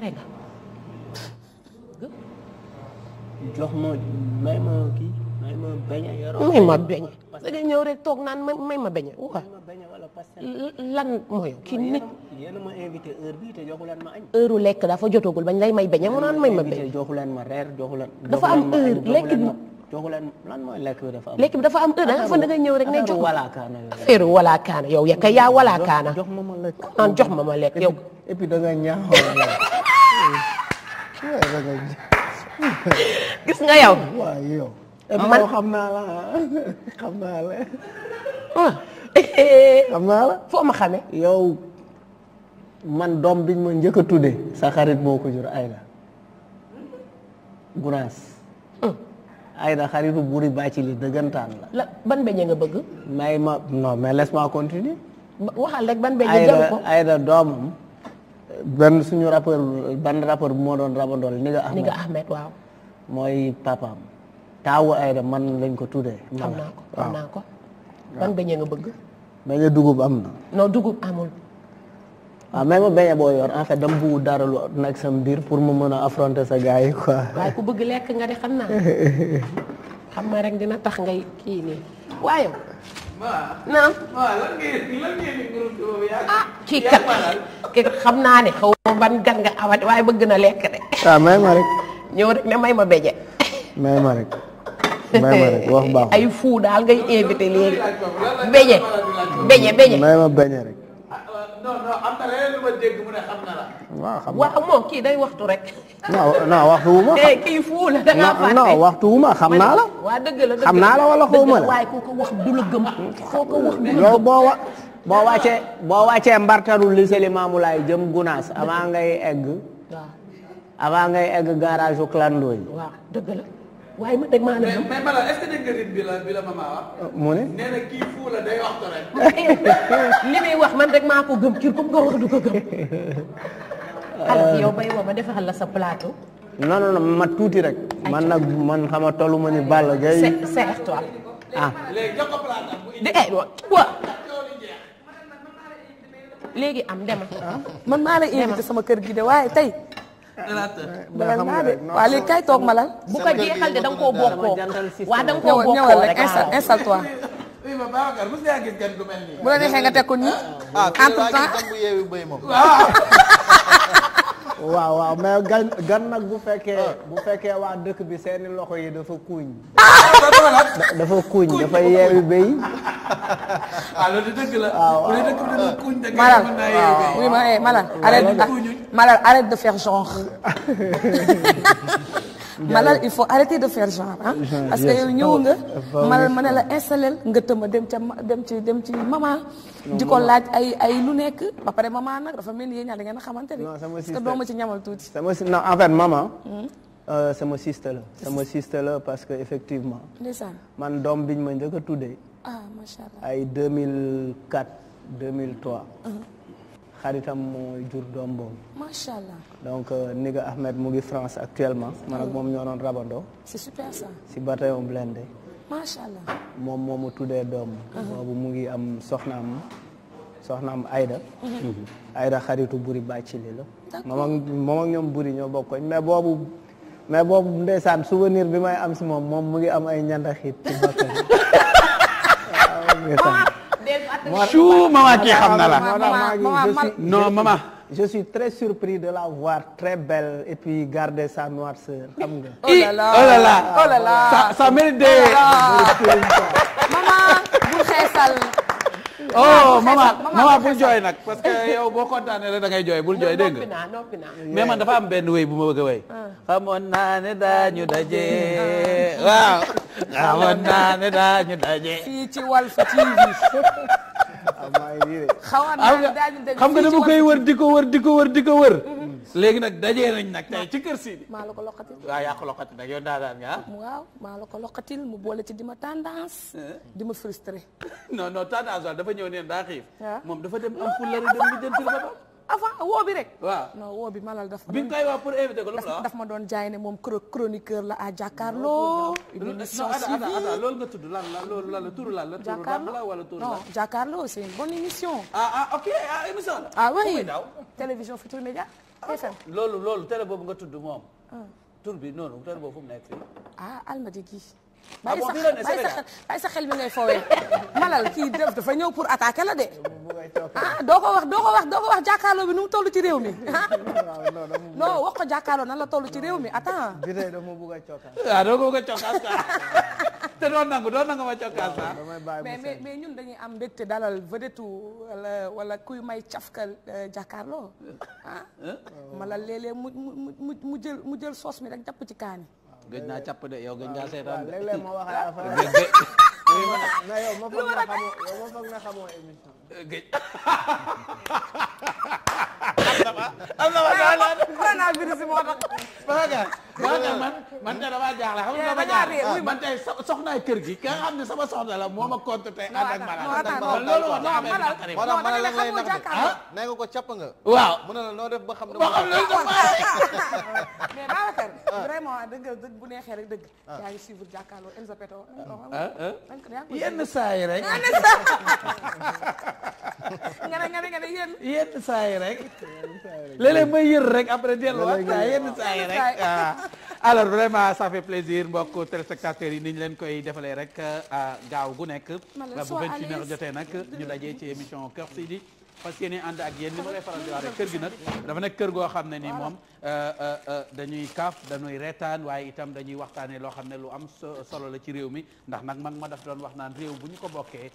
pare jox ma may ma kii may ma beñe may ma beñe da ñëw rek toog naan may ma beñe waaw lan mooy kii nit yéen ma invité heure bi te joxu leen ma añ lekk dafa jotagul bañ lay may beñe mu naan may ma beñe leen ma reer joxu leen dafa am heure lekk leen lan lekk bi dafa am lekk dafa am heure da nga fa ñëw rek ne jox affaire wala kaana yow yakay yaa wala kaana jox ma ma lekk naan jox ma ma lekk yow gis nga yow. waaw xam naa la xam naa la. Ah. xam foo ma xamee. yow man doom biñ ma njëkk a tuddee. sa xarit boo ko jur Ayda. Gunaas. Hmm. Ayda xaritu buri bàcc li dëggantaan la. la ban beñe nga bëgg. may ma non mais laisse-moi continuer. waxal rek ban beñe jaru ko Ayda doomam. benn suñu rapport benn rapport bu moo doon rabandool ni Ahmed waaw mooy papaam taawu Aïda man lañ ko tuddee xam naa ko xam naa ko ban beñe nga bëgg beñe dugub am na non dugub amul waaw ah, mais ma beñe boo yor en fait dama dara lu nekk sa mbir pour mu mën a affronter sa gars yi quoi waaye ku bëgg lekk nga di xam naa xam ma rek dina tax ngay kii nii waaye naam ah kii kat kii kat xam naa ni xaw ban gan nga awat waaye bëgg na lekk de waaw may ma rek ñëw rek ne may ma beje may ma rek wax baax ay fuu daal ngay invité léegi beje beje may ma beñe rek non non am na leneen lu ma dégg mu ne xam na la. waaw xam waaw kii day waxtu rek. non waxtu wu ma. Eh, la wa ngaa la. waaw dëgg la dëgg la xam naa la wala xaw ma la. wax du la gëm. koo wax du la gëm yow boo wa mbartaru lycée Limamou Laye jëm Gunaas avant ngay egg. egg garage su yi. waaw dëgg la. waaye ma dégg maa ne. mais mais balaa est-ce que dégg nga nit bi la bi la maman euh, mu ne nee kii fuu day waxtu rek. man rek maa ko gëm kii comme ko gëm. alors euh. yow bay woo ma defal la sa plateau. non ma tuuti rek. man na man xama tollu ma ni Balla Gaye. c'est ah. eh, léegi am demal. Ah. man maa lay invité sama kër gi de waaye tey. relateur waaw léegi kay toog ma lal bu ko de da nga koo bokkoo waaw da nga koo bokkoo rek installe toi oui ma Babacar mos ngaa gis gan gu mel nii. bu la neexee nga nii. Ah, entre temps ah waaw waaw mais gan gan bu fekkee bu fekkee waa dëkk bi seeni loxo yi dafa kuuñ dafa kuuñ dafa yeewi béy ah loolu dëgg la waaw bu malal arrête de faire genre malal il faut arrêter de faire genre ah. parce que yow ñëw nga. Ah, malal ma ne la installé nga tëma dem ca dem ci dem ci maman. di ko laaj ay ay lu nekk ba pare maman nag dafa mel ni yéen ñaar na ngeen a xamante ni. non sama sister parce que doo ma ci ñamal tuuti. sama si non sama hmm? euh, sister la. la parce que effectivement. ndeysaan man doom biñ ma njëkk a tuddee. ah macha allah ay 2004 2003. xaritam moo jur doom boobu. macha allah donc euh, Niga Ahmed mu ngi France actuellement. man moom ñoo doon rabandoo. si bataillon blindé. macha moom mu tuddee doom. Uh-huh. boobu mu ngi am soxnaam soxnaam Aïda. Uh-huh. Aïda xaritu buri bàcci li la. d'accord moom ak ñoom buri ñoo bokk koñ mais boobu. mais boobu ndeysaan souvenir bi may am si moom moom mu ngi am ay ñandaxit ci bakkan. chou maman kii xam na la non maman je suis très surpris de la voir trè belle et puis sa noirceur xam nga. oh là là oh là là oh là là oh maman ah, maman bul jooy nag parce que yow boo kontaanee rek da ngay jooy bul jooy dégg nga noppi naa mais man dafa am benn wéy bu ma bëgg a wéy ah. xamoon naa ne daañu daje ah. waaw xamoon naa ne daañu daje fii ci Walf TV xamoon naa ne daañu daje xam nga dama koy wër di ko wër di ko wër di ko wër léegi nag dajee nañ nag tey ci kër Sidi. maa la ko loqatil waaw yaa ko loqatil nag yow daadaan nga ah? maa la ko loqatil mu boole ci di ma tendance. Eh? di ma frustré. non non tendance waaw dafa ñëw neen daa xiif. Ah? moom dafa dem am fulla dem di jëntil ba bi rek. waaw non woo bi malal daf. bi nga koy wax pour invité ko la daf ma doon jaay ne moom chroniqueur la à jàkkaarloo. émission suivie non loolu nga tudd lan la loolu lan la turu lan la. wala turu non jàkkaarloo c'est une bonne émission. ah ah ok ah émission la. ah oui télévision Futurs Médias. Ah, loolu loolu télé boobu nga tudd moom. Ah. tur bi noonu télé boobu fu mu nekk fii. ah almadi gi Ah bàyyi sa bàyyi sa xel mi ngay fowee malal kii def dafa ñëw pour attaquer la de ah doo ko wax doo ko wax doo ko wax jàkkaarloo nu mu toll ci réew mi ah non wax ko jàkkaarloo nan la toll ci réew mi attends bi de dama bëgg a cokkaas waaw ah, a cokkaas te doon nangu doon nangu ma cokkaas ah mais mais ñun dañuy am mbégte dalal vedetu wala wala kuy may cafka euh, jàkkaarloo ah malal léeg-léeg mu mu mu mu jël mu jël soos mi rek jàpp ci kaani gëj naa càpp de yow gëj ngaa seetaan de léeg-léeg ma wax la affaire yow ma foog na xamoo yow ma foog na xamoo émission géej. am na ma am na ma coronavirus moo tax. parce que parce man man tey damaa jaaxle xam nga ma jaaxle man tey soxnaay kër gi. nga xam ne sama soxna la moo ma compte tey ànd ak malal. loolu wax na amee naqari. moo tax malal lay naqari ah. nee nga ko capp nga. waaw mu ne la noo def ba xam ne. boo xam ne loolu dafa mais Babacar vraiment dëgg dëgg bu neexee rek dëgg. Ah. yaa ngi suivre jàkkaarloo Elza Peto. Ah, ah, yenn saa yi rek. nga ne nga nga ne yenn. yenn saa yi rek. léeg-léeg may yër rek après delluwaat saa yenn saa yi rek ah. alors vraiment ça fait plaisir mbokk téléspectateurs yi ni ñu leen koy defalee rek ah, gaaw gu nekk. bu 21h jotee nag ñu dajee ci émission Kër Sidi. fas yéene ànd ak yéen ni ma lay faral di kër gi nag dafa nekk kër goo xam ne ni moom euh, euh, euh, dañuy kaaf dañuy reetaan waaye itam dañuy waxtaanee loo xam ne lu am solo la ci réew mi ndax nag mag ma daf doon wax naan réew bu ñu ko bokkee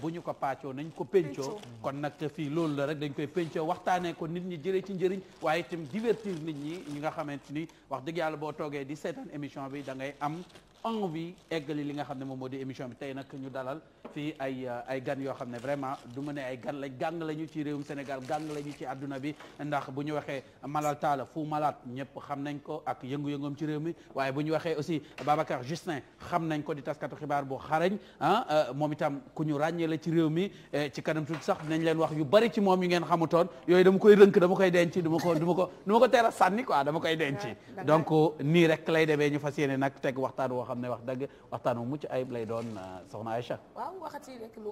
bu ñu ko paccoo nañ ko péncoo kon nag fii loolu la rek dañ koy péncoo waxtaanee ko nit ñi jëlee ci njëriñ waaye itam divertir nit ñi ñi nga xamante ni wax dëgg yàlla boo toogee di seetaan émission bi da ngay am envie eggali li nga xam ne moom moo di émission bi tey nag ñu dalal fii ay euh, ay gan yoo xam ne vraiment du ma ne ay gan lañ gàng lañu ci réewum Sénégal gàng lañu ci àdduna bi ndax bu ñu waxee Malal Talla Fou Malade ñëpp xam nañ ko ak yëngu-yëngoom ci réew mi waaye bu ñu waxee aussi Babacar Justin xam nañ ko di taskatu xibaar bu xarañ ah euh, moom itam ku ñu ràññee la ci réew mi euh, ci kanam tuuti sax nañ leen wax yu bari ci moom yu ngeen xamutoon yooyu dama koy rënk dama koy denc duma ko dama ko dama ko teel a sànni quoi dama koy denc donc nii rek lay demee ñu fas yéene nag teg waxtaan xam ne wax dëgg waxtaan wu mucc ayib lay doon euh, soxna Aïcha waaw waxati rek lu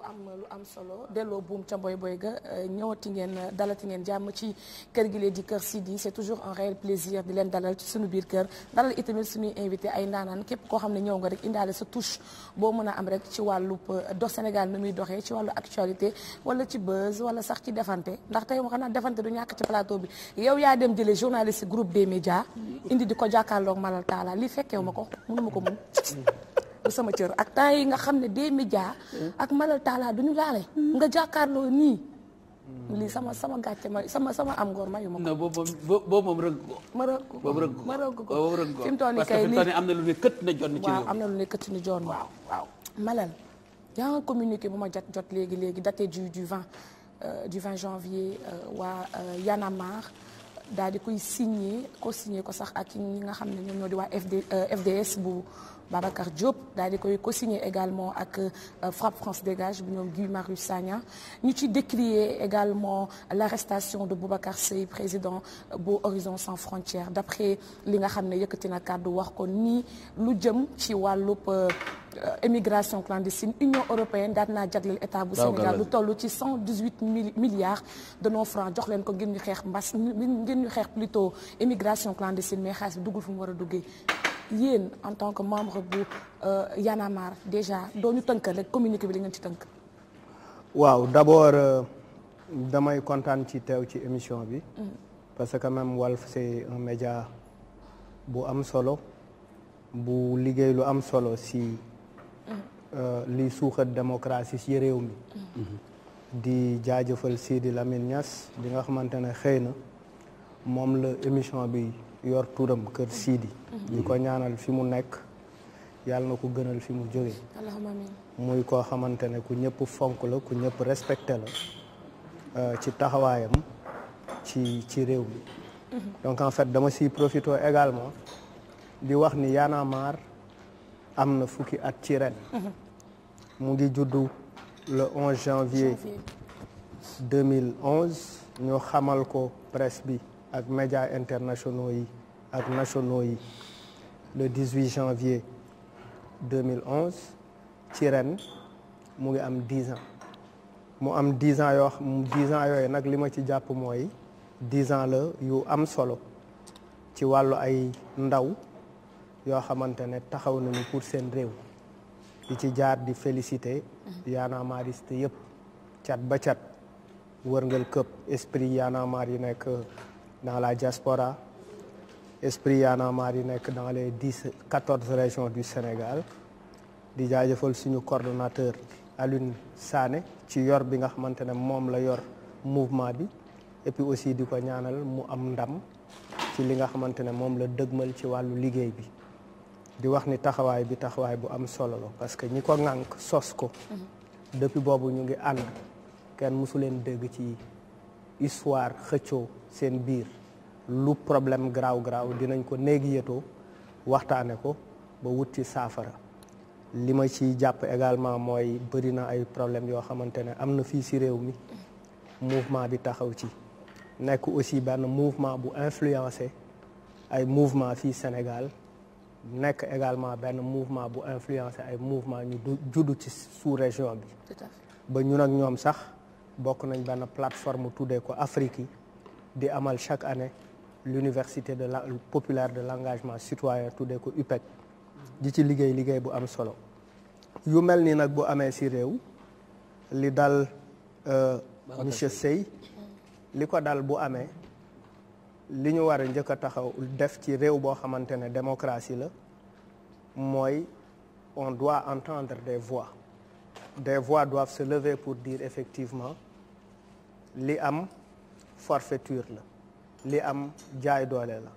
am solo delloo buum ca mboy boy ga euh, ñëwati ngeen dalati ngeen jàmm ci kër gi leen di kër di c'est toujours un réel plaisir di leen dalal ci suñu biir kër dalal itamit invité ay ndaanaan képp koo xam ne ñëw nga rek indaale sa touche boo mën a am rek ci wàllu euh, dox Sénégal nu muy doxee ci wàllu actualité wala ci buzz wala sax ci defante ndax tey moo xam naa defante du ñàkk ci plateau bi yow yaa dem jëlee journaliste groupe des médias mm-hmm. indi di ko jàkkaarloog Malal Talla li fekkeew ma ko ko du sama cër ak temps yi nga xam ne des média ak malal taala du ñu laale nga jàkkaarloo nii lii sama sama gàcce ma sama sama am ngoor ma yu ma ko. boobu moom rëgg ko. ma rëgg ma rëgg ko nii kay nii parce am na lu ne kët na jot. am na lu ne kët na waaw waaw Malal. yaa ngi communiqué bu ma jot jot léegi léegi daté du du 20 euh, du 20 janvier euh, waa euh, Y'en a daal di koy signé ko signé ko sax ak ñi nga xam ne ñoom ñoo di waa FD FDS bu. Babacar Diop daal di koy co-signé également ak euh, Frapp France Dégage bu ñoom Guy Marius Sagna ñu ci décrier également l'arrestation de Boubacar Sèye président euh, bu Horizon Sans Frontières d'après li nga xam ne yëkkati na kàddu wax ko nii lu jëm ci wàllub euh, émigration clandestine Union européenne daan naa jagleel état bu Sénégal lu toll ci cent dix huit milliards de nos francs jox leen ko ngir ñu xeex mbas ngir ñu xeex plutôt émigration clandestine mais xaalis bi duggul fu mu war a duggee yéen en tant que membre bu euh, Y'en a marre déjà doo ñu tënk rek communiqué bi li ngeen ci tënk. waaw d'abord euh, damay kontaan ci teew ci émission bi. Mm. parce que même Walf c'est un média bu am solo bu liggéey lu am solo si. Mm. Euh, liy suuxat démocratie ci réew mi. Mm. Mm-hmm. di jaajëfal Sidi Lamine Niass di nga xamante ne xëy na moom la émission bi. yor turam kër Sidi. di ko ñaanal fi mu nekk yàlla na ko gënal fi mu jógee. muy koo xamante ne ku ñëpp fonk la ku ñëpp respecté la euh, ci taxawaayam ci ci réew mi. Mm-hmm. donc en fait dama si profité également di wax ni Y'en a am na fukki at ci ren. Mm-hmm. mu ngi juddu le 11 janvier 2011 ñu xamal ko presse bi ak médias internationaux yi ak nationaux yi le 18 janvier 2011 ci ren mu ngi am 10 ans mu am 10 ans yoo xam yooyu nag li ma ci jàpp mooy 10 ans la yu am solo ci wàllu ay ndaw yoo xamante ne taxaw nañu pour seen réew di ci jaar di félicité yaanaamaariste yëpp cat ba cat wërngal këpp esprit yaanaamaar yi nekk dans la diaspora esprit Y'en a yi nekk dans les dix quatorze régions du Sénégal di jaajëfal suñu coordonnateur Alioune Sané ci yor bi nga xamante ne moom la yor mouvement bi et aussi di ko ñaanal mu am ndam ci li nga xamante ne moom la dëgmal ci wàllu liggéey bi di wax ni taxawaay bi taxawaay bu am solo la parce que ñi ko ŋànk sos ko mhm. depuis boobu ñu ngi ànd kenn mësu leen dégg ci histoire xëccoo seen biir lu problème garaaw garaaw dinañ ko néegi yëtoo waxtaane ko ba wut ci saafara li ma ci jàpp également mooy bëri na ay problème yoo xamante ne am na fii si réew mi mouvement bi taxaw ci nekk aussi benn mouvement bu influencé ay mouvement fii Sénégal nekk également benn mouvement bu influencé ay mouvement ñu juddu ci sous-région bi ba ñun ak ñoom sax bokk nañ benn plateforme tuddee ko Afrique yi di amal chaque année l'université de la populaire de l'engagement citoyen tuddee ko UPEC di ci liggéey liggéey bu am solo yu mel ni nag bu amee si réew li dal euh, monsieur Sey li ko dal bu amee li ñu wara njëkk a taxaw def ci réew boo xamante ne démocratie la mooy on doit entendre des voix des voix doivent se lever pour dire effectivement li am forfaiture la li am jaay doole la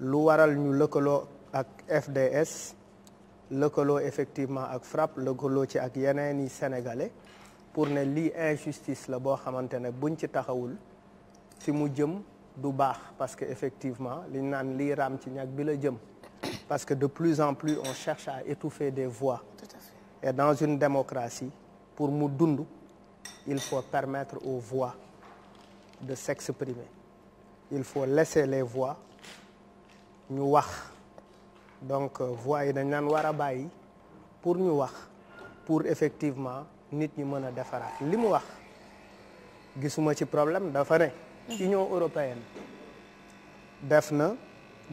lu waral ñu lëkkaloo ak FDS lëkkaloo effectivement ak FRAPP lëkkaloo ci ak yeneen i sénégalais pour ne lii injustice la boo xamante ne buñ ci taxawul si mu jëm du baax parce que effectivement li naan lii raam ci ñag bi la jëm parce que de plus en plus on cherche à étouffer des voix Tout et dans une démocratie pour mu dund il faut permettre aux voix de s'exprimer il faut laisser les voix ñu wax donc euh, voix yi dañ naan war a bàyyi pour ñu wax pour effectivement nit ñi mën a defaraat li mu wax gisuma ci problème dafa ne Union européenne def na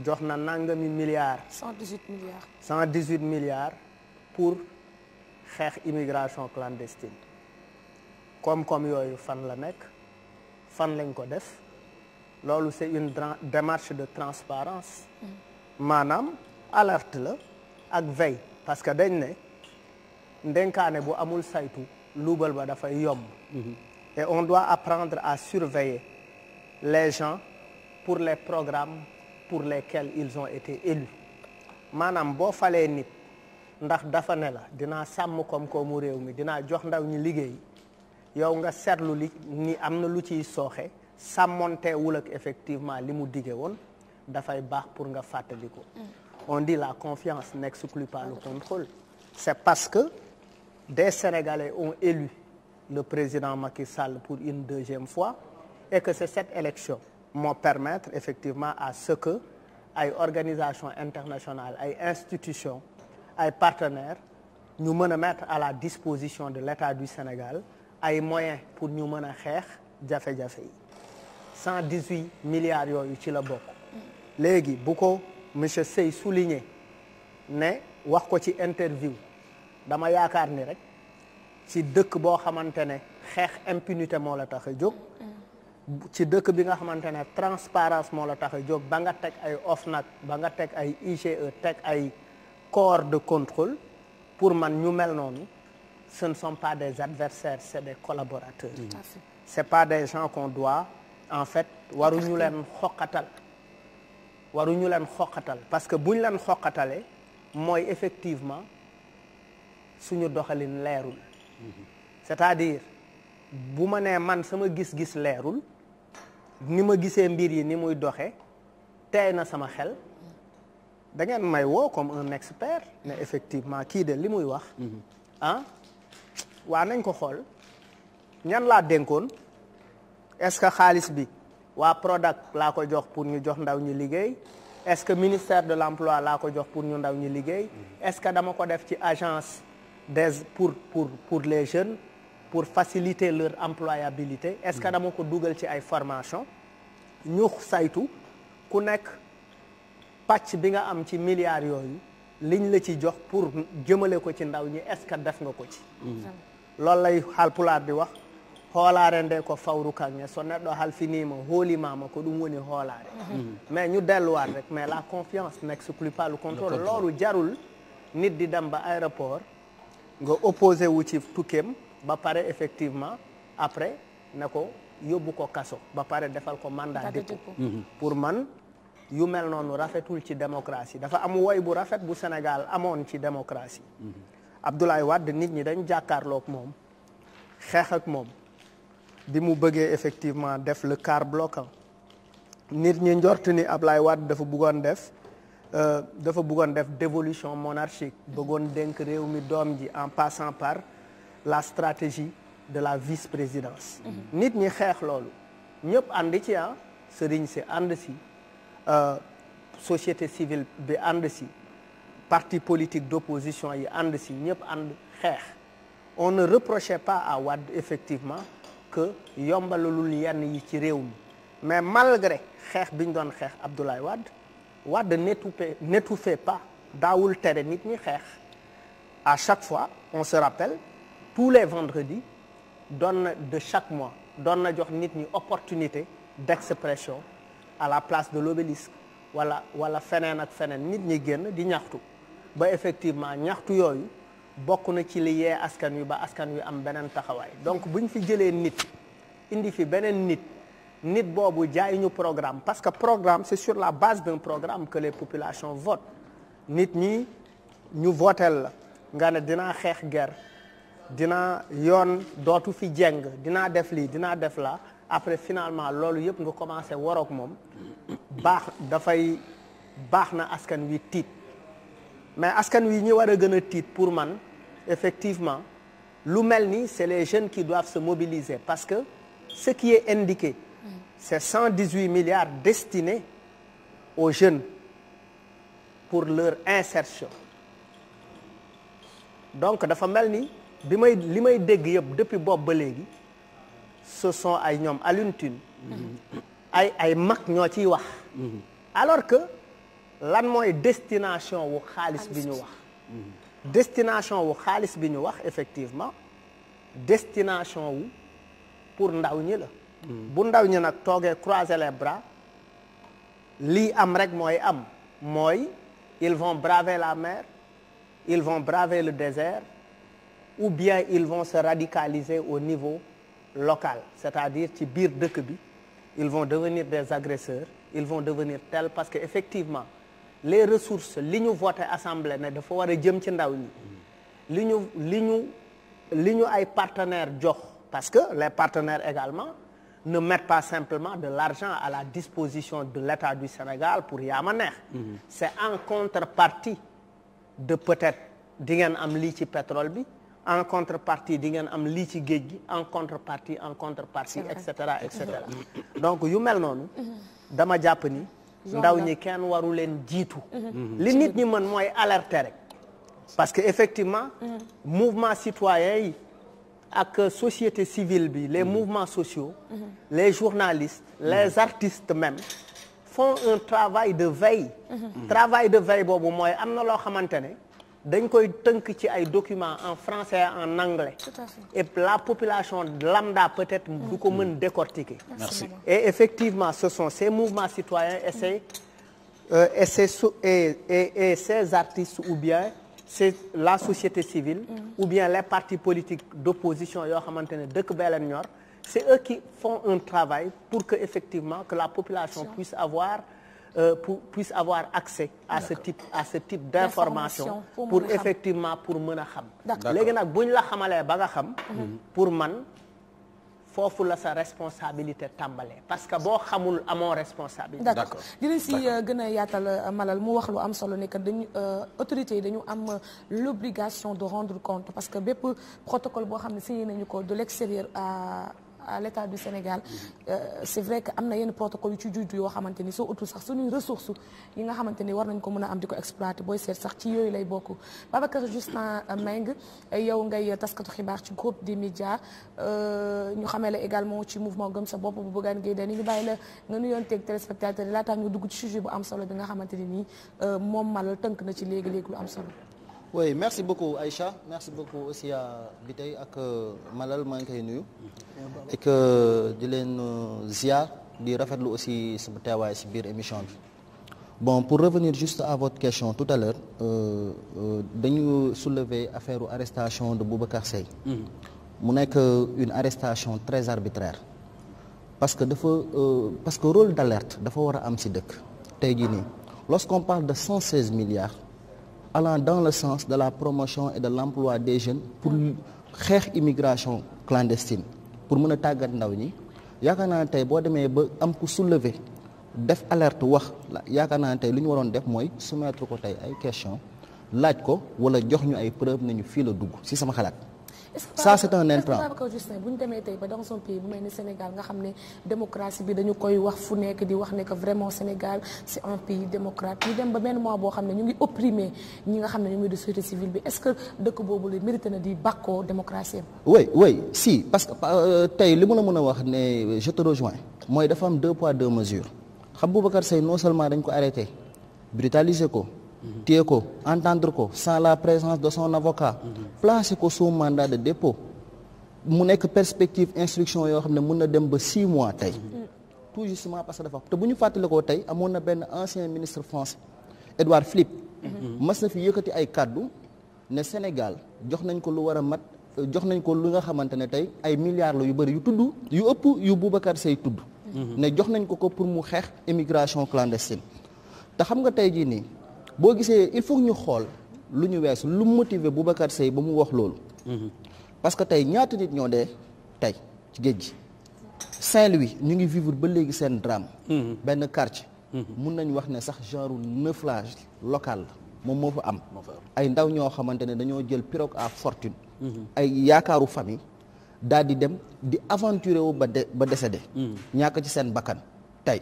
jox na nangami milliards. 118 milliards. 118 milliards pour xeex immigration clandestine koom-koom yooyu fan la nekk fan lañ ko def loolu c'est une démarche de transparence maanaam alerte la ak veille parce que dañ ne ndenkaane bu amul saytu luubal ba dafay yomb et on doit apprendre à surveiller les gens pour les programmes pour lesquels ils ont été élus maanaam boo falee nit ndax dafa ne la dinaa sàmm koom-koomu réew mi dinaa jox ndaw ñi liggéey yow nga seetlu li ni am na lu ciy sooxe sàmmonteewul ak effectivement li mu dige woon dafay baax pour nga fàttali ko. Mm. on di la confiance n'exclut pas le contrôle. c'est parce que des Sénégalais on élu le président Macky Sall pour une deuxième fois et que c'est cette élection moo permettre effectivement à ce que ay organisations internationale ay institutions ay partenaires ñu mën a mettre à la disposition de l'État du Sénégal ay moyens pour ñu mën a xeex jafe-jafe yi. cent dix-huit milliards yooyu ci la bokk léegi bu ko monsieur Sey souligné ne wax ko ci interview dama yaakaar ni rek ci dëkk boo xamante ne xeex impunité moo la tax a jóg ci dëkk bi nga xamante ne transparence moo la tax a jóg ba nga teg ay nag ba nga teg ay IGE teg ay corps de contrôle pour man ñu mel noonu ce ne sont pas des adversaires c'est des collaborateurs c'est pas des gens qu'on en fait waruñu leen xoqatal waruñu leen xoqatal parce que buñ leen xoqatalee mooy effectivement suñu doxalin leerul c'est-à-dire bu ma nee man sama gis-gis leerul ni ma gisee mbir yi ni muy doxe tey na sama xel dangeen may woo comme un expert ne effectivement kii de li muy wax mhm. ah waa nañ ko xool ñan laa dénkoon est-ce que xaalis bi waa Prodac laa ko jox pour ñu jox ndaw ñi liggéey est-ce que ministère de l'emploi laa ko jox pour ñu ndaw ñi liggéey est-ce que dama ko def ci agence des pour pour pour les jeunes pour faciliter leur employabilité est-ce que dama ko dugal ci ay formation ñu saytu ku nekk pàcc bi nga am ci milliards yooyu liñ la ci jox pour jëmale ko ci ndaw ñi est-ce que def nga ko ci mm-hmm. loolu lay xalpulaar bi wax hoolare nde ko fawru kanŋe so neɗɗo halfinima hoolimama ko ɗum woni hoolare mm-hmm. mais ñu delluwaat rek mais la confiance n'exclut pas le loolu jarul nit di dem ba aéroport nga opposé wu ci tukkeem ba pare effectivement après ne ko yóbbu ko kasso ba pare defal ko mandat de dépôt mm-hmm. pour man yu mel noonu rafetul ci démocratie dafa amu woy bu rafet bu Sénégal amoon ci démocratie mm-hmm. Abdoulaye Wade nit ñi dañ jàkkaarloog moom xeex moom bi mu bëggee effectivement def le quart bloquant nit ñi njort ni Ablaye Wade dafa bëggoon def euh, dafa buggoon def dévolution monarchique bëggoon dénk réew mi doom ji en passant par la stratégie de la vice-présidence mhm. nit ñi xeex loolu ñëpp ànd ci ah sëriñ si ànd si euh, société civile bi ànd si parti politique d'opposition yi ànd si ñëpp ànd xeex on ne reprochait pas à Wade effectivement que yombalalul yenn yi ci réew mi mais malgré xeex bi ñu doon xeex Abdoulaye Wade Wade n'étouffait n'étouffait pas daawul tere nit ñi xeex à chaque fois on se rappelle tous les vendredis doon na de chaque mois doon na jox nit ñi opportunité d'expression à la place de l'obélisque wala wala feneen ak feneen nit ñi génn di ñaxtu ba effectivement ñaxtu yooyu bokk na ci li yee askan wi ba askan wi am beneen taxawaay donc bu ñu fi jëlee nit indi fi beneen nit nit boobu jaay ñu programme parce que programme c'est sur la base d'un programme que les populations votent nit ñi ñu votel la nga ne dinaa xeex ger dina yoon dootu fi jeng dinaa def lii dinaa def la après finalement loolu yëpp nga commencé waroog moom baax dafay baax na askan wi tiit mais askan wi ñi war a gën a tiit pour man effectivement lu mel ni c'est les jeunes qui doivent se mobiliser parce que ce qui est indiqué c'est 118 milliards destinés aux jeunes pour leur insertion donc dafa mel ni bi may li may dégg yëpp depuis boobu ba léegi ce sont ay ñoom aluntune ay ay mag ñoo ciy wax mhm. alors que lan mooy destination wu xaalis bi ñu wax mhm. destination wu xaalis bi ñu wax effectivement destination wu pour ndaw ñi la. Hmm. bu ndaw ñu nag toogee croiser les bras lii am rek mooy am mooy ils vont brave la mer ils von braver le désert ou bien ils vont se radicaliser au niveau local c'est-à-dire ci biir dëkk bi ils vont devenir des agresseurs ils vont devenir tels parce que effectivement. les ressources li ñu voté assemblée ne dafa war a jëm ci ndaw ñi li ñu li ñu li ñu ay partenaires jox parce que les partenaires également ne mettent pas simplement de l'argent à la disposition de l'État du Sénégal pour yaama neex mhm. c'est en contrepartie de peut-être di ngeen am lii ci pétrole bi en contrepartie di ngeen am lii ci géej gi en contrepartie en contrepartie et cetera et mhm. donc yu mel noonu mhm. dama jàpp ndaw ñi kenn waru leen jiitu mhm. Mhm. li nit ñi mën mooy alerter rek parce que effectivement mhm. mouvement citoyen yi ak société civile bi les mouvements sociaux les journalistes les artistes même font un travail de veille travail de veille boobu mooy am na loo xamante ne dañ koy tënk ci ay document en français en anglais. la population lambda peut-être du ko mën décortiquer. et effectivement ce sont ces mouvements citoyens et ces euh, et ces et, et, et ces artistes ou bien c'est la société civile. Mm. ou bien les partis politiques d'opposition yoo xamante ne dëkk bee leen ñor c'est eux qui font un travail pour que effectivement que la population puisse avoir. euh, pour puissent avoir accès à ce type à ce type d'information pour, pour effectivement pour mën a xam léegi nag bu ñu la xamalee ba nga xam mhm. pour man foofu la sa responsabilité tàmbalee parce que boo xamul amoo responsabilité. d' accord dinañ si euh, gën a yaatal euh, malal mu wax lu am solo nekk dañu euh, autorité yi dañu am l' obligation de rendre compte parce que bépp protocole boo xam ne signé nañu ko de l' à. à l'état du Sénégal euh, c'est vrai que am na yenn protocole yu ci juddu yoo xamante ni soo utul sax suñuy ressources yi nga xamante ni war nañ ko mën a am di ko exploiter booy seet sax ci yooyu lay bokk Babacar Justin euh, Meng yow ngay taskatu xibaar ci groupe des médias euh, ñu xamee la également ci mouvement gëm sa bopp bu bëggaan géy dani ñu bàyyi la nga nuyoon teeg téléspectateurs yi laataa ñu dugg ci sujet bu am solo bi nga xamante ni nii moom malal tënk na ci léegi-léegi lu am solo oui merci beaucoup Aïcha merci beaucoup aussi bi tey ak euh, Malal maa ngi koy nuyu. et di leen euh, ziar di rafetlu aussi sama si biir émission bi. bon pour revenir juste à votre question tout à l'heure euh, euh dañu soulever affaire arrestation de Boubacar Seye mm-hmm. mu nekk une arrestation très arbitraire parce que dafa euh, parce que rôle d'alerte dafa war a am si dëkk tey jii nii lorsqu'on parle de 116 milliards allant dans le sens de la promotion et de l'emploi des jeunes pour xeex immigration clandestine pour mën a tàggat ndaw ñi yaakaar naa ne tey boo demee ba am ku soulever def alerte wax yaakaar naa ne tey lu ñu waroon def mooy soumettre ko tey ay question laaj ko wala jox ñu ay preuve nañu fii la dugg si sama xalaat ça c'est un intrant Babacar bu ñu demee tey ba dans un pays bu mel ni Sénégal nga xam ne démocratie bi dañu koy wax fu nekk di wax ne que vraiment Sénégal c'est un pays démocrate ñu dem ba benn mois boo xam ne ñu ngi opprimer ñi nga xam ne ñu ngi di société civile bi est-ce que dëkk boobu la mérité na di bàkkoo démocratie oui oui si parce que euh, tey li mu la mën a wax ne je te rejoins mooy dafa am deux poids deux mesures xam Boubacar Seye non seulement dañ ko arrêté brutalisé ko téye ko entendre ko sans la présence de son avocat placer ko sous mandat de dépôt mu nekk perspective instruction yoo xam ne mun na dem ba six mois tey toujours justement parce que dafa te bu ñu fàttale fàttalikoo tey amoon na benn ancien ministre français Édouard Philippe mas fi yëkkati ay kàddu ne Sénégal jox nañ ko lu war a mat jox nañ ko lu nga xamante ne tey ay milliards la yu bëri yu tudd yu ëpp yu Boubacar Seye tudd mhm. ne jox nañ ko ko pour mu xeex immigration clandestine te xam nga nii boo gisee il faut ñu xool lu ñu weesu lu motiver Boubacar Seye ba mu wax loolu. Mhm. parce que tey ñaata nit ñoo dee tey ci géej gi. Saint-Louis ñu ngi vivre ba léegi seen drame. Mhm. benn quartier. Mhm. mun nañ wax ne sax genre naufrage locale la moom moo fa am. ay ndaw ñoo xamante ne dañoo jël pirogue à fortune. ay yaakaaru famille daal di dem di aventurer wu ba de ba décédé. ñàkk ci seen bakkan tey.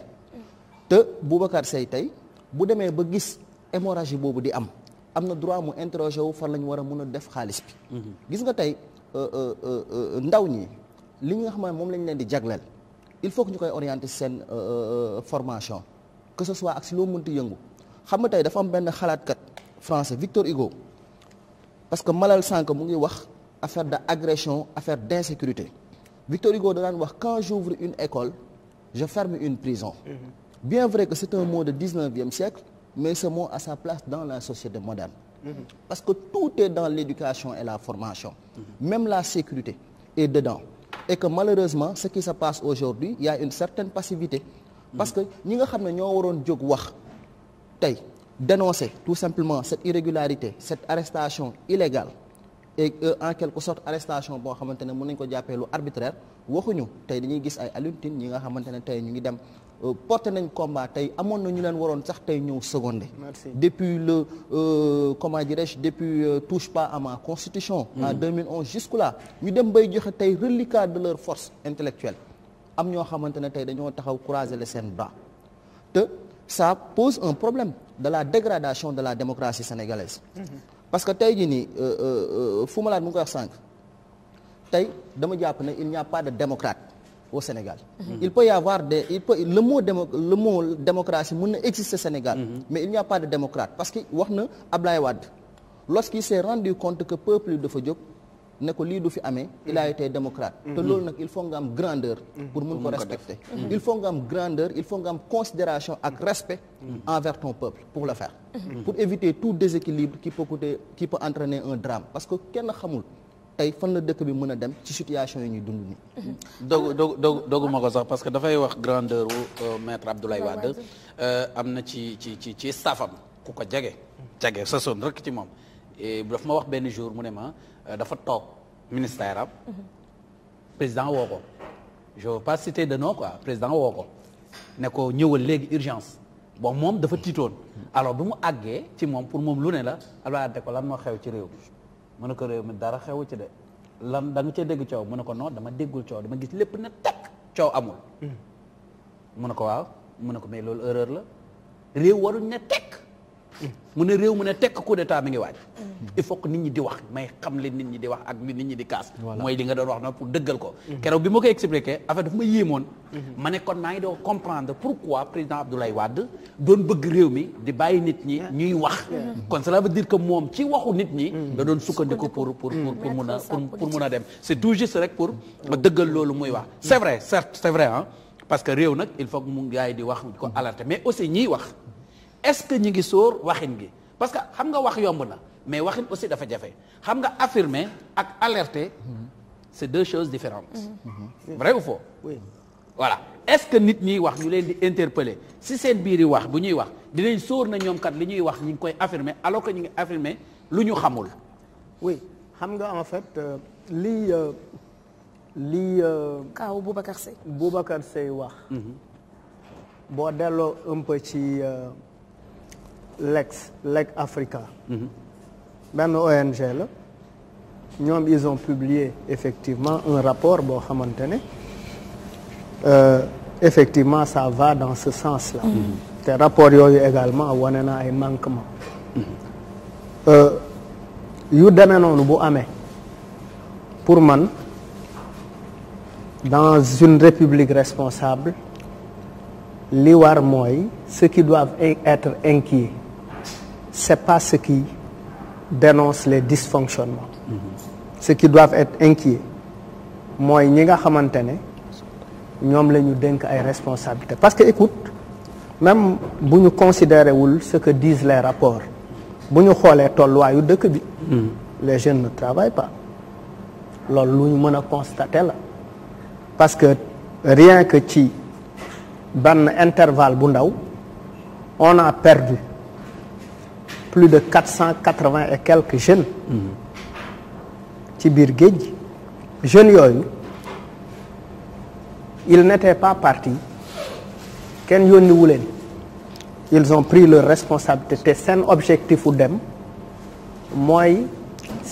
te Boubacar Seye tey bu demee ba gis. hémorragie boobu di am am na droit mu interroger wu fan la ñu war a mën a def xaalis bi. gis nga tey euh, euh, euh, ndaw ñi li nga xam ne moom lañ leen di jagleel il faut que ñu koy orienter seen formation que ce soit ak si loo mënti yëngu xam nga tey dafa am benn xalaatkat français Victor Hugo parce que Malal Sànq mu ngi wax affaire de d'agression affaire d'insécurité Victor Hugo danaa daan wax quand j'ouvre une école je ferme une prison. Mm-hmm. bien vrai que c'est mot de dix mais ce à sa place dans la société moderne. Mmh. parce que tout est dans l'éducation et la formation. même la sécurité est dedans. et que malheureusement ce qui se passe aujourd'hui il y a une certaine passivité. parce que ñi nga xam ne ñoo waroon jóg wax tey dénoncer tout simplement cette irrégularité cette arrestation illégale. et en quelque sorte arrestation boo xamante ne mën nañ ko jàppee lu arbitraire waxuñu tey dañuy gis ay aluntine ñi nga xamante ne tey ñu ngi dem Euh, porté nañ combat tey amoon na ñu leen waroon sax tey ñëw secondé depuis le euh, comment dirais-je depuis euh, touche pas à ma constitution mm. en 2011 jusque là ñu dem bay joxe tey reliquat de leur force intellectuelle am ñoo xamante ne tey dañoo taxaw croiser le seen ba te ça pose un problème de la dégradation de la démocratie sénégalaise mm-hmm. parce que tey jii nii euh, Fou Malade mu ngi koy wax tey dama jàpp ne il n'y a pas de démocrate au Sénégal. il peut y avoir il peut le mot démocratie mën na exister Sénégal. Mhm. mais il n'y a pas de démocrate parce que wax na Ablaye Wade. lorsqu'il s'est rendu compte que peuple yi dafa jóg ne ko lii du fi amee il a mhm. été démocrate mhm. te loolu nag il faut nga am grandeur pour mun ko respecter il faut nga am grandeur il faut nga am considération ak respect envers ton peuple pour le faire pour éviter tout déséquilibre qui peut coûter qui entraîner un drame parce que kenn xamul tey fan la dëkk bi mën a dem ci situation yi ñuy dund ni mm-hmm. dogu dogu dogu ma ko sax parce que dafay wax grandeur wu euh, maître Abdoulaye Wade euh, am na ci ci ci ci staffam ku ko jege. jege sa son rek ci moom daf ma wax benn jour mu ne ma euh, dafa toog ministère am. Mm-hmm. président woo ko je veux pas citer de no quoi président woo ko ne ko ñëwal léegi urgence. bon moom dafa tiitoon mm-hmm. alors bi mu àggee ci moom pour moom lu ne la Abdoulaye Wade ko lan moo xew ci réew mu ne ko réew mi dara xewu ci de lan da nga cee dégg coow mu ne ko non dama déggul coow dama gis lépp na takk coow amul hmm. mu ne ko waaw mu ne ko mais loolu erreur la réew waruñ ne tekk mu ne réew mu ne tekk coup d'état mi ngi waaj il faut que nit ñi di wax may xam leen nit ñi di wax ak nit ñi di kaas mooy li nga doon wax na pour dëggal ko keroog bi ma koy expliqué affaire dafa ma yéemoon ma ne kon maa ngi doon comprendre pourquoi président Abdoulaye Wade doon bëgg réew mi di bàyyi nit ñi ñuy wax kon cela veut dire moom ci waxu nit ñi da doon sukkandiku pour pour pour mun a pour mun a dem c'est tout juste rek pour dëggal loolu muy wax c'est vrai certes c'est vrai ah parce que réew di wax ko alerter mais aussi ñiy wax est-ce que ñu ngi sóor waxin gi parce que xam nga wax yomb na mais waxin aussi dafa jafe xam nga affirmer ak alerte c'est deux choses différentes mm-hmm. Mm-hmm. vrai ou faux voilà est-ce que nit ñiy wax ñu leen di interpeller si seen biir yi wax bu ñuy wax dinañ sóor na ñoom kat li ñuy wax ñu ngi koy affirmer alors que ñu ngi affirmer lu ñu xamul oui xam nga en fait lii lii. Kaaw Boubacar Seye. Boubacar Seye wax. Mm-hmm. boo delloo un peu ci. Euh, Lex Leg Africa benn ONG la ñoom ils ont publié effectivement un rapport boo xamante ne euh, effectivement ça va dans ce sens là mm-hmm. te rapport yooyu également wane na ay manquement mm-hmm. euh, yu demee noonu bu amee pour man dans une république responsable li war mooy ceux qui doivent être inquiets c'est pas ce qui dénonce les dysfonctionnements mm -hmm. ce qui doivent être inquiets mooy ñi nga xamante ne ñoom la ñu dénk ay responsabilités parce que écoute même bu ñu considéré wul ce que disent les rapports bu ñu xoolee tolluwaayu dëkk bi les jeunes ne travaillent pas loolu lu ñu mën a constater la parce que rien que ci benn intervalle bu ndaw on a perdu plus de quatre cent quatre vingt et quelques jeunes. ci biir géej gi jeunes yooyu ils n'étaient pas parti kenn yónniwu leen ils ont pris leur responsabilité te seen objectif wu dem mooy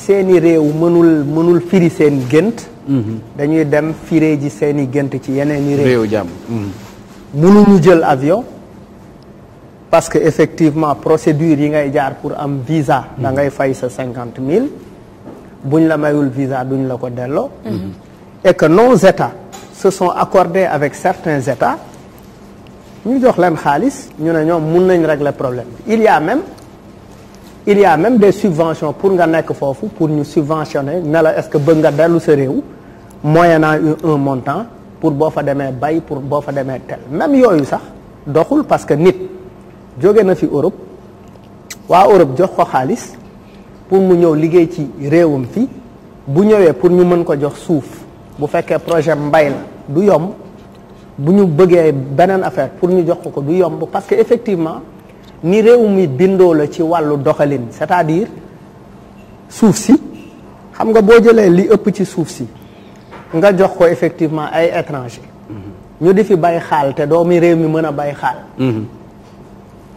seeni réew mënul mënul firi seen gént. Mhm. dañuy dem firé ji seeni gént ci yeneen i réew. réew jàmm mhm. mënuñu jël avion. parce que effectivement procédure yi ngay jaar pour am visa mm-hmm. da ngay fay sa cinquante mille buñ la mayul visa du duñ la ko delloo mm-hmm. et que nos états se sont accordés avec certains états ñu jox leen xaalis ñu ne ñoom mun nañ régler problème bi il y a même il y a même des subventions pour nga nekk foofu pour ñu subventionner ne la est-ce que bëgg nga dellu sa réew moyennant un montant pour boo fa demee bay pour boo fa demee tel même yooyu sax doxul parce que nit jóge na fi Europe waa Europe jox ko xaalis pour mu ñëw liggéey ci réewam fi bu ñëwee pour ñu mën ko jox suuf bu fekkee projet mbay la du yomb bu ñu bëggee beneen affaire pour ñu jox ko ko du yomb parce que effectivement ni réew mi bindoo la ci wàllu doxalin c'est-à-dire suuf si xam nga boo jëlee li ëpp ci suuf si nga jox ko effectivement ay étranger mm-hmm. ñu di fi bay xaal te doomi réew mi mën a bay xaal mm-hmm.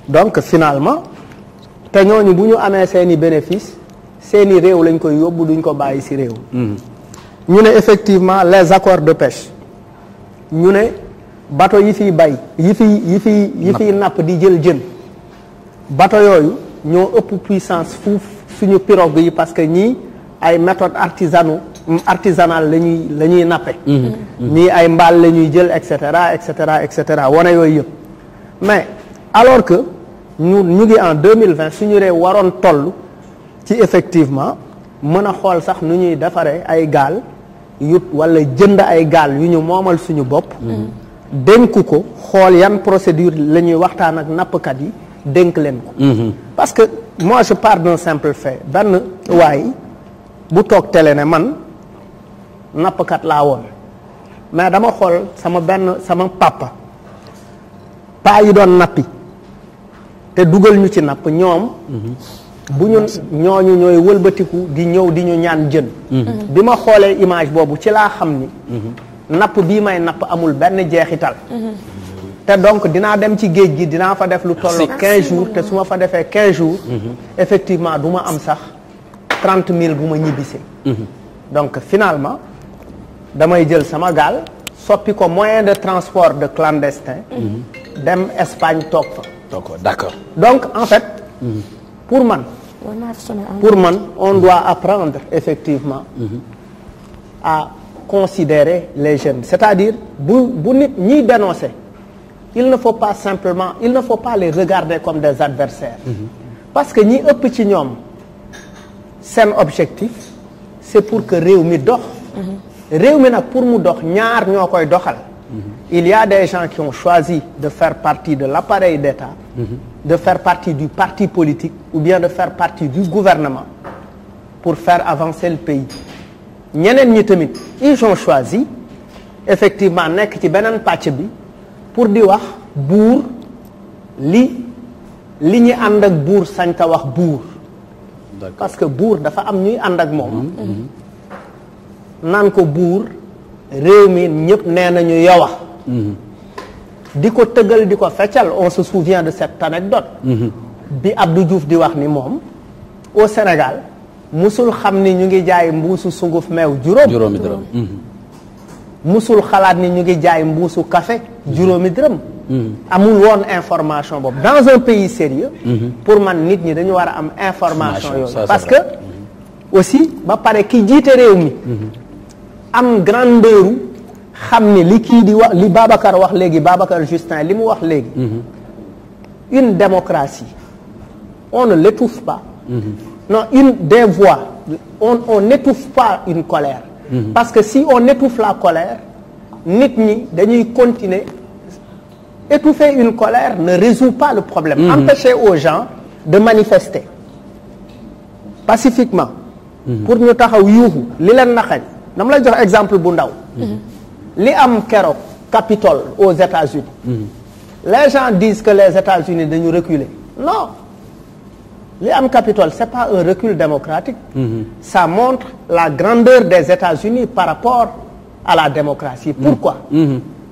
donc finalement te ñooñu bu ñu amee seen i bénéfice seeni réew lañ koy yóbbu duñ ko bàyyi si réew. Mhm. ñu ne effectivement les accords de pêche ñu ne bato yi fiy bay yi fiy yi fiy yi fiy napp di jël jën bato yooyu ñoo ëpp puissance fuuf suñu pirogue yi parce que ñii ay méthodes artisanaux artisanal lañuy la ñuy nappe mhm. Mhm. ñii ay mbaal la ñuy jël et cetera et cetera et cetera wane yooyu yëpp mais alors que ñu ñu ngi en deux mille vingt suñu ree waroon toll ci effectivement mën a xool sax nu ñuy defaree ay gaal yu wala jënd ay gaal yu ñu moomal suñu bopp. Mm-hmm. dénk ko xool yan procédure la ñuy waxtaan ak nappkat yi dénk leen ko. Mm-hmm. parce que moi je pars d'un simple fait benn waay bu toog télé ne man nappkat laa woon mais dama xool sama benn sama papa paa yi doon nappi. te dugal ñu ci napp ñoom bu ñu ñooñu ñooy wëlbatiku di ñëw di ñu ñaan jën mhm. bi ma xoolee image boobu ci laa xam ni mhm. napp bii may napp amul benn jeexital mhm. te donc dinaa dem ci géej gi dinaa fa def lu toll quinze jours te su ma fa defee quinze jours effectivement du ma am sax trente mille bu ma ñibbisee donc finalement damay jël sama gaal soppi ko moyen de transport de clandestin dem Espagne toog fa d'accord d'accord donc en fait. pour man. pour man on doit apprendre effectivement. à considérer les jeunes c'est-à-dire bu bu nit ñiy dénoncer il ne faut pas simplement il ne faut pas les regarder comme des adversaires mm-hmm. parce que ñii ëpp ci ñoom seen objectif c'est pour que réew mi dox mm-hmm. réew mi nag pour mu dox ñaar ñoo koy doxal Mm-hmm. il y a des gens qui ont choisi de faire partie de l'appareil d'État mm-hmm. de faire partie du parti politique ou bien de faire partie du gouvernement pour faire avancer le pays ñeneen ñi tamit ils ont choisi effectivement nekk ci beneen pàcc bi pour di wax buur li li ñu ànd ak buur sañ ta wax buur parce que buur dafa am ñuy ànd ak moom mm-hmm. naan ko buur réew mi ñëpp nee nañu yowa mhm. di ko tëggal di ko feccal on se souvient de cette anecdote mhm. bi du Diouf di wax ni moom au Sénégal musul xam ni ñu ngi jaay mbuusu sunguf meew juróom juróomi dërëm mhm. musul xalaat ni ñu ngi jaay mbuusu kafe juróomi dërëm amul woon information boobu dans un pays sérieux pour man nit ñi dañu war a am information yooyu parce que aussi ba pare ki jiite réew mi am grandeur xam ne li kii di wax li Babacar wax léegi Babacar Justin li mu wax léegi. Mm-hmm. une démocratie on ne l'étouffe pas. Mm-hmm. non une des voix on on n'étouffe pas une colère. Mm-hmm. parce que si on étouffe la colère nit ñi dañuy continuer étouffer une colère ne résout pas le problème. empêcher aux gens de manifester pacifiquement. pour ñu taxaw yuuxu li leen naxañ dama lay jox exemple bu ndaw. li am keroog Capitole aux États-Unis mhm. les gens disent que les États-Unis dañu reculer non li am Capitole c'est pas un recul démocratique. Mhm. ça montre la grandeur des États-Unis par rapport à la démocratie. Mhm. pourquoi.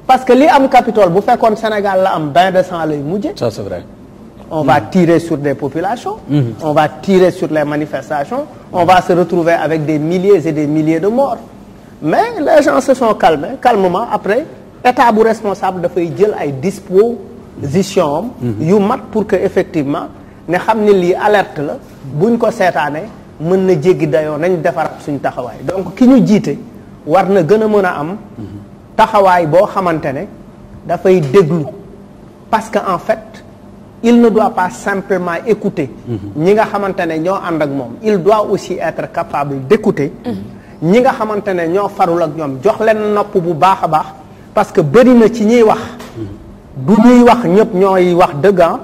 parce que li am Capitole bu fekkoon Sénégal la am bain de sang lay mujje. ça on va tirer sur des populations. on va tirer sur les manifestations. on va se retrouver avec des milliers et des milliers de morts mais les gens se sont calmement après état bu responsable dafay jël ay disposition am mhm. yu mat pour que effectivement ne xam ne lii alerte la buñ ko seetaanee mën na jéggi dayoo nañu defaraat suñ taxawaay donc ki ñu jiite war na gën a mën a am mhm. taxawaay boo xamante ne dafay déglu parce que en fait il ne doit pas simplement écouter ñi nga xamante ne ñoo ànd ak moom il doit aussi être capable d'écouter ñi nga xamante ne ñoo farul ak ñoom jox leen nopp bu baax a baax parce que bëri na ci ñuy wax du ñuy wax ñëpp ñooy wax dëgg ah.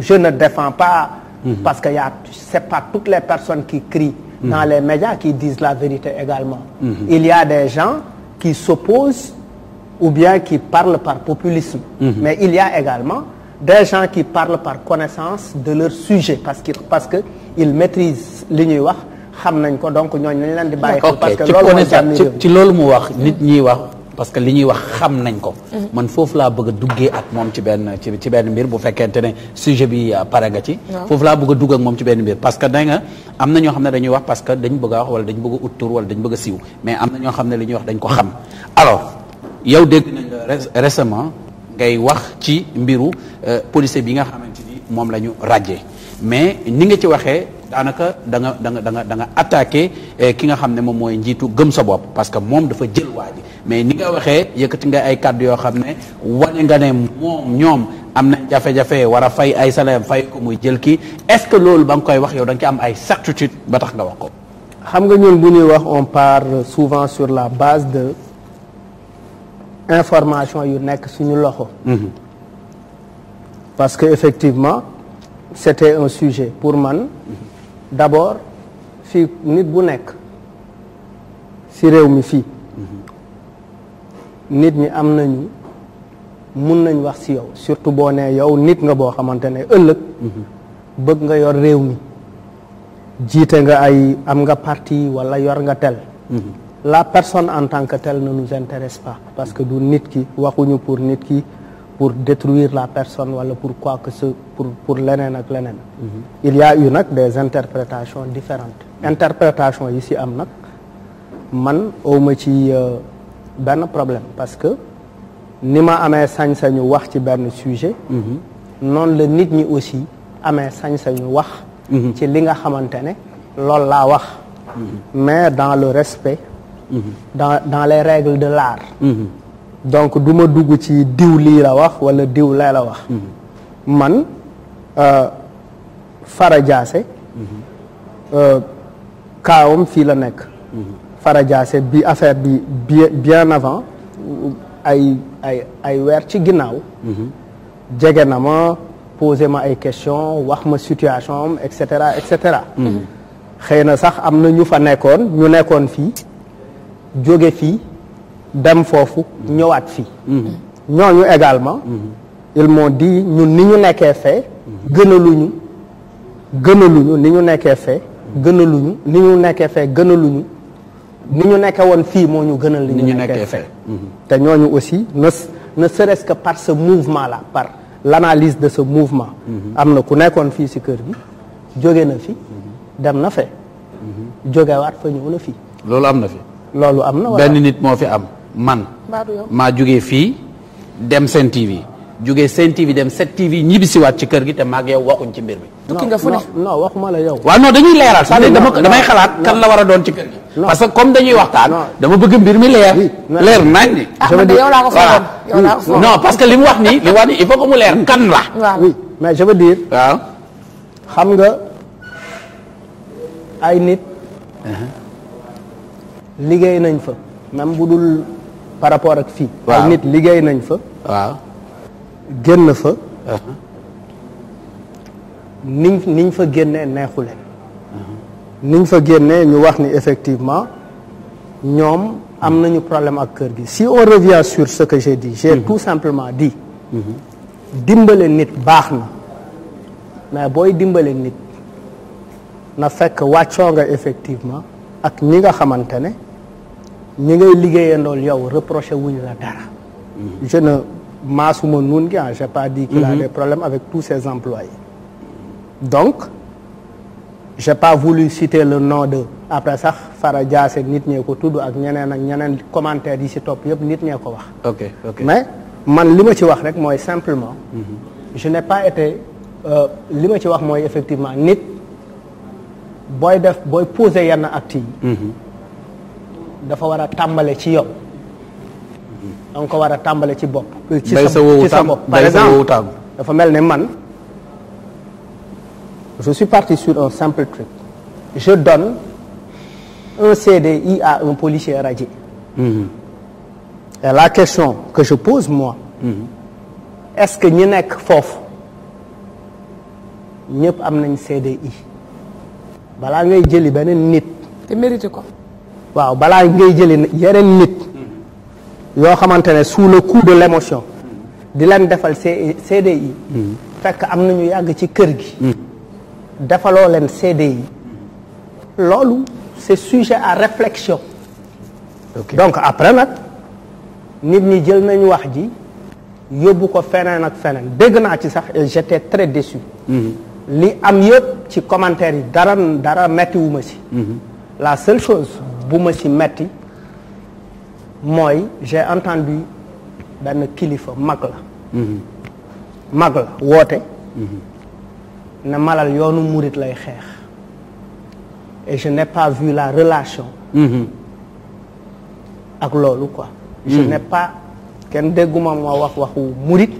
je ne défends pas mhm. parce que y a c'est pas toutes les personnes qui crient dans mhm. les médias qui disent la vérité également mhm. il y des gens qui s'opposent ou bien qui parlent par populisme. Mm -hmm. Mais il y a également des gens qui parlent par connaissance de leur sujet parce que parce que ils maîtrisent li ñuy wax xam nañ ko donc ñooñu nañ leen di bàyyi. parce que ci loolu mu wax mhm. nit ñi wax. parce que li ñuy wax xam nañ ko. Mhm. man foofu laa bëgg a duggee ak moom ci benn ci ci benn mbir bu fekkente ne sujet bi euh, pare nga ci. foofu laa bëgg a dugg ak moom ci benn mbir parce que da nga am na ñoo xam ne dañuy wax parce que dañ bëgg a wax wala dañ bëg a dañ bëgg a siiw mais am na ñoo xam ne li ñuy wax dañ ko xam alors. yow dégg nañ la récemment ngay wax ci mbiru euh, policier bi nga xamante ni moom la ñu ràjjee mais ni nga ci waxee daanaka da nga da nga da nga da nga attaqué euh, ki nga xam ne moom mooy njiitu gëm sa bopp parce que moom dafa jël waa mais ni nga waxee yëkkati nga ay kàddu yoo xam ne wane nga ne moom ñoom am na jafe-jafe war a fay ay salaire fay ko muy jël kii est-ce que loolu ba nga koy wax yow da nga ci am ay certitude ba tax nga wax ko. xam nga ñun bu ñuy wax on parle souvent sur information yu nekk suñu loxo mhm. parce que effectivement c'était un sujet pour man mhm. d'abord fii nit bu nekk ci réew mi fii mhm. nit ñi am nañu mun nañ wax ci yow surtout boo nee yow nit nga boo xamante ne ëllëg bëgg nga yor réew mi jiite nga ay am nga parti walla yor nga tel la personne en tant que telle ne nous intéresse pas parce que du nit ki waxuñu pour nit ki pour détruire la personne wala pour quoi que ce pour pour leneen ak leneen mhm. il y eu nag des interprétations différentes interprétation yi si am nag man awma ci euh, benn problème parce que ni ma amee sañ-sañu wax ci benn sujet mhm. noonu la nit ñi aussi amee sañ-sañu wax mhm. ci li nga xamante ne loolu laa wax mais dans le respect Mhm. dans dans les règles de l'art mhm. donc du ma dugg ci diw lii la wax walla diw lee la wax mhm. man euh, Fara Diassé euh, kaawam fii la nekk Fara Diassé bi affaire bi bien bien avant ay ay ay weer ci ginnaaw jege na ma poser ma ay question wax ma situation am et cetera et cetera xëy na sax am na ñu fa nekkoon ñu nekkoon fii jóge fii dem foofu ñëwaat fii ñooñu également ils m'ont dit ñun ni ñu nekkee fee gënaluñu gënaluñu ni ñu nekkee fee gënaluñu ni ñu nekkee fee gënaluñu ni ñu nekkee woon fii moo ñu gënal ni ñu nekkee fee mhm. ñooñu aussi ne ne serait que par ce mouvement là par l'analyse de ce mouvement mhm. am na ku nekkoon fii si kër bi jóge na fi mhm. dem na fee jógewaat fa ñëw na fii loolu am na fi loolu am na benn nit moo fi am man. maa jóge fii dem seen TV jugee Sen TV dem 7TV ñibbisiwaat ci kër gi te maag yow waxuñ ci mbir mi. tukki nga fu ne non la yow. waaw non dañuy leeral sax dama damay xalaat kan la war a doon ci kër gi. parce que comme dañuy waxtaan. dama bëgg mbir mi leer. leer nañ ni. ah parce que li mu wax nii li mu wax nii il faut que mu leer kan la. mais je veux waaw xam nga ay nit. Uh-huh. liggéey nañ fa même bu dul par rapport ak fii. waaw nit liggéey nañ fa. waaw génn fa. Uh-huh. niñ niñ fa génnee neexule leen. Uh-huh. niñ fa génnee ñu wax ni effectivement ñoom am nañu problème ak kër gi si on revient sur ce que j'ai di j'ai uh-huh. tout simplement dit. dimbale nit baax na mais booy dimbale nit na fekk wàccoo nga effectivement ak ñi nga xamante ne. ñi ngay ndool yow reproché wuñu la dara mm-hmm. je ne maasuma nuun gi ah j'ai pas di qu'il mm-hmm. a des problèmes avec tous ses employés donc j'ai pas voulu citer le nom de après sax Fara Diassé nit ñee ko tudd ak ñeneen ak ñeneen commentaires yi ci topp yëpp nit ñee ko wax ok ok mais man li ma ci wax rek mooy simplement mm-hmm. je n'ai pas été euh, li ma ci wax mooy effectivement nit booy def booy poser yenn actes yi dafa war a tàmbale ci yow danga ko war a tàmbale ci bopp ci sa bopp par dafa mel ne man je suis parti sur un simple truc je donne un CDI à un policier radié mm -hmm. la question que je pose moi mm est-ce que ñi nekk foofu ñëpp am nañ CDI balaa ngay jëli beneen nit te mérité ko waaw balaa ngay jëli yeneen nit yoo xamante ne sous le coup de l'émotion di leen defal yi fekk am na nañu yàgg ci kër gi defaloo leen CDI loolu c'est sujet à réflexion donc après nag nit ñi jël nañu wax ji yóbbu ko feneen ak feneen dégg naa ci sax et très très déçu mhm. li am yëpp ci commentaire yi dara dara mettiwu ma si mhm. la seule chose bu ma ci metti mooy j'ai entendu benn kilifa mag la mhm. mag la woote mhm. ne malal yoonu murit lay xeex et je n'ai pas vu la relation mhm. ak loolu quoi je n'ai pas kenn dégguma ma wax waxu murit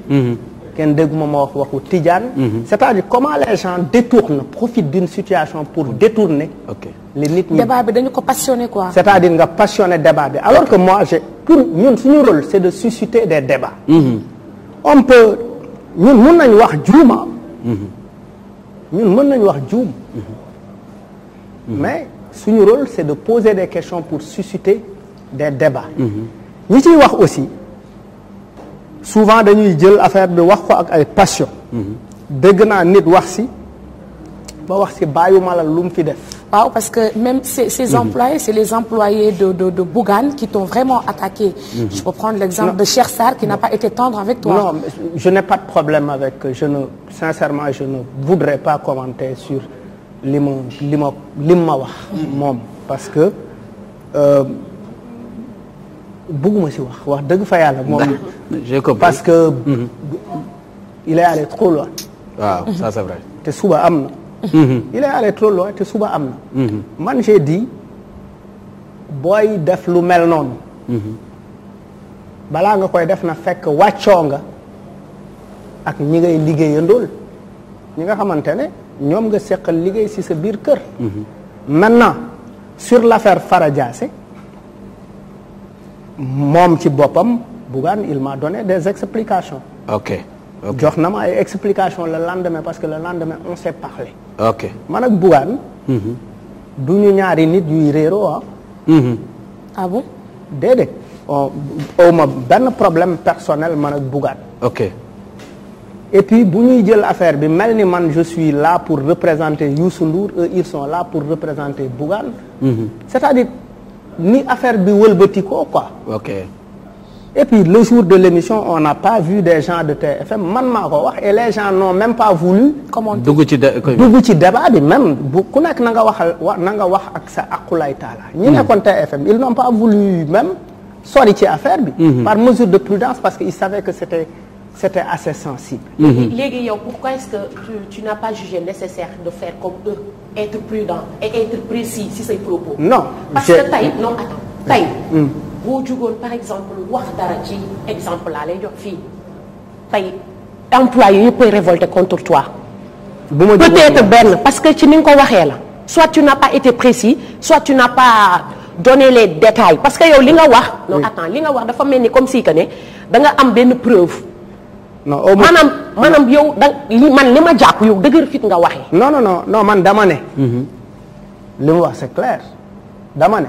kenn dégguma ma a waxu tijaan. Mhm. c'est-à-dire comment les gens détournent profitent d'une situation pour détourner. ok li nit ñi débat bi dañu ko passionné quoi. c'est-à-dire nga passionné débat bi alors que moi j'ai pour ñun suñu rôle c'est de susciter des débats. Mhm. on peut ñun mën nañu wax juuma. Mhm. ñun mën nañu wax juum. mais suñu rôle c'est de poser des questions pour susciter des débats. ñi ciy wax aussi. souvent dañuy jël affaire bi wax ko ak ay passion dégg naa nit wax si ba wax si bàyyuma la lu mu fi def waaw parce que même ces, ces mhm. employés c'est les employés de de de Bougane qui t'ont vraiment attaqué mhm. je peux prendre l'exemple de Cheikh Sarr qui n'a pas été tendre avec toi non je n'ai pas de problème avec je ne sincèrement je ne voudrais pas commenter sur li ma li ma li ma wax mhm. moom parce que euh, bëgguma si wax wax dëgg fa yàlla moom j'ai compris parce que mhm. il est te suba am na mhm. suba am na mhm. man j'ai dit booy def lu mel noonu balaa nga koy def na fekk wàccoo nga ak ñi ngay liggéeyandool ñi nga xamante ne ñoom nga seqal liggéey si sa biir kër maintenant sur lafaire Fara Diassé moom ci boppam Bougane il m'a donné des explications. ok jox na ma ay explications la lendemain parce que la lendemain on s'est parlé. ok man ak Bougane. Mhm. du ñu ñaari nit yuy réeroo ah. Mhm. ah bon déedéet. ma benn problème personnel man ak Bougane. ok. puis bu ñuy jël affaire bi mel ni man je suis là pour représenter Youssou Ndour eux ils sont pour représenter Bougane. Mm c'est-à-dire. ni affaire bi wëlbatikoo quoi. ok et le jour de l'émission on n'a pas vu des gens de TFM man maa ko wax et les gens n'ont même pas voulu. comment dugg ci dugg ci débat bi même ku nekk na nga waxal na nga wax ak sa aqulay taala. ñi hmm. nekkoon TFM ils n'ont pas voulu même sori ci affaire bi. Hmm. par mesure de prudence parce que ils savaient que c'était assez sensible. Hmm. léegi pourquoi est-ce que tu n'as pas jugé nécessaire de faire comme eux. être prudent et être précis si say propos. non parce que tey non attends tey. boo jugoon par exemple wax dara ci exemple laa lay jox fii tey employé yëpp ay révolté contre toi. bu ma peut-être benn parce que ci ni nga ko waxee la. soit tu n'as pas été précis soit tu n'as pas donné les détails parce que yow li nga wax. non attends li nga wax dafa mel ni comme sii que ne da nga am benn preuve. non au moins maanaam maanaam yow da man li ma jàpp yow dëgër fit nga waxe non non non man damane ne. Mhm. wax c'est clair dama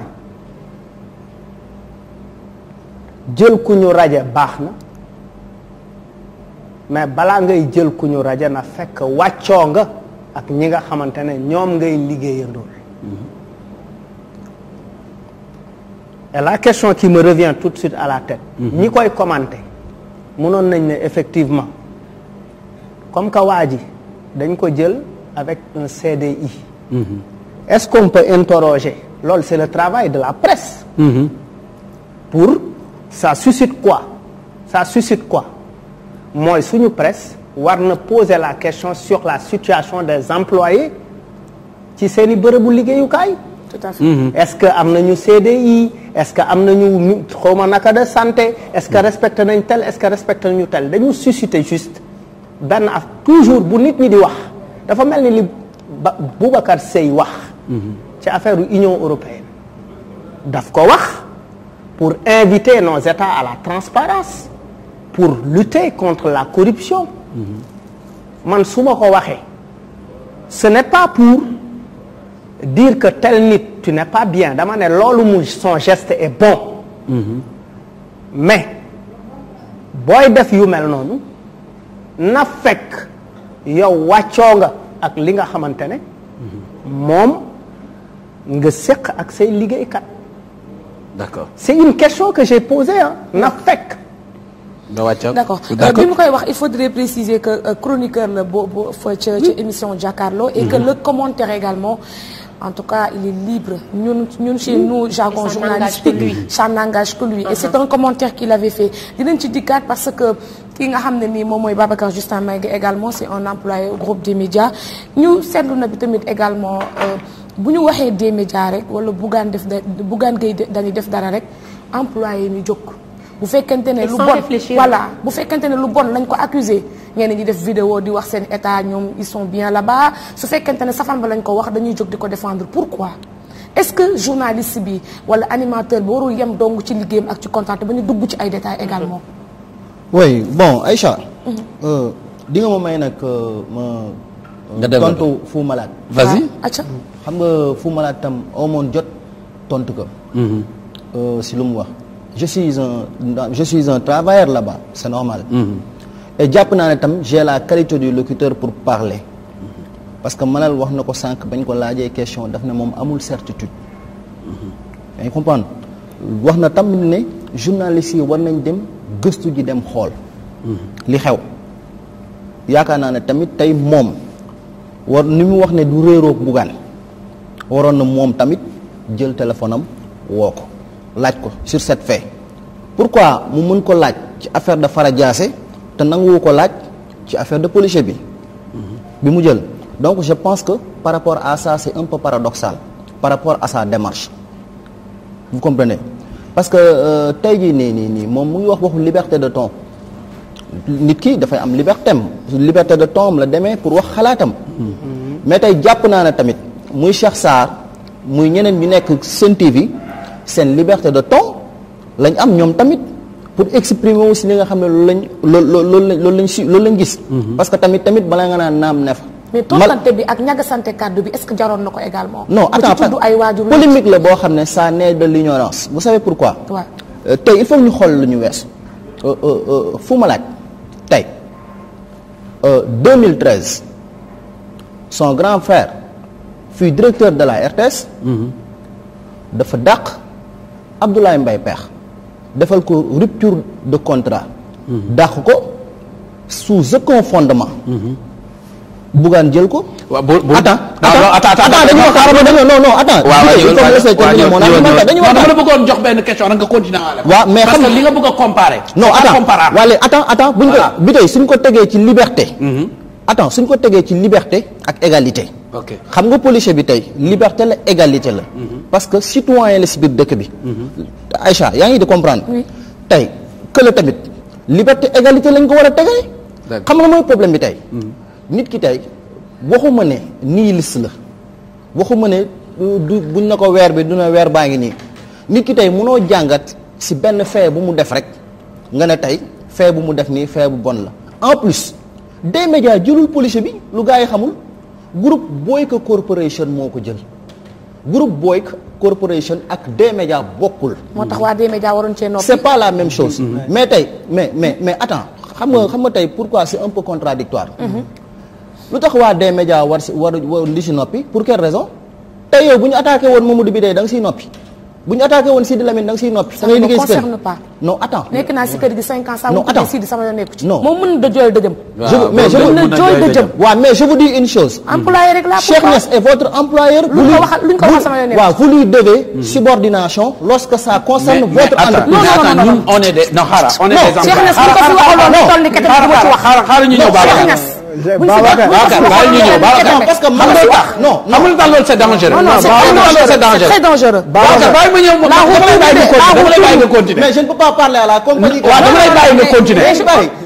jël ku ñu raje baax na mais balaa ngay jël ku ñu raje na fekk wàccoo nga ak ñi nga xamante ne ñoom ngay liggéeyandool et la question qui me revient tout de suite à la tête. Mhm. ñi koy commenter. mënoon nañ ne effectivement comme que waa ji dañ ko jël avec un CDI. Mm -hmm. est-ce qu'on peut loolu c'est le travail de la presse. Mm -hmm. pour ça suscite quoi ça suscite quoi mooy suñu presse war na poser la question sur la situation des employés ci seeni bërëbu liggéeyukaay. tout à mm-hmm. est-ce que am nañu CDI est-ce que am nañu xawma naka de santé est-ce que mm-hmm. respecté nañ tel est-ce que respecté nañu tel dañu susciter juste benn ak toujours bu nit ñi di wax dafa mel ni li ba Boubacar Seye wax mm-hmm. ci affaire Union européenne daf ko wax pour inviter nos États à la transparence pour lutter contre la corruption man su ma ko waxee ce n'est pas pour dire que tel nit tu n'es pas bien dama ne loolu mu son geste est bon mhm. mais booy def yu mel noonu nafek yow wàccoo nga ak li nga xamante ne moom nga séq ak say liggéeykat d'accord c'est une question que j'ai posée ah na fekk euh, d'accord bi mu koy wax il faudrait préciser que euh, chroniqueur la boobu fa ca émission Jakaarlo et que mhm. le commentaire également en tout cas il est libre ñun ñun chez nous jargon journalistique ça n'engage que lui et uh-huh. c'est un commentaire qu'il avait fait dinañ ci dikkaat parce que ki nga xam ne nii moom mooy Babacar Justin Maïga également c'est un employé au groupe des médias ñu seetlu na bi tamit également euh, bu ñu waxee des médias rek wala Bougane def da Bougane Gueye dañuy def dara rek employé ñu jóg bu fekkente ne lu bon voilà bu fekkente ne lu bon lañ ko accuser ngeen ñi def vidéo di wax seen état ñoom ils sont bien la bas su fekkente ne safaan ba lañ ko wax dañuy jóg di ko défendre pourquoi est-ce que journaliste bi walla animateur bi warul yem dong ci liggéeyam ak ci contact ba ñu dugg ci ay détails également oui bon ay mhm. euh, di nga ma may nag euh, ma euh, nga dem tontu Fou Malade vas-y ah, xam nga Fou Malade tam amoon jot tontu ko mhm. si lu mu wax je suis un je suis un travailleur là-bas c'est normal. Mm-hmm. et jàpp naa ne tam j'ai la qualité du locuteur pour parler. Mm-hmm. parce que Malal wax na ko sànq bañ ko laajee question daf ne moom amul certitude. Mm-hmm. yaa ngi wax na tam ne journaliste yi war nañ dem gëstu ji dem xool. li xew yaakaar naa ne tamit tey moom war ni mu wax ne du réeroog Bougane waroon na moom tamit jël téléphone am woo ko. laaj ko sur cette fait pourquoi mu mën ko laaj ci affaire de Fara Diassé te nanguwu ko laaj ci affaire de policier bi mhm. bi mu jël donc je pense que par rapport à ça c'est un peu paradoxal par rapport à sa démarche mu comprenez parce que euh, tey jii nii nii nii moom mu ngi wax waxu liberté de ton nit ki dafay am liberté am liberté de am la demee pour wax xalaatam mhm. mais tey jàpp naa ne tamit muy Cheikh Sarr muy ñeneen ñu nekk Sen TV seen liberté de ton lañ am ñoom tamit pour exprimer wu si li nga xam ne loolu lañ loolu lañ loolu lañ si loolu lañ gis. Mhm. parce que tamit tamit balaa nga naan naam ne fa. mais tontante bi ak ñagasante kàddu bi est-ce que jaroon na ko également. non attends ay waajur polémique la boo xam ne ça naît de l'ignorance vous savez pourquoi. waaw euh, tey il faut ñu xool lu ñu weesu. Euh, euh, fu ma laaj tey 2013 son grand frère fut directeur de la RTS. Mhm. dafa dàq. Abdoulaye mbay Pekh defal ko rupture de contrat. Mhm. dàq ko sous aucun fondement. Mhm. Bougane jël ko. waaw boo boo attends dañu wax xaaral dañu non non attends. dañu wax dama la bëggoon jox benn question nga continuer waa mais xam nga li nga bëgg a comparer. non attends wala attends attends buñ ko bi tey suñ ko tegee ci liberté. Mhm. attends suñ ko tegee ci liberté ak égalité. ok xam nga policier bi tey liberté la égalité la. Mhm. parce que citoyen la si biir dëkk bi. Mhm. Aïcha yaa ngi di comprendre. tey kële tamit liberté égalité lañ ko war a tegee. xam nga mooy problème bi tey. Mhm. nit ki tey waxuma ne nii liste la waxuma ne euh, du buñ na ko weer bi duna weer baa ngi nii nit ki tey munoo jàngat si benn fee bu mu def rek nga ne tey fee bu mu def nii fee bu bon la en plus des médias jëlul policier bi lu gaa yi xamul. groupe Boyka Corporation moo ko jël groupe Boyka Corporation ak D-Media bokkul. moo tax waa D-Media waroon cee noppi. c'est pas la même mm-hmm. chose. Mm-hmm. mais tey mais mais mais xam nga mm-hmm. xam nga tey pourquoi c'est un peu contradictoire lu tax waa D-Media war war war li si noppi pour quelle raison tey bu ñu attaqué woon Mamadou bi day da siy noppi. bu ñu attaqué woon Sidi Lamine da nga siy noppi. da ngay liggéey si kër non attends. nekk naa si kër gi 5 ans. non attends Sidi sama nekku ci. moom mën na dëjëm. waaw mais je vous dis une chose. employé rek laa Cheikh votre employeur. lu ñu ko wax lu ñu ko wax sama yoon nekku waaw vous lui devez. subordination lorsque ça concerne votre entreprise. non non non non on est des non xaaral on est des employés. Cheikh Niass bu ko fi waxaloon toll ni kete bi du ma ci wax. xaaral xaaral ñu ñëw baax Babacar Babacar baal ñu ñëw Babacar parce que man tax non amul tax loolu c'est dangereux. non non c'est dangereux très dangereux. Babacar bàyyi ma ñëw ma continuer mais je ne peux pas parler à la compagnie. waaw dama lay bàyyi nga continuer.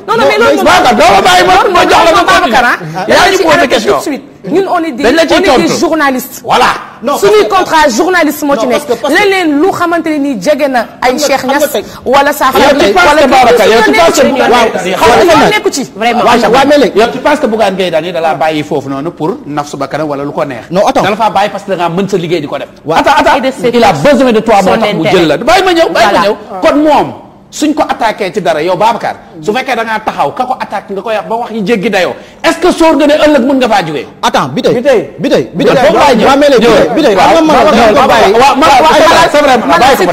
non non mais loolu Babacar doo ma bàyyi ma ma jox la ma continuer. Ah, yaa ñu posé question ñun on est non suñuy journaliste moo ci nekk. leneen lu xamante ne nii jege na ay Cheikh Niass. wala saa xam ne wala nekku ci vraiment waaw mais léegi yow tu penses que Bougane foofu noonu pour nafsu bakkanam wala lu ko neex. non attends da la faa bàyyi parce que liggéey di ko def. waaw attends attends a besoin de toi moo tax mu jël la bàyyi ma ñëw bàyyi ma ñëw suñ ko attaqué ci dara yow Babacar su fekkee da taxaw ka ko attaque nga koy wax ba wax yi jéggi dayoo est-ce que soo gënee ëllëg mën nga faa jógee. attends bi tey bi tey bi tey waa mel bi tey xam nga man ko bàyyi waaw man c'est vrai man s'il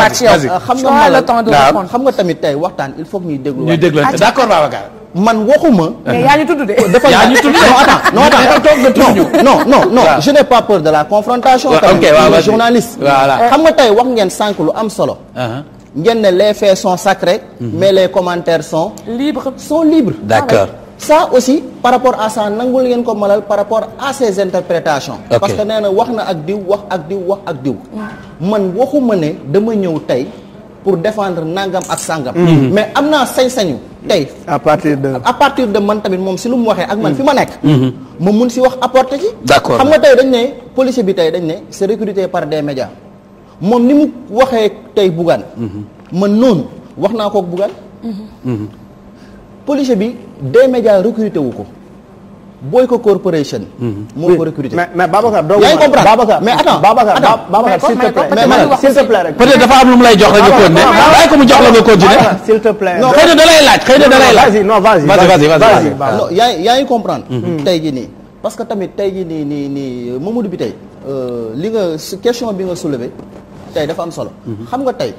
wax ci xam nga tamit tey waxtaan il faut que ñuy déglu ñuy déglu d'accord Babacar man waxuma. mais yaa ñu tudd de. dafa yaa non attends non attends non non je n'ai pas peur de la confrontation. ok waaw journaliste. voilà euh, xam nga tey wax ngeen sànq lu am solo. Uh-huh. ngeen ne les faits sont sacrés. Mm-hmm. mais les commentaires sont. libres sont libres. d'accord ah ça aussi par rapport à ça nangul ngeen ko malal par rapport à ces interprétations. parce que nee wax na ak diw wax ak diw wax ak diw. man waxuma ne dama ñëw tey. pour defendre nangam ak sangam. Mm-hmm. mais am naa sañ-sañu tey. à partir de à partir de man tamit moom si lu mu waxee ak man mm-hmm. fi ma nekk. ma mm-hmm. mun si wax apporter ci. d'accord xam nga tey dañ ne policier bi tey dañ ne c'est récurité par des médias moom ni mu waxee tey Bougane. man noonu wax naa kook Bougane. policier bi des médias recruté wu ko. booy Corporation. Mm-hmm. moo ko mais mais Babacar doo yaa ngi comprendre Babacar mais attends Babacar Babacar s'il te plaît mais s'il te plaît dafa am lu mu lay jox rek nga continuer bàyyi ko mu jox la nga continuer s'il te xëy na da laaj xëy na da laaj vas-y non vas-y vas-y y non yaa yaa ngi comprendre mm-hmm. Mm-hmm. tey jii nii parce que tamit tey gi nii nii nii Mamadou bi tey euh, li nga question bi nga soulever tey dafa am solo xam nga tey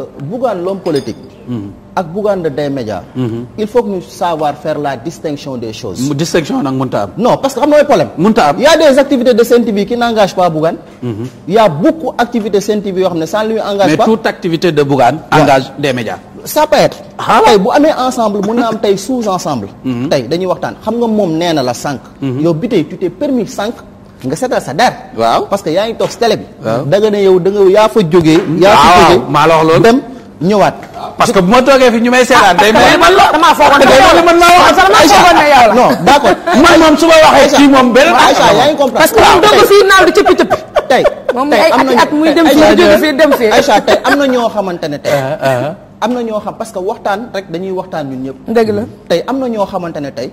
Euh, Bougane l'homme politique. Mm-hmm. ak Bougane de des médias. Mm-hmm. il faut que savoir faire la distinction des choses. distinction nag mënut a am. non parce que am na ay problème. mënut a am y' a des activités de Sen qui n'engagent pas Bougane. Mm-hmm. y' a activités Sen yoo xam ne sans lui engage pas. mais toute activité de Bougane. engage des médias. ça ah bu amee ensemble mun na am tey sous ensemble. tey dañuy waxtaan xam nga moom nee la sànq. yow bi tu t'es permis nga seetal sa der. waaw parce que yaa ngi toog si télé bi. da nga ne yow da nga yaa fa jógee. yaa fa jógee maa la wax loolu dem ñëwaat. parce que bu ma toogee fi ñu may seetaan day mel ah, man la damaa foogoon ne yow la man maa wax damaa foogoon ne yow la non d'accord man moom su ma waxee ci moom benn Aïcha yaa ngi comprendre parce que moom dong fii naaw di cëppi cëppi tey tey am na at muy dem fii jóge fii dem fii Aïcha tey am na ñoo xamante ne tey ah, ah. am na ñoo xam parce que waxtaan rek dañuy waxtaan ñun ñëpp dëgg la tey am na ñoo xamante ne tey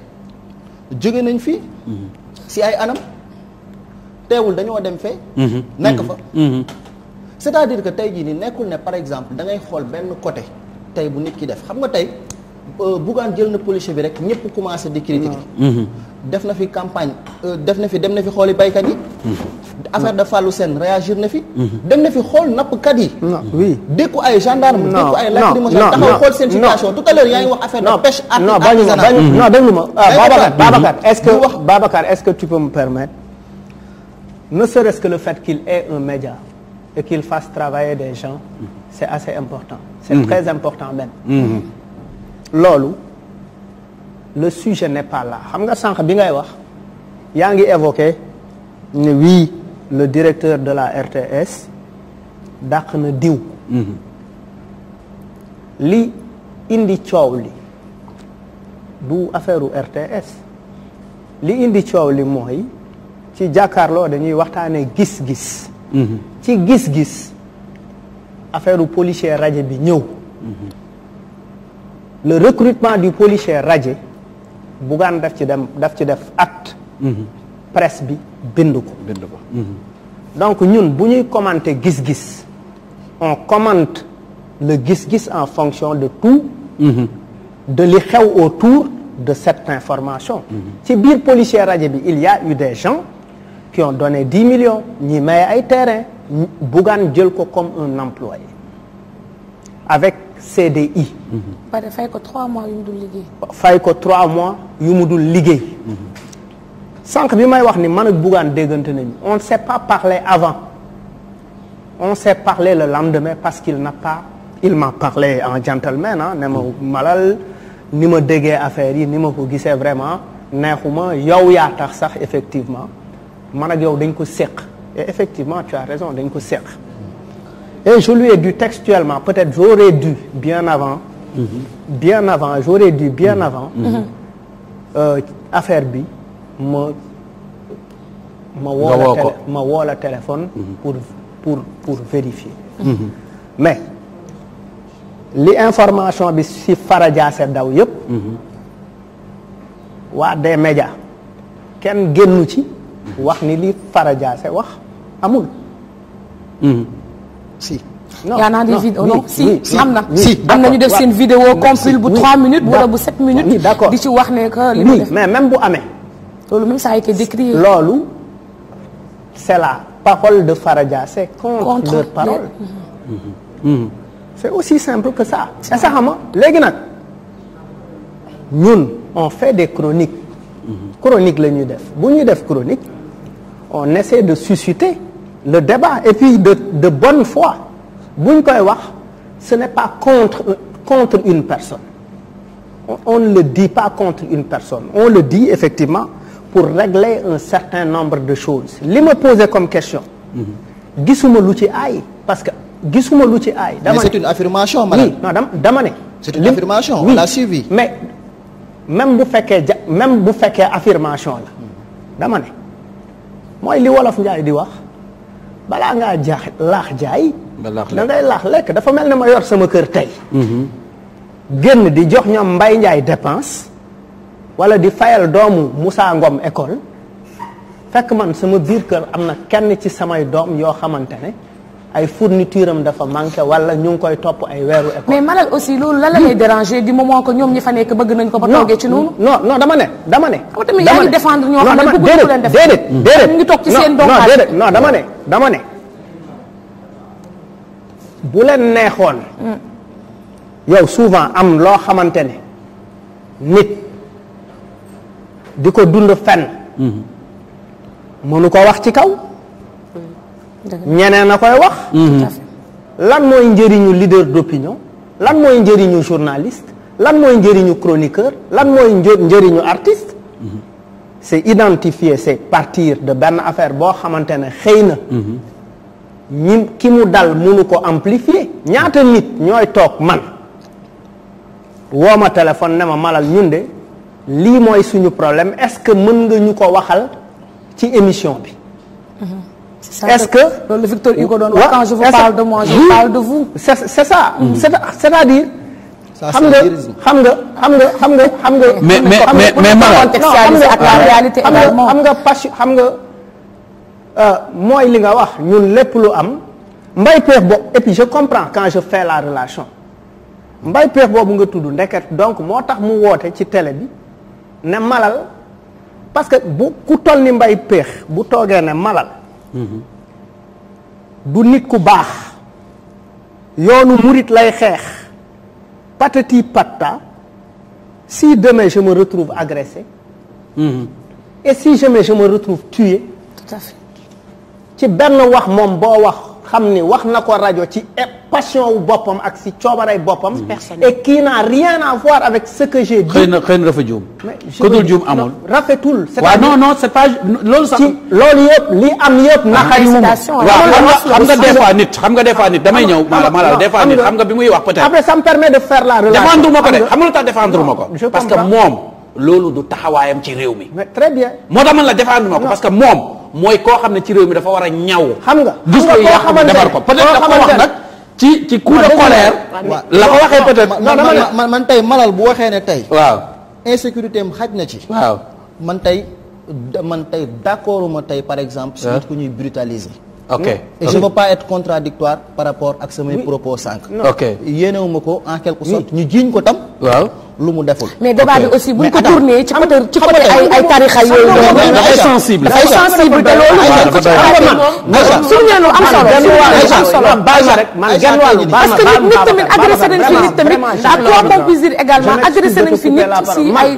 jóge nañ fii mm-hmm. si ay anam teewul dañoo dem fee. Mhm. nekk fa. Mhm. Mhm. c'est-à-dire que tey jii nii nekkul ne par exemple da ngay xool benn côté tey bu nit ki def xam nga tey euh, Bougane jël na policier bi rek ñëpp commencé di critiquer. def na fi campagne euh, def na fi dem na fi xooli baykat yi. affaire de Fallou Sène réagir na fi. dem na fi xool nappkat yi. oui dékku ay gendarme. non non dékku ay lacrymogène taxaw xool seen situation tout à yaa ngi wax affaire de pêche. artisanale non non déglu ma ah, Babacar Babacar est-ce que ne serait-ce que le fait qu'il ait un média et qu'il fasse travailler des gens c'est assez important c'est mhm. très important même mm -hmm. loolu le sujet n'est pas là xam nga sànq bi ngay wax yaa ngi évoqué ne oui le directeur de la RTS dàq na diw mhm. li indi coow li du affaire u RTS li indi coow li mooy ci jàkkaarloo dañuy waxtaanee gis-gis. Mhm. ci gis-gis affaire policier radié bi ñëw. Mhm. le recrutement du policier radié Bougane daf ci dem daf ci def at mhm. presse bi bind ko. bind ko donc ñun bu ñuy commenter gis-gis on commente la gis-gis en fonction de tout. de li xew autour de cette information. ci biir policier radié bi il y a eu des qui ont donné 10 millions ñi maye ay terrain Bougane jël ko comme un employé avec CDI. pare mm-hmm. fay ko 3 mois yu mu dul liggéey. fay ko 3 mois yu mu dul liggéey. Mm-hmm. sànq bi may wax ni man ak déggante nañu on ne s'est pas parlé avant on s'est parlé le lendemain parce qu'il n'a pas il m'a parlé en gentleman ah ne ma mm-hmm. malal ni ma déggee affaire yi ni ma ko gisee vraiment neexuma yow yaa tax sax effectivement. man ak yow dañ ko seq et effectivement tu as raison dañ ko seq et je lui ai dû textuellement peut-être j'aurais du bien avant mm-hmm. bien avant j'aurais du bien mm-hmm. avant mm-hmm. euh, affaire bi ma ma woo la ma téléphone pour pour pour vérifier mais li information bi si Farajaase daw yëpp waa des médias kenn génnu ci wax ni li se wax amul. Hmm. si. non non non si si am na. si am na ñu def seen vidéo compile bu 3 minutes. wala bu 7 minutes. d'accord di ci wax ne que li mu def mais même bu amee. loolu même ça a été décrié. loolu c'est la parole de Farajaase contre, contre leur parole. Mhm. Hmm. Hmm. c'est aussi simple que ça. c'est ça xam léegi nag ñun on fait des chroniques. Mhm. chronique la ñuy def bu ñuy def chronique. on essaie de susciter le débat et puis de de bonne foi bu ñu wax ce n'est pas contre contre une personne on ne le dit pas contre une personne on le dit effectivement pour régler un certain nombre de choses li ma posé comme question mhm. gisuma lu ci aay parce que gisuma lu ci aay dama ne mais c'est une affirmation madame affirmation l'a suivi mais même bu fekkee ja même mooy li wolof njaay di wax balaa ngaa jaax laax jaay da ngay laax lekk dafa mel ne ma yor sama kër tey mm-hmm. génn di jox ñoom mbay njaay depense wala di fayal doomu Moussa Ngom école fekk man sama biir kër am na kenn ci samay doom yoo xamante ne ay fourniture am dafa manqué walla ñu ngi koy topp ay weeru école. mais malal aussi loolu lan la lay déranger du moment que ñoom ñi fa nekk bëgg nañ ko ba toogee ci noonu. non non dama ne dama ne. dama ne tamit yaa ngi défendre ñoo xam ne bëgguñu toog ci seen doom. non déedéet non dama ne bu leen neexoon. yow souvent am loo xamante ne nit di ko dund fenn. Mm-hmm. mënu ko wax ci kaw. ñeneen a koy wax mmh. lan mooy njëriñu leader d'opinion lan mooy njëriñu journaliste lan mooy njëriñu chroniqueur lan mooy njëriñu artiste mmh. c'est identifier c'est partir de benn affaire boo xamante ne xëy na mmh. ñi ki mu dal mënu ko amplifier ñaata nit ñooy toog man wooma ma téléphone ne ma malal ñun de lii mooy suñu problème est-ce que mën nga ñu ko waxal ci émission bi est-ce que loolu Victor Hugo doon wax quand je vous parle de moi je parle de vous. c'est c'est ça. Hmm. c'est-à-dire. xam nga xam nga xam nga xam nga xam nga. mais mais mais xam nga mooy li nga wax ñun lépp lu am mbay peex boobu et puis je comprends quand je fais la relation mbay peex boobu nga tudd ndeket donc moo tax mu woote ci télé bi ne malal parce que bu ku tol ni mbay peex bu toogee ne malal. du nit ku baax yoonu murit lay xeex patati patta si demain je retrouve agressé et si jamais je me retrouve tué tout à fait ci benn wax moom boo wax xam ni wax na ko rajo ci e passion wu boppam ak si coobaray boppam. Mm-hmm. et qui n'a rien à voir avec ce que j'ai dit. xëy na xëy na dafa juum. ku dul juum amul. rafetul c'est waaw non non c'est pas loolu ci loolu yëpp li am yëpp. naqariwul ah, waaw xam nga des nit xam nga des nit damay ñëw. maanaam maanaam des nit xam nga bi muy wax peut après ça me permet de faire la relation. défendre ko de xam nga lu ko. parce que moom. loolu du taxawaayam ci réew mi. mais très bien. moo tax man la défendre ma ko parce que moom mooy koo xam ne ci réew mi dafa war a ñaw. xam nga gis ko yàq defar ko peut-être dafa wax nag. ci ci coup de la ko waxee peut-être. man man man tey malal bu waxee ne tey. waaw insécurité am xaj na ci. man tey man tey d'accord ma tey par exemple. si nit ku ñuy brutaliser. ok et je ne veux pas par rapport ak samay propos sànq. ok yéenewuma ñu jiiñ ko tam. lu mu deful. mais débat bi aussi buñ ko tourné ci côté ci côté ay ay tarixa yooyu. am solo am solo rek wàllu parce tamit agressé nañ fi tamit ak trop bon également agressé nañ fi si ay.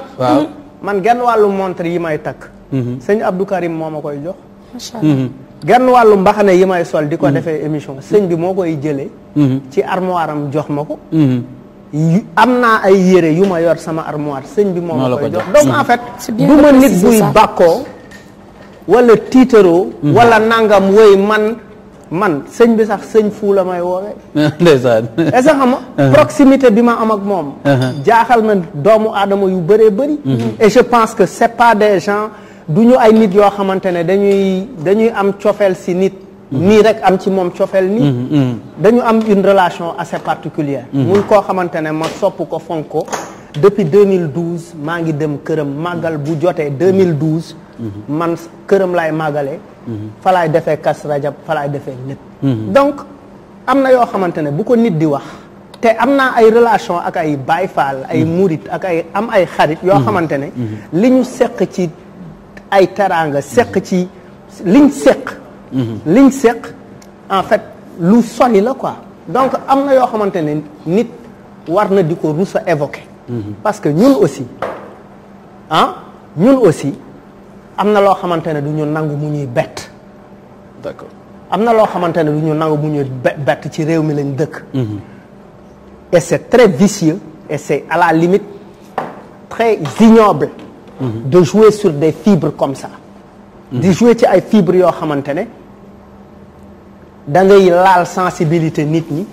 man genn wàllu montre yi may takk. sëñ Abdou Karim moo koy jox. macha allah. genn wàllu mbaxane yi may sol di ko mm-hmm. defee émission sëñ bi moo koy jële mm-hmm. ci armoire am jox ma ko mm-hmm. am naa ay yére yu ma yor sama armoire sëñ bi moo ma koy jox donc en fait du ma nit buy bàkkoo wala tiitaroo wala nangam woy man man sëñ bi sax sëñ fuu may woowee ndeysaan est-ce uh-huh. proximité bi ma am ak moom uh-huh. jaaxal na doomu aadama yu bëree bëri et je pense que c'est pas des gens du ñu ay nit yoo xamante ne dañuy dañuy am cofeel si nit mm-hmm. nii rek am ci moom cofeel nii mm-hmm, mm-hmm. dañu am une relation assez particulier muy koo xamante ne ma sopp ko fonk ko depuis 2012 maa ngi dem këram màggal bu jotee 2012 man këram laay màggale falaay defee kas rajab fa defee lépp donc am na yoo xamante ne bu ko nit di wax te am naa ay relation ak ay baay faal ay murit ak ay am ay xarit yoo xamante ne li ñu seq ci ay teraanga seq ci liñ seq. Mhm. liñ seq en fait lu sori la quoi donc am na yoo xamante ne nit war na di ko rus a évoquer. Mhm. parce que ñun aussi ah ñun aussi am na loo xamante ne du ñu nangu mu ñuy bett. am na loo xamante ne du ñu nangu mu ñuy bett ci réew mi lañu dëkk. Mhm. et très vicieux et c'est à la limite très ignoble. de jouer sur des fibres comme ça. Mhm. di jouer ci ay fibres yoo xamante ne da ngay laal sensibilité nit ñi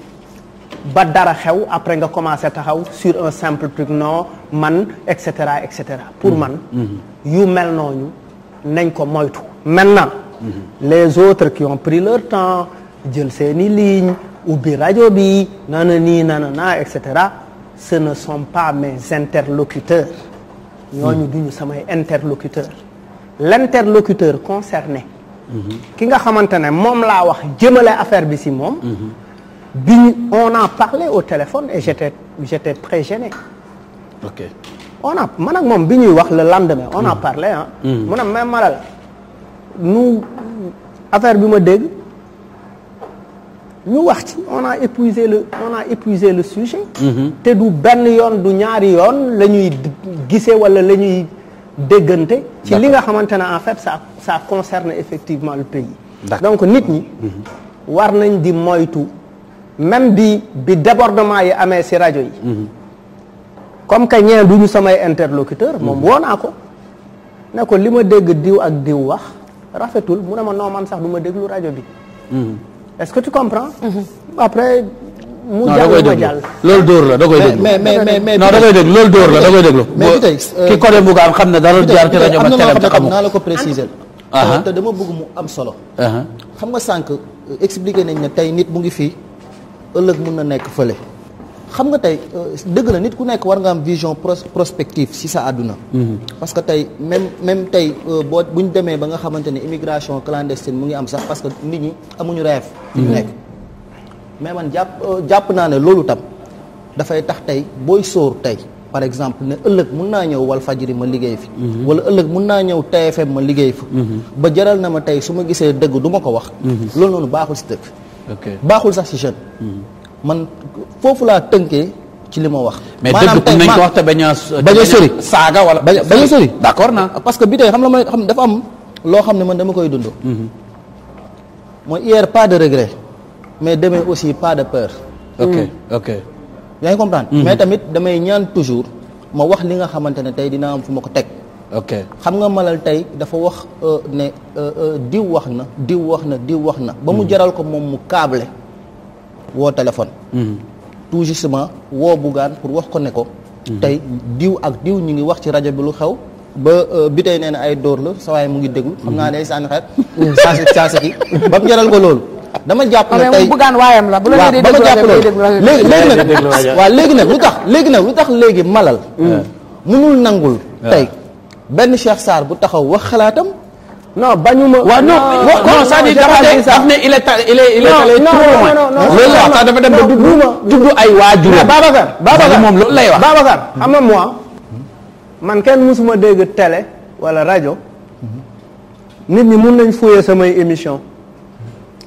ba dara xew après nga commencé taxaw sur un simple truc non man et cetera cetera pour mhm. man. Mhm. yu mel nooñu nañ ko moytu. maintenant les autres qui ont pris leur temps jël seeni ligne ubbi rajo bi nana nii nana naa et cetera ce ne sont pas mes interlocuteurs. ñooñu hmm. duñu samay interlocuteur l'interlocuteur concerné hmm. ki nga xamante ne moom laa wax jëmale affaire bi si moom hmm. ñu on a parlé au téléphone et j'étais j'étais très gêné on a man moom bi ñuy wax la lendemain on a parlé ah mu ne même malal nu affaire bi ma dégg ñu wax ci on a épuisé le on a épuisé le sujet mm-hmm. te du benn yoon du ñaari yoon la ñuy gisee wala la ñuy déggante ci li nga xamante ne en fait sa ça concerne effectivement le pays donc nit ñi mm-hmm. war nañ di moytu même bi bi débordement yi amee si rajo yi mm-hmm. comme que ñeen duñu samay interlocuteur moom woo naa ko ne ko li ma dégg diw ak diw wax rafetul mu ne ma noo man sax du ma déglu rajo bi est-ce que tu comprends. Mhm. après mu jàll ma jàll. loolu dóor la da koy déglu mais mais mais mais. non da koy déglu loolu dóor la da koy déglu. mais bi tey euh, ki côté Bougane xam ne dara jaar ci rajo ba télé te xamu. naa la ko préciser. Ah, ah. te dama bëgg mu am solo. Ah, xam nga sànq euh, expliqué nañ ne tey nit mu ngi fii ëllëg mun na nekk fële. xam nga tey euh, dëgg la nit ku nekk war nga am vision prospective ci sa àdduna mhm. parce que tey même même tey euh, boo bu demee ba nga xamante ne immigration clandestine mu ngi am sax parce que nit ñi amuñu rêve ñu mhm. nekk mais man jàpp euh, jàpp naa ne loolu tam dafay tax tey booy soor tey par exemple ne ëllëg mun naa ñëw Walfadjri ma liggéey fi mhm. wala ëllëg mun naa ñëw TFM ma liggéey fa ba jaral na ma tey su ma gisee dëgg du ma ko wax loolu noonu baaxul si dëkk baaxul sax ci jeune man foofu laa tënkee ci li ma wax. maanaam tey mais dëgg nañ wax te bañ a. bañ sori saaga wala bañ a sori. d'accord naa parce que bi tey xam la ma xam dafa am loo xam ne man dama koy dund. Mhm. mooy hier pas de mais demain aussi pas de peur. Mm. Mhm. mais tamit damay ñaan toujours ma wax li nga xamante ne tey dinaa am fu ma ko teg. ok xam nga malal tey dafa wax euh, ne euh, euh, diw wax na diw wax na diw wax na. ba mu mhm. jaral ko moom mu caable woo téléphone. Mhm. tout justement woo Bougane pour wax ko ne ko. Mhm. tey diw ak diw ñu ngi wax ci rajo bi lu xew. ba euh, bi tey nee na ay dóor la sa waaye mu ngi déglu. xam naa day mhm. sànni xeet. saa si saa si ba mu jaral ko loolu. dama jàpp na tey Bougane waayam la bu la dee déglu rajo bi léegi nag waaw léegi nag lu tax léegi nag lu tax léegi malal. mënul nangul tey benn Cheikh Sarr bu taxaw wax xalaatam. non bañuma. waaw non non c'est-à-dire dafa ne daf ne il est il est il est allé trop loin. non non loolu la wax sax dafa dem ba dudd dudd ay waajur. mais Babacar Babacar moom loolu lay wax. Babacar xam nga moi man kenn musuma dégg télé wala rajo nit ñi mun nañ fuyee samay émission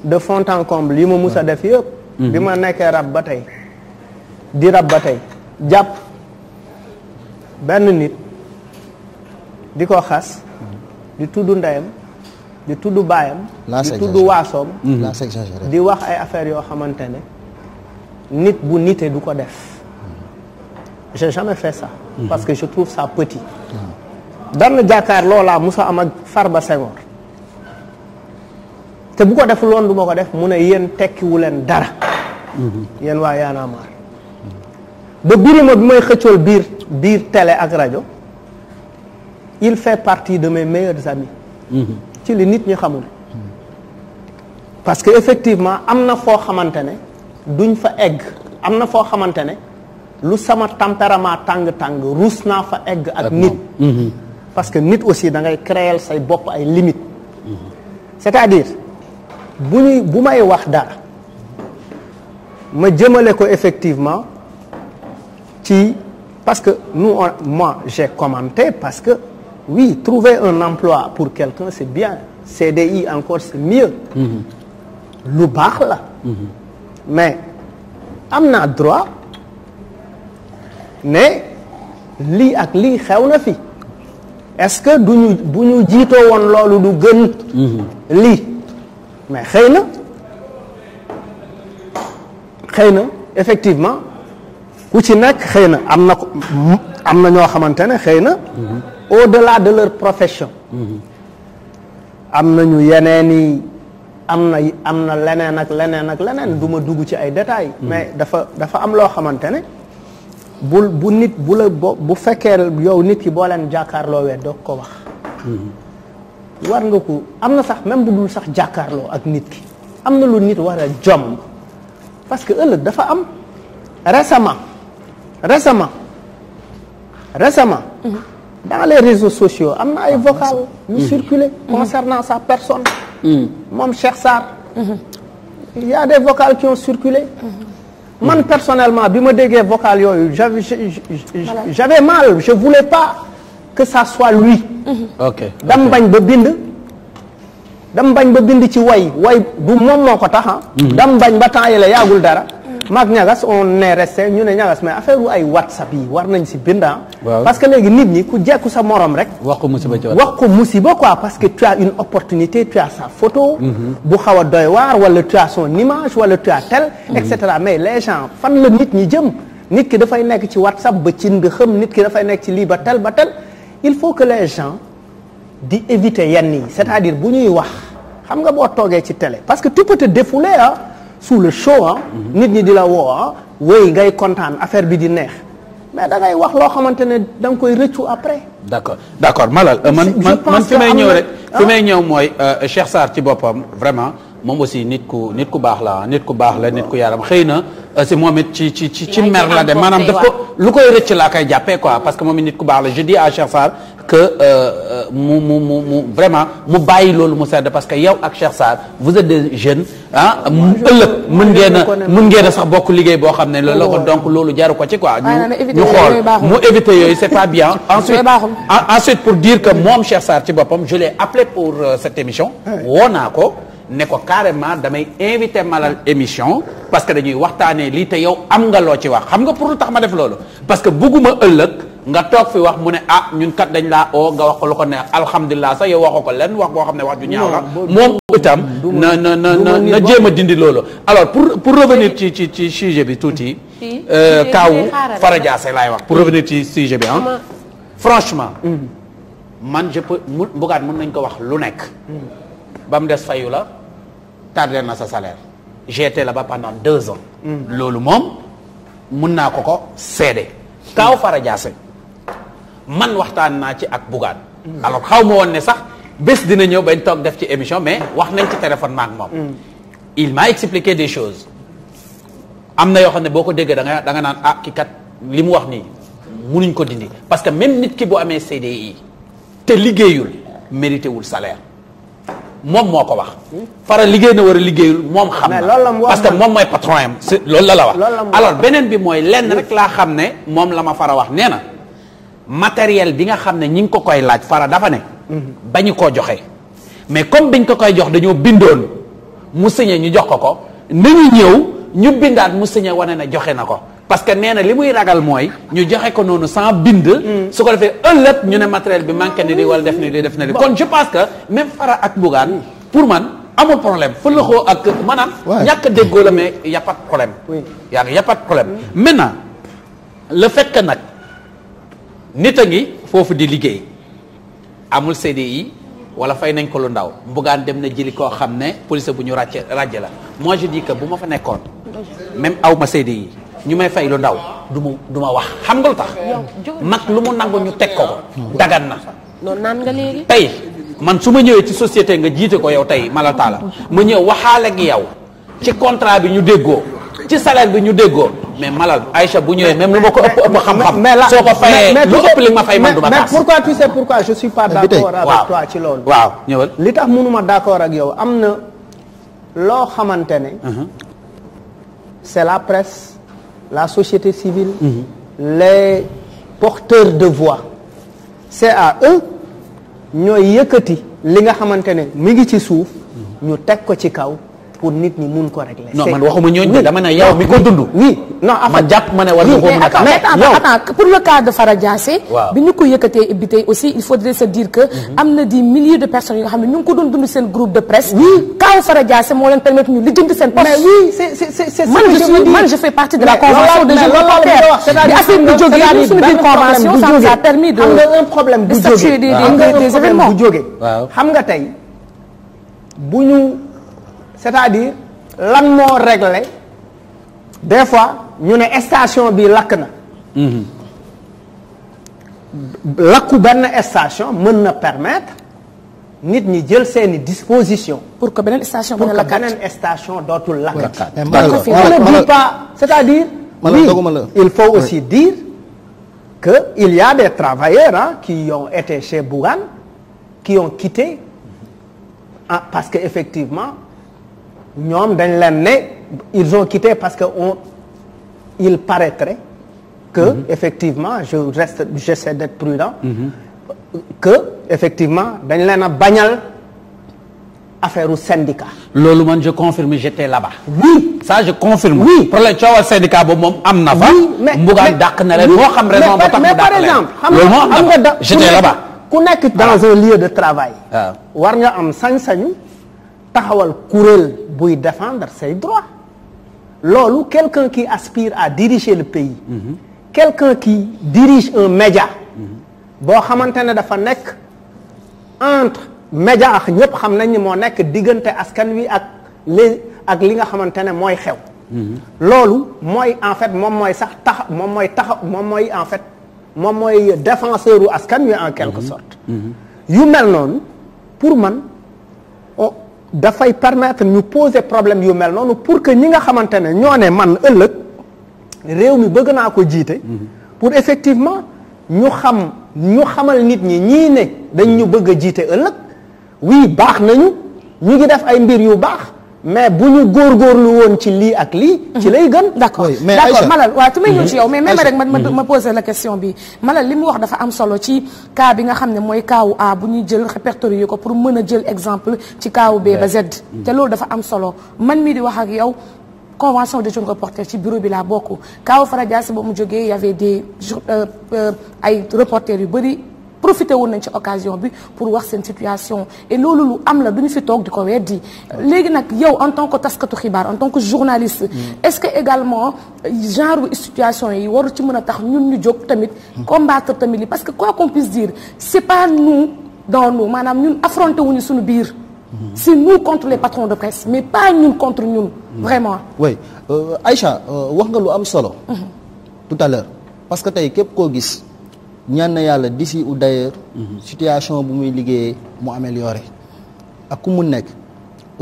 de fond en comble yi ma mus a def yëpp. Mhm. bi ma nekkee rab ba tey di rab ba tey jàpp benn nit di ko xas di tudd ndeyam. di tudd baayam di tudd waasoom di wax ay affaires yoo xamante ne nit bu nite du ko def j'ai jamais fait ça mhm. parce que je trouve ça petit ah. dara jàkkaar loolaa musa am ak Farba Senghor te bu ko def loon du ko def mu ne yéen tekkiwu leen dara mhm. yéen waa Y'en ba birima bi may xëccool biir biir télé ak rajo il fait partie de mes meilleurs amis mhm. ci li nit ñi xamul parce que effectivement am na foo xamante ne duñ fa egg am na foo xamante ne lu sama tempérament tàng-tàng ruus naa fa egg ak nit mhm. parce que nit aussi da ngay créer say bopp ay limites mhm. c'est-à-dire bu ñuy bu may wax dara ma jëmale ko effectivement ci parce que nous on moi j'ai commenté parce que oui trouver un emploi pour quelqu'un c'est bien CDI encore c'est mieux mhm. lu baax la mhm. mais am naa droit ne lii ak lii xew na fi est-ce que du ñu bu ñu jiitoo woon loolu du gën mhm. lii mais xëy na xëy na effectivement ku ci nekk xëy na am na ko am na ñoo xamante ne xëy na de la de leur profession am nañu yeneeni am na am na leneen ak leneen ak leneen du ma dugg ci ay détails hmm. mais dafa dafa am loo xamante ne bul bu nit bu la bo bu fekkee yow nit ki boo leen wee doog ko wax hmm. war nga ko am na sax même bu dul sax jàkkaarloo ak nit ki am na lu nit war a jomb parce que ëllëg dafa am récemment récemment récemment hmm. dans les réseaux sociaux am na ay ah, vocal ñu mm-hmm. circuler mm-hmm. concernant sa personne mm-hmm. moom Cheikh Sarr il y a des vocales qui man personnellement bi ma déggee vocal yooyu j'avais j'avais mal je voulais pas que ça soit lui ok dam bañ ba bind dam bañ ba bind ci way way bu moom moo ko tax ah. dam bañ ba temps yi la yaagul dara maag ñagas on est resté ñu ne ñagas mais affaire wu ay whatsapp yi war nañ si binda ah. parce que léegi nit ñi ku jekku sa morom rek wax ko musiba ci wax ko musiba quoi parce que tu as une opportunité tu sa photo mhm. bu xaw a doy waar wala tu as son image wala tu as tel mhm. et cetera mais fan la nit ñi jëm nit ki dafay nekk ci whatsapp ba cin ndi xam nit ki dafay nekk ci lii ba tel ba tel il faut que les gens di éviter yenn yi c'est-à-dire bu ñuy wax xam nga boo toogee ci télé parce que sous le show ah. nit ñi di la woo ah. wéy ngay kontaan affaire bi di neex. mais da wax loo xamante ne danga koy rëccu après. d' accord d' accord Malal. Euh, man man man fi may ñëw rek. Ah. fi may ñëw mooy euh, Cheikh Sarr ci boppam vraiment moom aussi nit ku nit ku baax la nit ku baax la nit yaram xëy na euh, si moom it ci ci ci mer la de maanaam daf ko lu koy rëcc laa koy jàppee quoi parce que moom it ku baax la je dis à Cheikh Sarr que euh, euh, mu mu mu bàyyi loolu mu sedd parce que yow ak Cheikh Sarr vous êtes des jeunes ah ëllëg mën ngeen a mën ngeen sax bokk liggéey boo xam ne loolu ko oh. donc loolu jaru ko ci quoi ñu ñu xool mu éviter yooyu c'est pas bien ensuite pour dire que moom Cheikh Sarr ci boppam je l'ai appelé pour euh, cette émission woo naa ko ne ko carrément damay invité malal émission parce que dañuy waxtaanee lii te yow am nga loo ci wax xam nga pour lu tax ma def loolu parce que bugguma nga toog fi wax mu ne ah ñun kat dañ laa oo nga wax ko lu ko neex alhamdulilah sax yow waxoo ko lenn wax boo xam ne wax ju ñaaw la moom itam na na na na na jéem a dindi loolu alors pour pour revenir ci ci ci sujet bi tuuti hmm. euh, kaawu Farajaase laay wax pour revenir ci sujet bi ah franchement hmm. man je peux mu mbugaat mun nañ ko wax lu nekk hmm. ba mu des fayu la tardé na sa salaire j'étais là-bas pendant deux ans loolu moom mun naa ko ko seede kaaw Farajaase man waxtaan naa ci ak Bougane alors xaw ma woon ne sax bés dina ñëw ba toog def ci émission mais wax nañ ci téléphone maak moom mm. il m'a expliqué des choses am na yoo xam ne boo ko déggee da nga da nga naan ah kii kat li mu wax nii nuñ ko dindi parce que même nit ki bu amee CDI te liggéeyul mérité wul salaire moom moo ko wax. Mm. fara liggéey na war a liggéeyul moom xam na parce que moom mooy patron am. loolu la la wax alors beneen bi mooy lenn mm. rek laa xam ne moom la ma fara wax nee na. matériel bi nga xam ne ñi ngi ko koy laaj fara dafa ne ba ñu koo joxe mais comme biñ ko koy jox dañoo bindoon mu signé ñu jox ko ko nañu ñëw ñu bindaat mu signé wane ne joxe na ko parce que nee na li muy ragal mooy ñu joxe ko noonu sans bind mm. su ko defee ëllëg ñu ne matériel bi manqué ne di wala def ne di def ne di kon je pense que même fara ak Bougane pour man amul problème fëlaxoo ak maanaam ñàkk déggoo la mais y a pas de problème yaa ngi y a pas de problème nag nit a ngi foofu di liggéey amul CDI wala fay nañ ko lu ndaw mbugaan dem na jëli koo xam ne police bu ñu ràcce ràjje la moi je dis que bu ma fa nekkoon même aw ma CDI ñu may fay lu ndaw du ma du ma wax xam nga lu tax nag lu mu nangu ñu teg ko ko dagan na noonu naan nga tey man su ma ñëwee ci société nga jiite ko yow tey ma mala taala ma ñëw waxaale ak yow ci contrat bi ñu déggoo ci salaire bi ñu déggoo mais malade Aïcha bu ñëwee même lu ma ko ëpp ëpp xam-xam. mais soo ko fayee lu ëpp li ma fay man du ma taas. mais pourquoi tu sais pourquoi je suis pas d'accord avec toi ci loolu. waaw ñëwal li tax mënuma d'accord ak yow am na loo xamante ne. Uh-huh. c'est la presse la société civile. Uh-huh. le porteurs de voix. c'est à eux ñooy yëkkati li nga xamante ne mi ngi ci suuf uh-huh. ñu teg ko ci kaw. pour nit ñi mun ko régler. non man waxuma ñooñu de dama ne mi ko dund. oui jàpp ma ne war nga ko mun a. pour le cas de Fara bi ñu ko yëkkatee bi tey aussi il faudrait se dire que. Mhm. am na des milliers de personnes yoo xam ne ñu ko doon dund seen groupe de presse. oui kaw Fara Diassé moo leen permettre ñu lijjanti seen poste. man je fais partie de la convention de jeunes reporters. c'est-à-dire xam nga tey bu ñu. c'est-à-dire lan moo réglé des fois ñu ne station bi lakk na mhm. lakku benn station mën na permettre nit ñi jël seeni disposition pour que beneen station pour que beneen station dootul lakkat on ne dit pas cest à il faut aussi dire que il y a des travailleurs hein, qui ont été chez Bougane qui ont quitté ah, parce que effectivement ñoom dañ leen ne ils ont quitté parce que on il paraîtrait que mm-hmm. effectivement je reste j'essaie d'être prudent mm-hmm. que effectivement dañ leen a bañal affaire u syndicat loolu man je confirme j'étais là-bas oui ça je confirme oui problème coowal syndicat boobu moom am na fa mbugaan dàq na leen moo xam raison ba tax mu dàq leen loolu moo am na fa j'étais là-bas ku nekk dans ah. un lieu de travail ah. war nga am sañ-sañu taxawal kuréel buy defendre ses droits loolu quelqu'un qui aspire à diriger le pays mhm. quelqu'un qui dirige un média mhm. boo xamante ne dafa nekk entre média ak ñëpp xam nañ ni moo nekk diggante askan wi ak ak li nga xamante ne mooy xew mhm. loolu mooy en fait moom mooy sax tax moom mooy tax moom mooy en fait moom mooy défenseur u askan wi en quelque sort yu mel noonu pour man dafay permettre ñu poser problème yu mel noonu pour que ñi nga xamante ne ñoo ne man ëllëg réew mi bëgg naa ko jiite pour effectivement ñu xam ñu xamal nit ñi ñii ne dañ ñu bëgg a jiite ëllëg wii baax nañu ñu ngi def ay mbir yu baax mais bu ñu góorgóorlu woon ci lii ak lii. ci mhm. lay gën. d' accord d' accord Malal waaw tu may ñëw mhm. ci yow mais même rek ma ma mhm. posé la question bi Malal li mu wax dafa am solo ci cas bi nga xam ne mooy kaawu A bu ñu jël répertorié ko pour mën a jël exemple ci kaaw B ba Z. te loolu dafa am solo man mii di wax ak yow convention de jeunes reporters ci bureau bi laa bokk kaaw Fara Dias mu jógee y' avait des euh, euh, ay reporters yu bëri. profité woon nañ ci occasion bi pour wax seen situation et loolu lu am la du ñu fi toog di ko di léegi nag yow en tant que taskatu xibaar en tant que journaliste mm. est-ce que également genre situation yi waru ci mën a tax ñun ñu jóg tamit mm. combattre tamit li parce que quoi qu'on puisse dire c'est pas nous dans nous maanaam ñun affronté wuñu suñu biir mm-hmm. c'est nous contre les patrons de presse mais pas ñun contre ñun mm. vraiment oui euh, Aïcha euh, wax nga lu am solo mm-hmm. tout à l'heure tey képp koo gis ñaan na yàlla si ou d'ailleurs mhm. situation bu muy liggéeyee mu amélioré ak ku mu nekk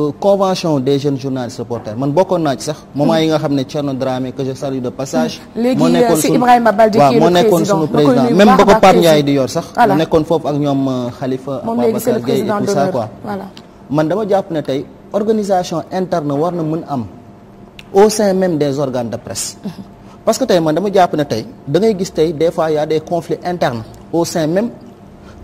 euh, convention des jeunes journalistes reporters man bokkoon naa ci sax moment mhm. yi nga xam ne Thierno Dramé que je salue de passage mhm. moo euh, nekkoon sunu Ibrahima Baldé waaw moo nekkoon sunu président même ba ko Pape Ndiaye di yor sax mu nekkoon foofu ak ñoom euh, Khalifa Ababacar Gueye et tout ça quoi man dama jàpp ne tey organisation interne war na mën am au sein même des organes de presse parce que tey man dama jàpp na tey da ngay gis tey des fois y a des conflits internes au sein même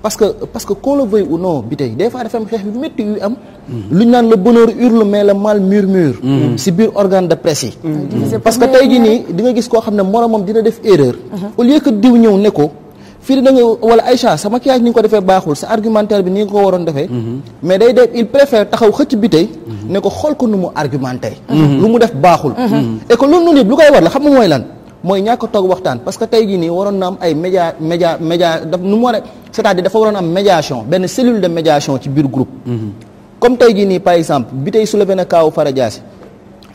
parce que parce que qu'on le bi tey des fois am xeex yu métti yu am. Mm-hmm. lu ñu naan le bonheur hurle mais le mal murmure. Mm-hmm. si biir organe de presse yi. Mm-hmm. parce que tey jii nii di nga gis koo xam ne moromam dina def erreur. au lieu que diw ñëw ne ko. fii da nga wala Aïcha sama maquillage ni nga ko defee baaxul sa argumentaire bi ni nga ko waroon defee mhm. mais day def il préfère taxaw xëcc bi tey mhm. ne ko xool ko nu mu argumenté mhm. lu mu def baaxul et que loolu noonu yëpp lu koy war la xam nga mooy lan mooy ñàkk toog waxtaan parce que tey jii nii waroon na am ay média média média daf nu mu war a cest à dafa waroon am médiation benn cellule de médiation ci biir group comme tey jii nii par exemple bi tey soulevé na kaaw Fara Diassé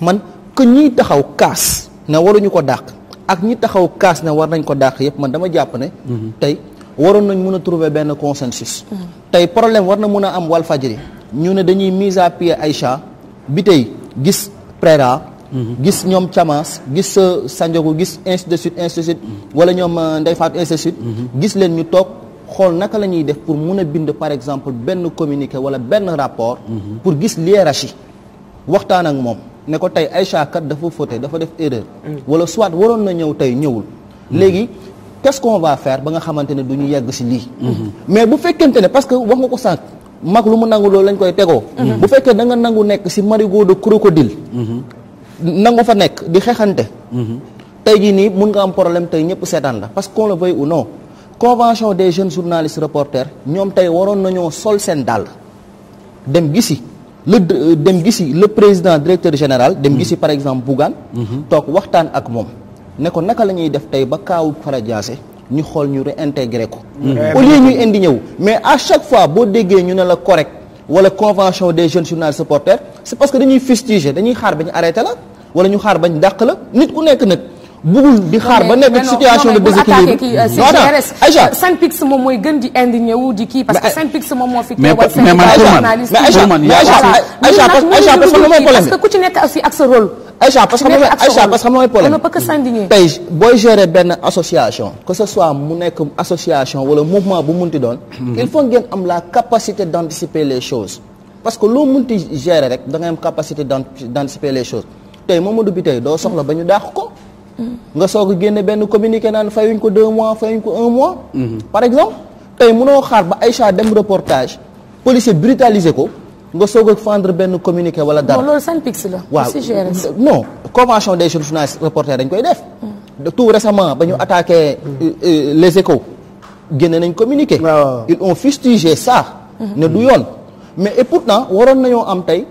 man que ñiy taxaw kaas ne waruñu ko dàq ak ñi taxaw kaas ne war nañ ko dàq yëpp man dama jàpp ne mhm. tey waroon nañu mën a trouver benn consensus mhm. tey problème war na mën a am Walfadjri ñu ne dañuy mise à pied Aïcha bi tey gis Préra mhm. gis ñoom Thiamas gis euh, Sandiogou gis ainsi de wala ñoom euh, Ndeye Fatou ainsi gis leen ñu toog xool naka la ñuy def pour mun a bind par exemple benn communiqué wala benn rapport pour gis hiérarchie waxtaan ak moom ne ko tey Aïcha kat dafa fauté dafa def erreur. Mm. wala soit waroon na ñëw tey ñëwul. Mm. léegi qu'est-ce qu'on va faire ba nga xamante ne du ñu yegg si lii. Mm-hmm. mais bu fekkente ne parce que wax nga ko sànq mag lu mu nangu loolu lañ koy tegoo. Mm-hmm. bu fekkee da nga nangu nekk si marigot de crocodile. Mm-hmm. nangu fa nekk di xeexante. tey jii nii mun nga am problème tey ñëpp seetaan la parce qu'on le veuille ou non convention des jeunes journalistes reporters ñoom tey waroon na ñoo sol seen dàll dem gisi la euh, dem gisi le président directeur général dem gisi mm-hmm. par exemple Bougane mm-hmm. toog waxtaan ak moom ne ko naka la ñuy def tey ba kaawu Fara ñu xool ñu réintégré ko mm-hmm. au lieu ñuy indi ñëw mais à chaque fois boo déggee ñu ne la correct wala convention des jeunes journalistes reporters c'est parce que dañuy fustiger dañuy xaar bañ arrêté la wala ñu xaar bañ dàq la nit ku nekk nag bugul di xaar ba nekk situation de déséquilibre euh, Aïcha SYNPICS moom mooy gën di indigné wu di kii parce que SYNPICS moom moo fi teewal mais Aïcha ci nekk ak sa rôle Aïcha parce que Aïcha parce que xam que s'indigner tey booy gérer benn association que ce soit mu nekk association wala mouvement bu munti doon mhm. il faut ngeen am la capacité d'anticiper les choses parce que loo munti gérer rek da ngay am capacité d'anticiper les choses tey Mamadou bi tey doo soxla ba ñu daax ko nga soog a génne benn communiqué naan fayuñ ko deux mois fayuñ ko un mois. par exemple tey mënoo xaar ba ay Aïcha dem reportage policier brutalisé ko nga soog a fendre benn communiqué wala dara. non loolu SYNPICS la. waaw non convention des journalistes reporters dañ koy def. tout récemment ba ñu attaqué euh, euh, les échos génne nañ communiqué. ils ont fustigé ça. Mhm. ne du yoon mais et pourtant waroon nañoo am tey.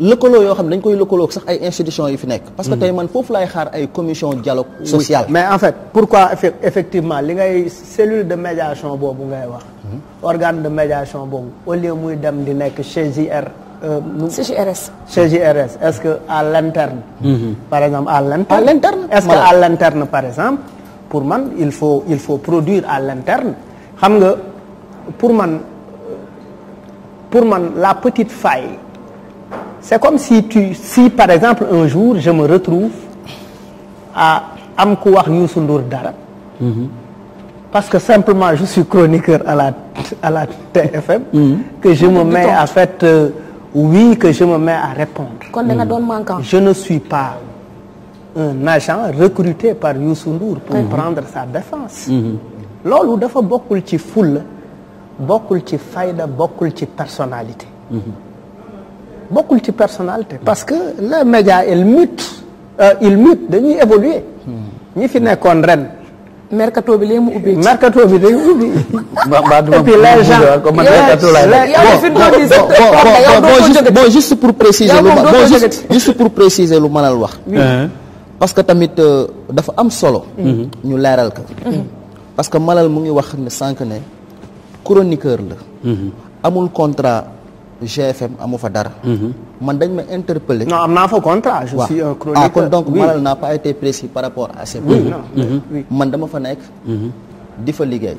lëkkaloo yoo xam ne dañ koy lëkkaloo sax ay institutions yi fi nekk. parce que mm. tey man foofu laay xaar ay commission dialogue social mais en fait pourquoi effectivement li ngay cellule de médiation boobu ngay wax. Mm-hmm. organe de médiation boobu au lieu muy dem di nekk CJR. CJRS. CJRS est-ce que à l'interne. Mm-hmm. par exemple à l'interne. à l'interne est-ce à l'interne par exemple. pour man il faut il faut produire à l'interne xam nga pour man euh, pour man la petite faille. c'est comme si tu si par exemple un jour je me retrouve à am ku wax Youssou Ndour dara mhm. parce que simplement je suis chroniqueur à la à la TFM mmh. que je me mets à faire euh, oui que je me mets à répondre kon da nga mhm. doon manquant je ne suis pas un agent recruté par Youssou Ndour pour mmh. prendre sa défense mhm. loolu dafa bokkul ci fulla bokkul ci fayda bokkul ci personnalité bokkul ci personnalité parce que les médias ils mutent euh, ils dañuy évoluer ñi fi nekkoon ren mercato bi léegi mu ubbi. mercato bi day ubbi. et juste pour préciser lu manal wax. Uh-huh. parce que tamit euh, dafa am solo. Mm-hmm. ñu leeral ko. Mm-hmm. parce que Malal mu ngi wax ne sànq ne chroniqueur la. Mm-hmm. amul contrat. GFM amu fa dara. Mhm. man dañ ma interpellé. non am naa fa contrat. je suis un chroniqueur ah kon donc malal n'a pas été précis par rapport à. ces mhm. oui man dama fa nekk. Mhm. di fa liggéey.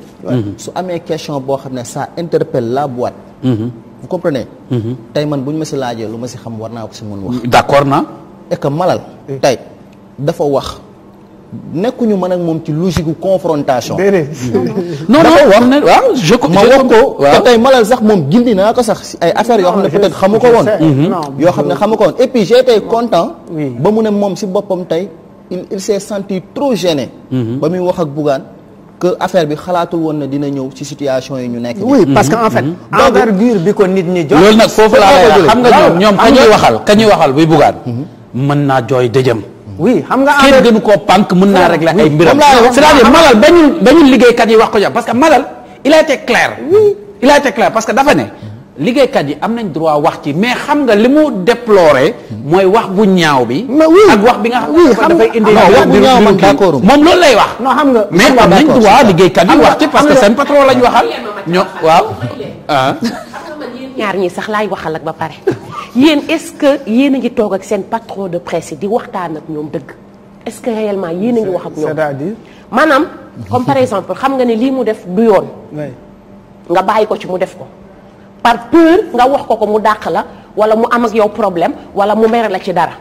su amee question boo xam ne ça interpelle la boîte. vous comprenez. tey man bu ñu ma si laajee lu ma si xam war naa ko si mun wax. d'accord na. et malal. tey dafa wax. nekkuñu mën ak moom ci logique gu confrontation. déedéet non non waaw je ma ko te sax moom gindi naa ko sax ay affaires yoo xam ne peut-être ko woon. Mhm. yoo xam ne xamu ko woon et puis ba mu ne moom si boppam tey il il s'est senti trop mhm. wax ak Bougane. affaire bi xalaatul woon na dina ñëw ci situation yi ñu nekk. oui parce mhm. nit ñi jox. loolu nag xam nga ñoom ñoom kañuy waxal kañuy waxal buy Bougane. mën naa jooy dëjëm. oui xam nga kenn gënu koo pànk mën naa régler ay mbiram c'est-à-dire malal bañu bañu liggéeykat yi wax ko jàpp parce que malal il a été clair il a été parce que dafa ne liggéeykat yi am nañ droit wax ci mais xam nga li mu déploré mooy wax bu ñaaw bi. ak wax bi nga xam ne dafay indi. Ah wax bu ñaaw man d'accord moom loolu lay wax. non xam nga mais am nañ droit liggéeykat yi wax ci parce que seen patron lañ waxal. ñoo waaw ah. ñaar ñi sax laay waxal ak ba pare yéen est-ce que yéen a ngi toog ak seen patron de presse di waxtaan ak ñoom dëgg est-ce que réellement yéen a ngi wax ak ñoom cest comme par exemple xam nga ne lii mu def du yoon nga bàyyi ko ci mu def ko par peur nga wax ko ko mu dàq la wala mu am ak yow problème wala mu mere la ci dara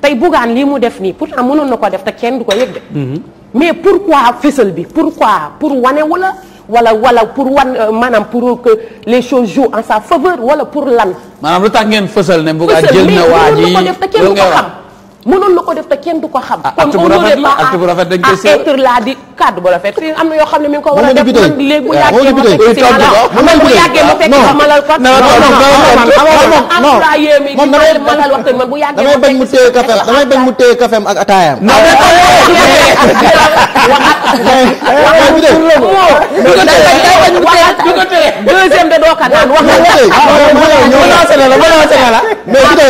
tey buggaan lii mu def nii pour pourtant mënoon na ko def te kenn du ko yëg de mhm. mais pourquoi fësal bi pourquoi pour wane wala wala wala pour wan euh, maanaam pour que les choses jouent en sa faveur wala pour lan. maanaam lu tax ngeen fësal ne. bu jël na waa ji te kenn du ko xam. mënoon na ko def te kenn du ko xam. kon on n'aurait pas à être là di kàddu bu rafet. fii am na yoo xam ne mi ngi ko war a def man léegi bu yàggee ma fekk si ma la man bu yàggee ma fekk ma malal ko. non non non non non damay bañ mu téye kafem damay bañ mu téye kafem ak ataayam. non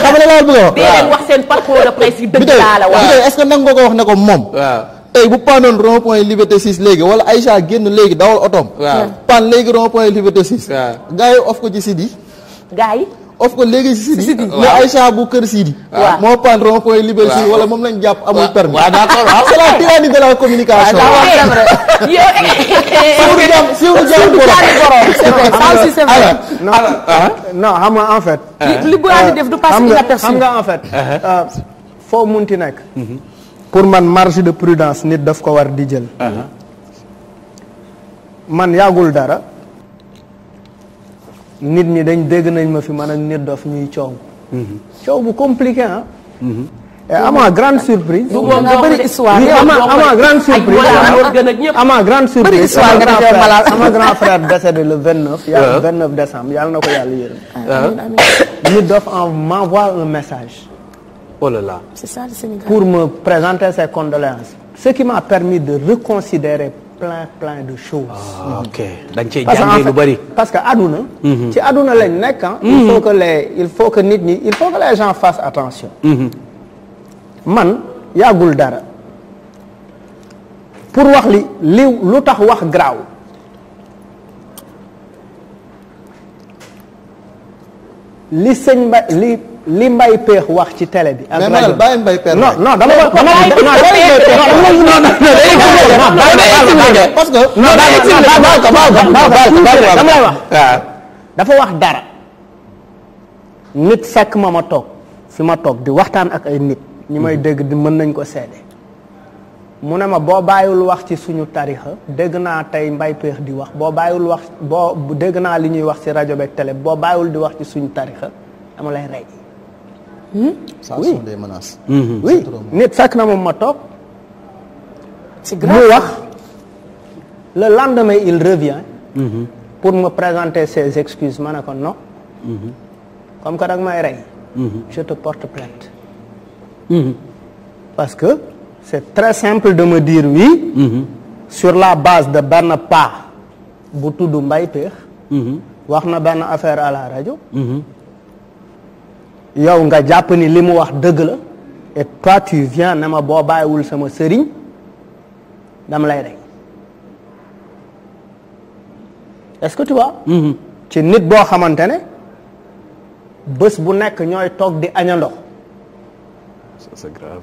non non non non non fi dëgg laa est nag nga ko wax ne ko moom waaw tey bu paanoon rond point liberté 6 léegi wala Aïcha génn léegi dawal otoom waaw paan léegi rond point liberté 6 waaw yi of ko ci site of ko léegi si Sidi ne Aïcha bu kër Sidi moo pan rond point liberté wala moom lañ jàpp amul permis d'accord c'est de la communication siwru jàmm borom ah. non xam nga en fait li bu euh, def du passé inaperçu xam nga en ah, ah. Euh, foo mun munti nekk. pour man marge de prudence nit daf ko war di jël. Uh-huh. man yàggul dara. nit ñi dañ dégg nañ ma fi man ak nit dof ñuy coow. Uh-huh. coow bu compliqué ah. Uh-huh. et à ma grande surprise. du boobu nga bëri am a grande surprise. ama a surprise. sama grand frère décédé le 29. yàlla 29 décembre yàlla na ko yàlla yërëm. nit dof en m'envoie un message. oh là là. C'est ça le Sénégal. pour me présenter ses condoléances. ce qui m'a permis de reconsidérer plein plein de choses. Ah, mhm. da nga cee lu bari. parce que àdduna. Mhm. ci àdduna le nekk ah. il faut mhm. que les il faut que nit ñi il faut que les gens fassent attention. man yàggul dara pour wax li li lu tax wax garaaw li. li Mbaye Pekh wax ci télé bi. ak rajo mais man bàyyi Mbaye Pekh non non dama ko dama ko non parce que. non dama lay wax. dafa wax dara. nit fekk ma ma toog fi ma toog di waxtaan ak ay nit. ñi may dégg di mën nañ ko seede. mu ne ma boo bàyyiwul wax ci suñu tarixa dégg naa tey Mbaye Pekh di wax boo bàyyiwul wax boo dégg naa li ñuy wax ci rajo beeg télé boo bàyyiwul di wax ci suñu tarixa dama lay rey. Hmm? ça ce sont des mhm. nit fekk na moom ma toog. c'est wax le lendemain il revient. Mhm. pour ma présenter ses excuses ma ne ko non. Mhm. comme que dag may rey. je te porte plainte. parce que c'est très simple de me dire oui. sur la base de benn pas bu tudd Mbaye wax na benn affaire à la rajo. yow nga jàpp ni li mu wax dëgg la et toi tu ne ma boo bàyyiwul sama sëriñ dama lay rek est-ce que tu mm-hmm. ci nit boo xamante ne bés bu nekk ñooy toog di añandoo c'est grave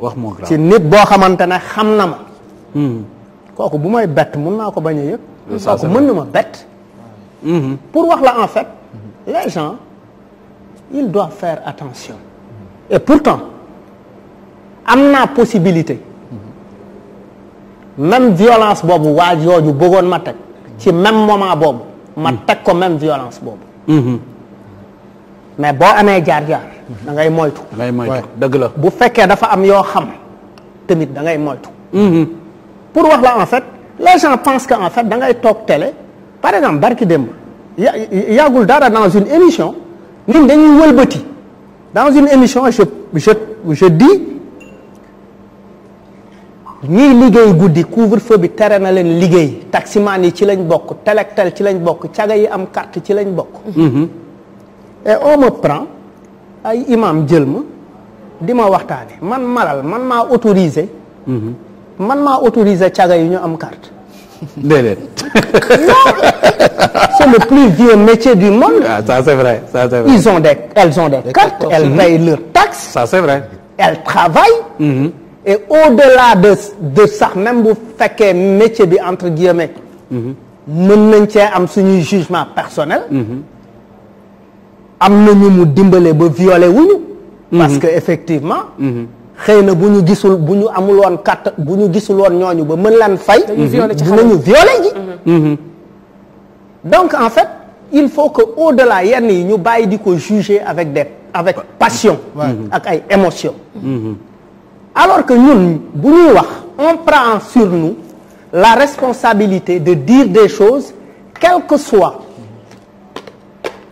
wax wax ci nit boo xamante ne xam na ma mm-hmm. kooku bu may bett mun naa ko bañ a yëg kooku mën na ma bett mm-hmm. pour wax la en fait les il doit faire attention et pourtant am naa possibilité même violence boobu waa jooju bëggoon ma teg ci même moment boobu ma hmm. teg ko même violence boobu hmm. mais boo amee jaar-jaar hmm. dangay ngay moytu da ngay bu fekkee dafa am yoo xam tamit da ngay moytu pour wax la en fait les gens pensent que en fait da ngay toog télé par exemple barki démb yàggul dara dans une émission ñun dañuy wëlbati dans une émission je je je dis ñiy liggéey guddi couvre-feu bi tere na leen liggéey taximaan yi ci lañ bokk telektel ci lañ bokk caga yi am carte ci lañ bokk mm-hmm. et on me prend ay imam jël ma di ma waxtaane man malal man maa autorisé mm-hmm. man maa autorisé caga yi ñu am carte déedéet. c'est le plus vieux métier du monde. Ah, ça c'est vrai ça c'est vrai. des cartes, elles mhm. travaillent. Mhm. et au-delà de de sax même bu fekkee métier bi entre guillemets. Mhm. mën nañ cee am suñuy jugement personnel. am na ñu mu dimbale ba violé wuñu. parce que effectivement. xëy na bu ñu gisul bu ñu amul woon kàtt bu ñu gisul woon ñooñu ba mën leen fay dinañu violé ji mm-hmm. Mm-hmm. donc en fait il faut que au delà yenn yi ñu bàyyi di ko juger avec de avec passion mm-hmm. ak ay émotion alors que ñun bu ñuy wax on prend sur nous la responsabilité de dire des choses quelque que soit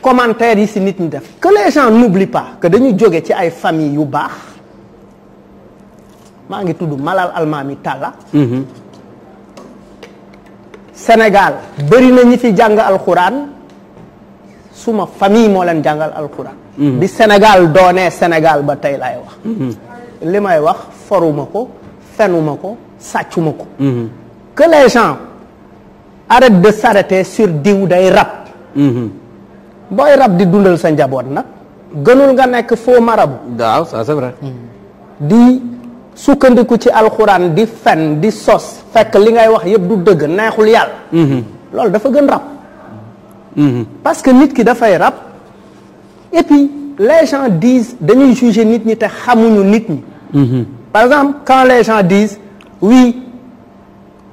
commentaire yi si nit ñi def que les gens n'oublient pas que dañu jóge ci ay famille yu baax maa ngi tudd Malal Almaami Talla. Mhm. Sénégal bëri na ñi fi jàng alxuraan suma famille moo leen jàngal alxuraan. Mhm. bi Sénégal doonee Sénégal ba tey laay wax. Mhm. li may wax foruma ko fenuma ko sàccuma ko. que les gens arrêtent de s'arrêter sur diw day rab. booy rab di dundal sa njaboot nag. gënul nga nekk faux marabout. waaw ça c'est di. sukkandiku ci alxuraan di fen di sos fekk li ngay wax yëpp du dëgg neexul yàlla mm-hmm. loolu dafa gën rab mm-hmm. parce que nit ki dafay rab et puis les gens dañuy juger nit ñi te xamuñu nit ñi mm-hmm. par exemple quand les gens disent oui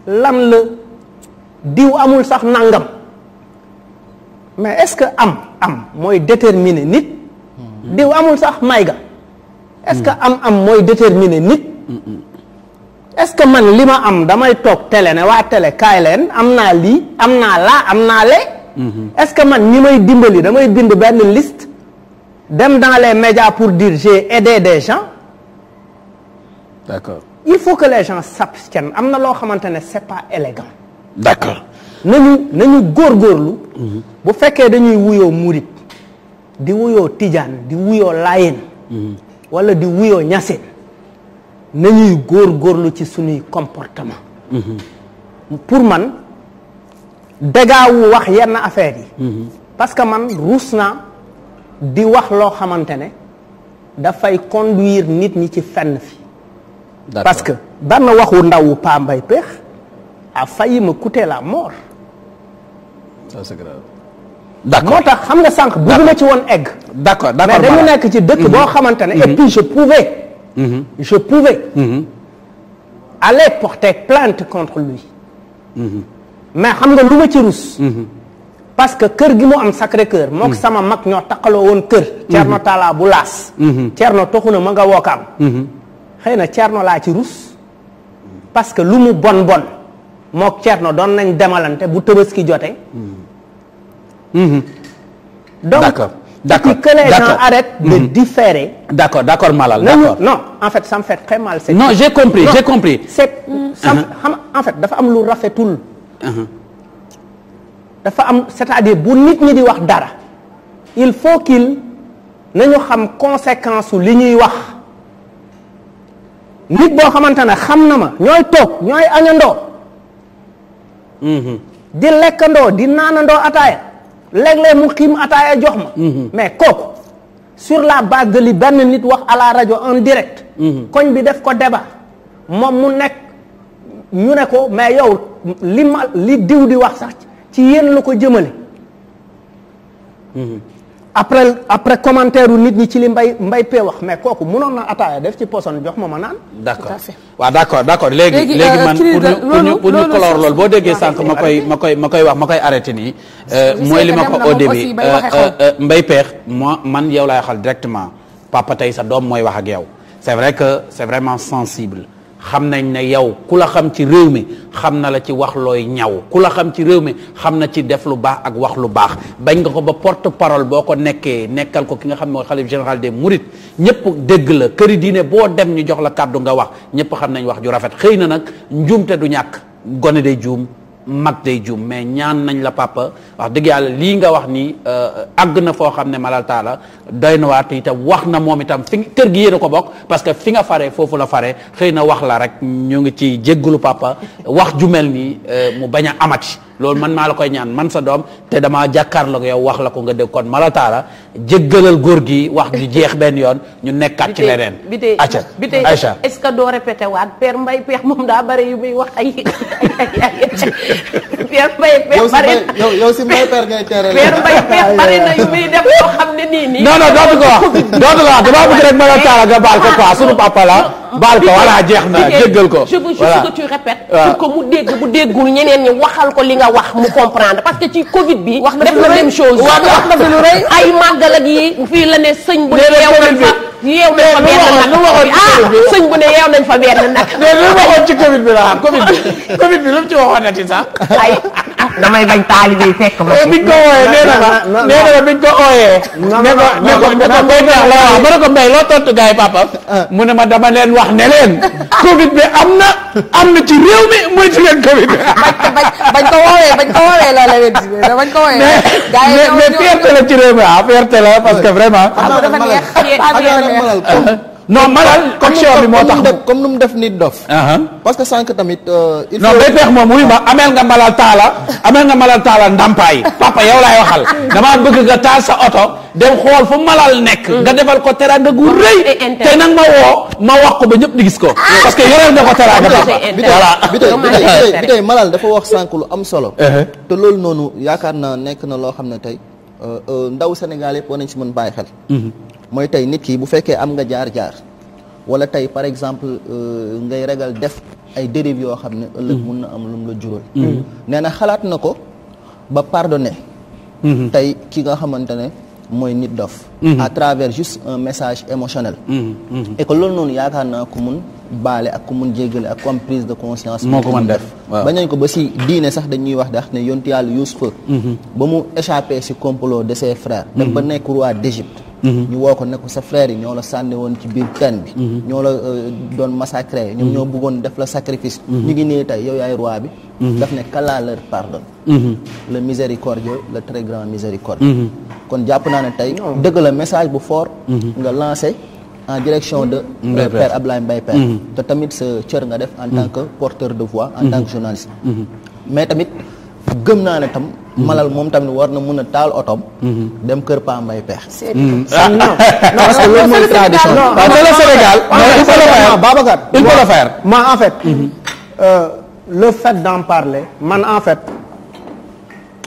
lan la diw amul sax nangam mais est-ce que am am mooy déterminer nit diw amul sax may ga est-ce que am am mooy déterminer nit est-ce que man li ma am damay toog tele ne waa télé kaay leen am naa lii am naa laa am naa lee. Mm-hmm. est-ce que man ñi may dimbali damay bind benn list dem dans les médias pour dire j'ai aidé des gens. d'accord il faut que les gens s'abstiennent am na loo xamante ne c'est pas élégant. d'accord nañu nañu góorgóorlu. Mm-hmm. bu fekkee dañuy wuyoo murit di wuyoo tijaan di wuyoo laayeen. Mm-hmm. wala di wuyoo ñaseen. nañuy góor góorlu ci suñuy comportement mm-hmm. pour man dagaawu wax yenn affaire yi mm-hmm. parce que man ruus naa di wax loo xamante ne dafay conduire nit ñi ci fenn fi parce que benn waxu ndawu Pa Mbaye Pekh a failli me coûter la mort ça c'est moo tax xam nga sànq bëgg ma ci woon egg d'accord d'accord mais dañu nekk ci dëkk mm-hmm. boo xamante ne et Mm-hmm. je pouvais mm-hmm. aller porter plainte contre lui mm-hmm. mais xam nga lu ma ci rus parce que kër gi mu am sacré cœur mook sama mag ñoo taqaloo woon kër Thierno Talla bu laas Thierno toxu na ma nga am xëy na Thierno laa ci rus parce que lu mu bon bon mook Thierno doon nañ demalante bu Tabaski jotee donc d'accord que les gens arrêtent de mhm. différer. d'accord d'accord Malal d'accord non en fait ça me fait très mal. non j'ai compris j'ai compris. c'est mhm. xam en fait dafa am lu rafetul. Mhm. dafa am c'est-à-dire bu nit ñi di wax dara il faut qu'il nañu xam conséquence su li ñuy wax nit boo xamante ne xam na ma ñooy toog ñooy añandoo. di lekkandoo di naanandoo ataaya. léeg-léeg mu xiim ataaya jox ma mhm. mais kooku sur la base de li benn nit wax à la rajo en direct mhm. koñ bi def ko débat moom mu nekk ñu ne ko mais yow li ma li diw di wax sax ci yéen la ko jëmale mhm. après après commentaire nit ñi ci li mbay mbay pee wax mais kooku mënoon na ataaya def ci poson jox ma ma naan. d' accord waaw d' accord léegi. léegi euh, man pour ñu pour ñu boo déggee sànq ma koy ma koy ma koy wax ma koy arrêté nii. Euh, mooy li ma ko au début euh, mbay peex man yow laay waxal directement papa tey sa doom mooy wax ak yow. c' vrai que c' est vraiment sensible. xam nañ ne yow ku la xam ci réew mi xam na la ci wax looy ñaw ku la xam ci réew mi xam na ci def lu baax ak wax lu baax bañ nga ko ba porte parole boo ko nekkee nekkal ko ki nga xam ne mooy xalif général des mourides ñëpp dégg la këri diine boo dem ñu jox la kàddu nga wax ñëpp xam nañ wax ju rafet xëy na nag njuumte du ñàkk gone de juum mag day jum mais ñaan nañ la papa wax dëgg yàlla lii nga wax ni euh, àgg na foo xam ne malal taala doy na waat itam wax na moom itam fi kër gi yéen ko bokk parce que fi nga fare foofu la fare xëy na wax la rek ñu ngi ci jéggalu papa wax ju mel nii euh, mu bañ a amati loolu man maa la koy ñaan man sa doom te damaa jàkkaarloo ak yow wax la ko nga dégg kon malal taala jéggalal góor gi wax ju jeex benn yoon ñu nekkaat ci leneen. bi tey bi daa bari yu wax ay Pierre Mbaye Pierre bari na yow yow si Mbaye Pierre ngay teeral Pierre Mbaye Pierre bari na yu muy def yoo xam ne nii nii. non non dootu ko wax dootu ko wax dama bëgg rek ma la taala nga baal ko quoi sunu papa la. baal ko voilà jeex na jéggal ko. je veux juste que tu répètes. pour que mu dégg bu déggul ñeneen ñi waxal ko li nga wax mu comprendre parce que ci Covid bi. wax na def na même chose. wax na lu rëy ay màggal ak yi fii la ne sëñ bu. léeg-léeg ñu yeew nañ fa benn nag ah sëñ bu ne yeew nañ fa benn nag. mais lu waxoon ci Covid bi la Covid bi Covid bi lu mu ci waxoon na ci sax. damay bañ taalibe yi fekk ma. biñ ko wooyee nee na ma nee na ma biñ ko ooyee. ne ko ne ko ne ko mbay tax la waaw ma ne ko mbay loo tontu gars yi papa. mu ne ma dama leen wax ne leen. Covid bi am na am na ci réew mi muy ci leen Covid. bañ ko bañ ko wooyee bañ ko wooyee laa la leen gis bañ ko wooyee. gars yi mais mais fierté la ci réew mi ah fierté la parce que vraiment. ah ma dama neex fii non malal action bi moo tax comme nu mu def nit dof uh-huh. parce que sànq tamit. Euh, il faut non bay peex moom wuy ma ah. ameel nga malal taala ameel nga malal taala ndàmpaay papa yow laay waxal damaa bëgg nga taal sa oto dem xool fu malal nekk. Mm. nga defal ko teraanga gu rëy. tey nag ma woo ma wax ko ba ñëpp di gis ko. Ah. parce que yoreel nga ko teraanga bi tey malal dafa wax sànq lu am solo. Uh-huh. te loolu noonu yaakaar na nekk na loo xam ne tey euh, euh, ndaw Sénégal yëpp war nañ si man bàyyi xel. Mm-hmm. mooy tey nit kii bu fekkee am nga jaar-jaar wala tey par exemple euh, ngay ragal def ay dérives yoo xam ne ëllëg mm. mun na am lu la jural mm. Mm. nee na xalaat na ko ba pardonné mm-hmm. tey ki nga xamante ne mooy nit dof mm-hmm. à travers juste un message émotionnel mm-hmm. et que loolu noonu yaakaar naa ko mun baale ak ku mun jéggale ak ku am prise de conscience moo ko mën def bañ nañ ba si diine sax dañuy wax dax ne yontu yàlla Yuusufa ba mu échappé si de ses frères dem ba nekk roi d'Égypte Mm-hmm. ñu woo ko ne ko sa frère yi ñoo la sànni woon ci biir teen bi mm-hmm. ñoo la euh, doon massacré ñoom mm-hmm. ñoo bëggoon def la sacrifice ñu ngi nii tey yow yaay roi bi daf ne qu'Allah leur pardonne le miséricordieux le très grand miséricordieux kon jàpp naa ne tey oh. dëgg la message bu fort nga lancé en direction de euh, Père Ablaye Mbaye Père te tamit sa cër nga def en tant que porteur de voix en tant que journaliste mais tamit gëm naa ne tam. Mhm. malal moom tamit war na mën a taal otoom. Mhm. dem kër Pa Mbay Peex. Mhm. ah non parce que Sénégal. il faut il faut le faire en fait. Euh, le fait d'en parler man en fait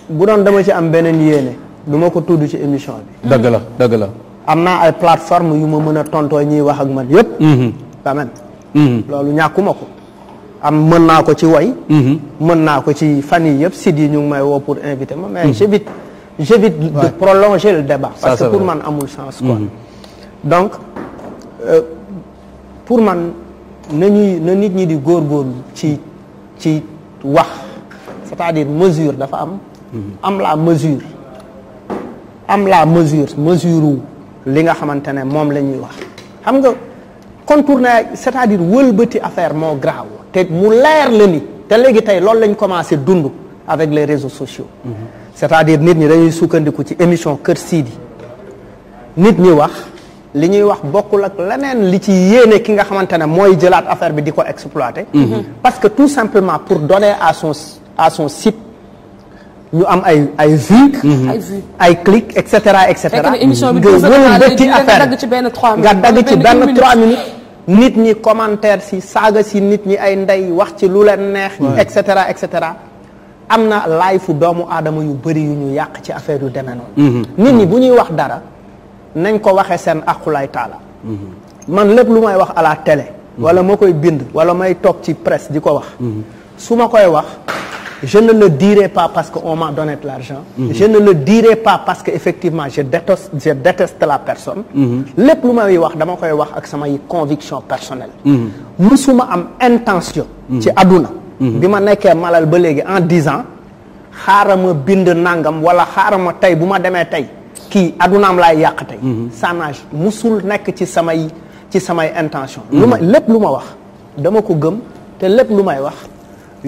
bu doon dama ci am beneen yéene duma ko tudd ci émission bi. dëgg la dëgg la. am naa ay plateforme yu ma mën a tontoo ñuy wax ak man yëpp. quand loolu ñàkkuma ko. am mën naa ko ci way mhm. mën naa ko ci fan yi yëpp sid yi ñu ngi may woo pour inviter ma mais mhm. j'évite j'évite de prolonger le débat parce que pour man amul sens quoi mhm. donc euh, pour man na ñuy na nit ñi di góorgóorlu ci ci wax c'est-à-dire mesure dafa am am la mesure am la mesure mesure li nga xamante ne moom la ñuy wax xam nga contourner c'est-à-dire wëlbati affaire moo grave te mu leer la ni te léegi tey loolu lañ commencé dund avec les réseaux sociaux mm -hmm. c'est-à-dire nit ñi dañuy sukkandiku ci émission Kër Sidi nit ñi wax li ñuy wax bokkul ak leneen li ci yéene ki nga xamante ne mooy jëlaat affaire bi di ko exploiter mhm. parce que tout simplement pour donner à son à son site ñu am ay ay vues mhm. ay clics et cetera et cetera nga wëlbati nga dagg ci benn trois minutes nit ñi commentaire si saaga si nit ñi ay ndey wax ci lu leen neex et cetera et cetera am na laay fu doomu aadama yu bëri yu ñu yàq ci affaire yu demee noonu mm-hmm. nit ñi bu ñuy wax dara nañ ko waxee seen aqulaay taala mm-hmm. man lépp lu may wax à la télé mm-hmm. wala ma koy bind wala may toog ci presse di ko wax su ma koy wax je ne le dirai pas parce que on m'a donné de l'argent mm -hmm. je ne le dirai pas parce que effectivement je déteste la personne mhm. lépp lu may wax dama koy wax ak samay conviction personnelle mhm. musuma am intention mhm. ci àdduna bi ma nekkee malal ba léegi en dix ans xaaral ma bind nangam wala xaaral ma tey bu ma demee tey kii addunaam lay yàq tey sanage musul nekk ci samay ci samay intention lu ma lépp lu ma wax dama ko gëm te lépp lu may wax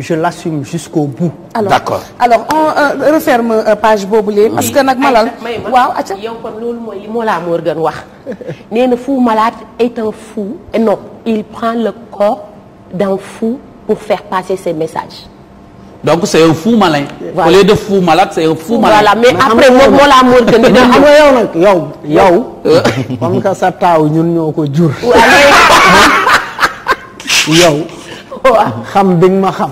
je l'assume jusqu'au bout. d'accord alors euh, referme euh, page boobulee. parce que nag malal waaw acca yow kon loolu mooy li Mollah Morgun wax nee na fou malade est un fou et non il prend le corps d'un fou pour faire passer ses messages. donc c'est un fou malin. voilà de fou malade c'est un fou malin. mais après moom Mollah Morgun dina am yow nag yow. comme euh. que sa taaw ñun ñoo ko jur. yow. xam bi nga ma xam.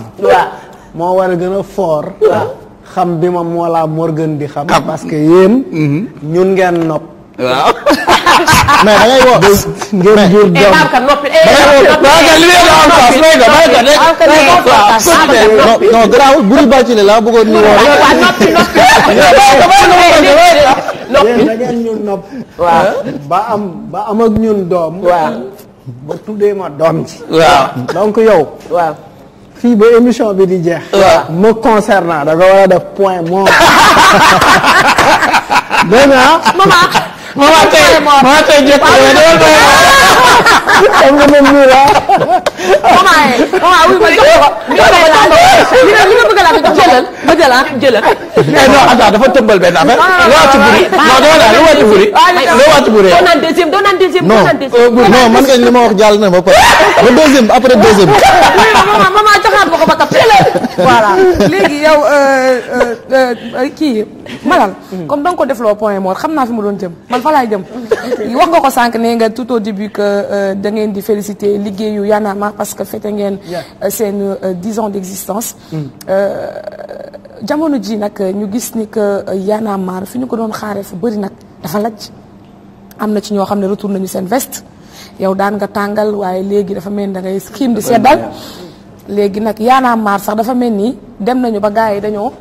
moo war a gën a fort. xam bi ma Mollah Morgun di xam. parce que yéen. Mhm. ñun ngeen nopp. waaw. mais da eh, eh, ngay woo. ngeen jur doom la bëggoon ba am ba am ak ñun doom. ba tuddee ma doom donc yow. waaw fii ba émission bi di jeex. waaw concernant da nga war point moom. dégg nga mama tey mama tey jokkoo la dama koy xam nga moom nii la. mama ye mama wuyu ma jox ko jox ko ma jox ko li nga li nga bëgg laa ko jëlal bëgg laa jëlal. non attends dafa tëmbal benn affaire. waaw waaw waaw waaw wàcc buri non doo wàcc buri. doo naan deuxième doo naan deuxième doo naan deuxième. non non man kañ li ma wax jàll na ba pare ba deuxième après deuxième. oui mama mama joxaat ma ko ba ka voilà léegi yow kii. malal comme da nga ko defloo point mort xam naa fi ma doon jëm man fa laay jëm wax nga ko sànq nee nga tout au début que euh, da ngeen di féliciter liggéeyu Y'en parce que fête ngeen euh, seen euh, dix ans d'existence mm. jamono ji nag ñu gis ni que Y'en a fi ñu ko doon xaaree fu bëri nag dafa laj am na ci ñoo xam ne retour nañu seen veste yow daan nga tàngal waaye léegi dafa mel ni da ngay xiim di seddal léegi nag Y'en sax dafa mel ni dem nañu ba gars yi dañoo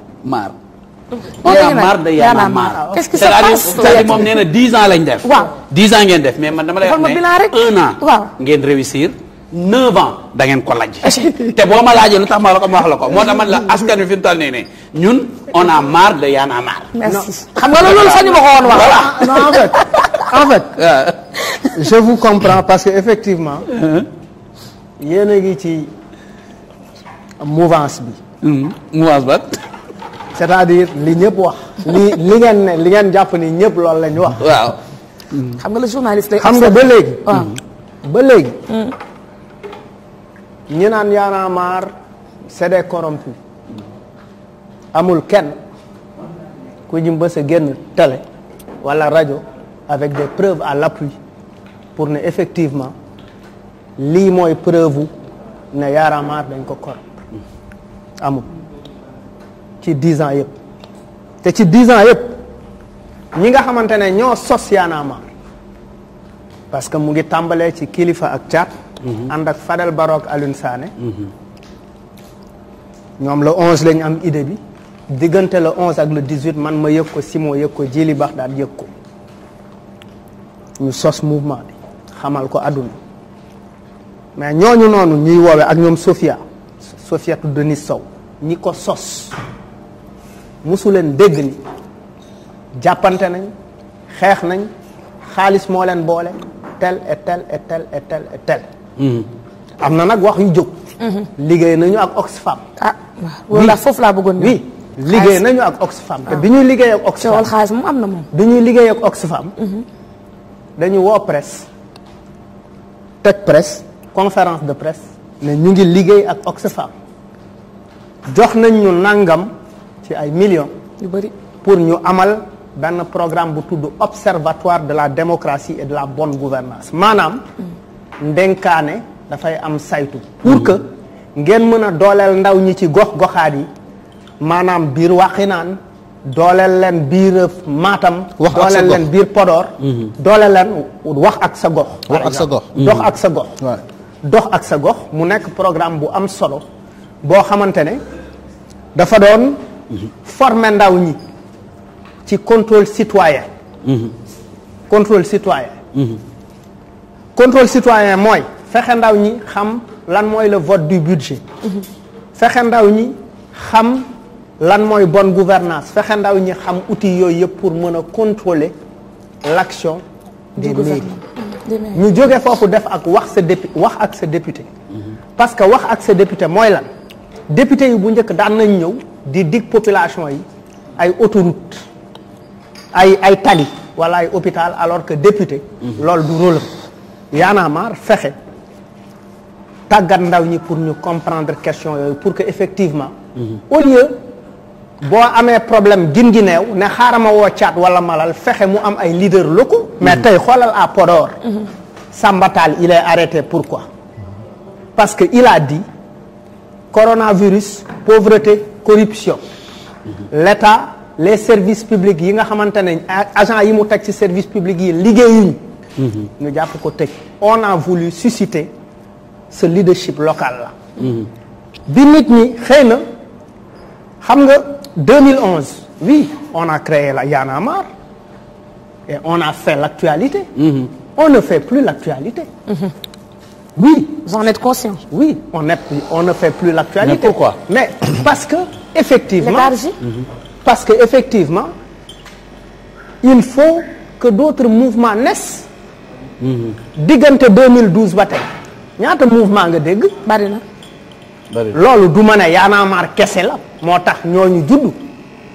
qu'est-ce qui se passe c'est-à-dire moom nee na 10 ans lañ def. waaw 10 ans ngeen def mais man dama lay wax ne 1 ngeen réussir 9 ans da ngeen ko laaj. te boo ma laajee lu tax ma la ko ma la ko moo tax man la askan wi fi mu toll ne ñun on a marre de Y'en a marre. merci nga loolu sañu ma ko woon je vous comprends parce que effectivement. yéen a ngi ci mouvance bi. Mmh. c'est-à-dire li ñëpp wax. li li ngeen ne li ngeen jàpp ni ñëpp loolu la ñu wax. waaw. xam nga la journaliste lay. xam nga ba léegi. Ah. ba léegi. Hmm. ñi naan Y en des corrompus amul kenn ku ñu mbës a génn télé wala rajo avec des preuves à l'appui pour ne effectivement lii mooy preuve ne Y en a marre ko corrompre amul. ci dix ans yëpp te ci dix ans yëpp ñi nga xamante ne ñoo sos Y'en a parce que mu ngi tàmbalee ci kilifa ak caat mhm. ànd ak Fadel Barro ak Alioune Sané mhm. ñoom le onze lañu am idée bi diggante la onze ak le dix-huit man ma yëg ko Simon yëg ko Jili Baxdaat yëg ko ñu sos mouvement bi xamal ko àdduna mais ñooñu noonu ñuy woowee ak ñoom Sofia Sofiatou Denis Sow ñi ko sos mosuleen leen ni jàppante nañ xeex nañ xaalis moo leen boole tel hmm. am na nag wax yu jóg. Hmm. liggéey nañu ak Oxfam. ah foofu laa bëggoon ñëw. liggéey nañu ak Oxfam. te ah. bi ñuy liggéey ak Oxfam am na moom. liggéey ak hmm. dañu woo presse. teg presse conférence de presse. ne ñu ngi liggéey ak Oxfam. jox nañ ñu nangam. ci ay million yu bëri pour ñu amal benn programme bu tudd observatoire de la démocratie et de la bon gouvernance maanaam. Mm. ndenkaane dafay am saytu. Mm. pour que ngeen mën a dooleel ndaw ñi ci gox goxaat yi maanaam biir Waxinaan dooleel leen biir Matam. wax ak sa dooleel leen biir Podor. Mm-hmm. dooleel leen wax ak sa gox. wax ak sa gox dox ak sa gox. Mm-hmm. dox ak sa gox mu nekk programme bu am solo boo xamante ne dafa doon. former ndaw ñi ci contrôle citoyen mhm. contrôle citoyen mhm. contrôle citoyen mooy fexe ndaw ñi xam lan mooy le vote du budget mhm. fexe ndaw ñi xam lan mooy bonne gouvernance fexe ndaw ñi xam outil yooyu yëpp pour mën a contrôler l'action des mairies ñu jóge foofu def ak wax sa dépu wax ak sa député parce que wax ak sa député mooy lan député yi bu njëkk daan nañ ñëw di dig population yi ay autoroute ay tali wala ay hôpital alors que député mhm. lool du rôle Y'en a fexe tàggat ndaw ñi pour ñu comprendre question yooyu pour que effectivement mhm. au lieu boo amee problème gin gi ne xaarama woo caat wala malal fexe mu am ay leaders locaux mhm. mais tey xoolal à Podor Sambatal il est arrêté pourquoi parce que il a dit coronavirus pauvreté corruption l'État les services publics yi nga xamante ne agent yi mu teg ci service public yi liggéeyuñ ñu jàpp ko tëj on a voulu susciter ce leadership local la bi nit ñi xëy na xam nga 2011 oui on a créé la Y'en a on a fait l'actualité mm -hmm. on ne fait plus l'actualité mm Oui. Vous en êtes conscient. Oui, on est, on ne fait plus l'actualité. Mais Mais parce que effectivement Léthargie? parce que effectivement il faut que d'autres mouvements naissent. Mhm. diggante 2012 ba tey ñaata mouvement nga dégg. bari na. loolu du ma ne Y'en a kese la moo tax ñoo ñooñu judd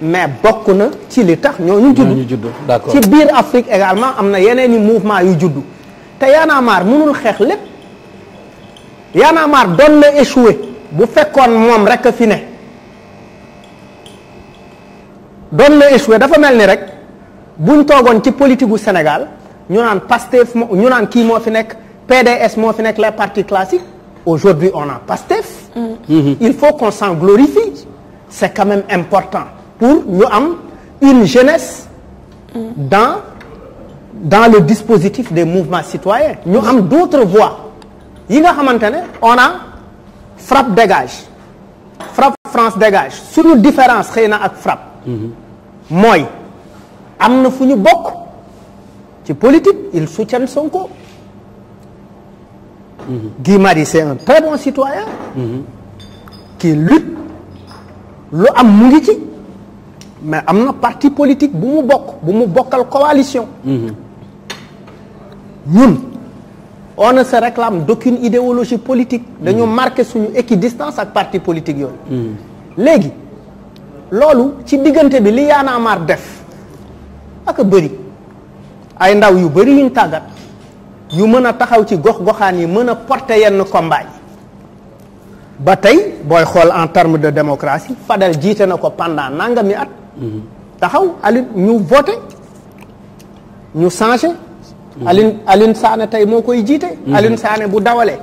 mais bokk na ci li tax ñooñu judd d'accord ci biir Afrique également am na yeneen i mouvement yu judd te Y'en a xeex lépp Y'en a marre doon na échoué bu fekkoon moom rek a fi ne doon na échoué dafa mel ni rek buñ toogoon ci politique gu Sénégal ñu naan Pastef ñu naan kii moo fi nekk PDS moo fi nekk les partis classiques aujourd'hui on a Pastef mmh. il faut qu'on s'en glorifie c'est quand important pour ñu am une jeunesse mm-hmm. dans dans le dispositif des mouvements citoyens ñu am d'autres voies yi nga xamante ne on a frappe dégage frappe France dégage suñu différence xëy na ak frappe mooy am na fu ñu bokk ci politique ils soutiennent Sonko Guy Marie c'est un très bon citoyen qui lu am mu ngi ci mais am na parti politique bu mu bokk bu mu bokkal coalition ñun on ne se réclame d'aucune idéologie politique dañu mm-hmm. marqué suñu équidistance ak parti politique yooyu mm-hmm. léegi loolu ci diggante bi li Y'en def ak bëri ay ndaw yu bëri yuñ tàggat yu mën a taxaw ci gox-goxaan yi mën a porter yenn combat yi ba tey booy xool en terme de démocratie Fadel jiite na ko pendant nangami at mm-hmm. taxaw alit ñu voté ñu changé Alioune Alioune Sané tey moo koy jiite. Mhm. Alioune saane bu dawale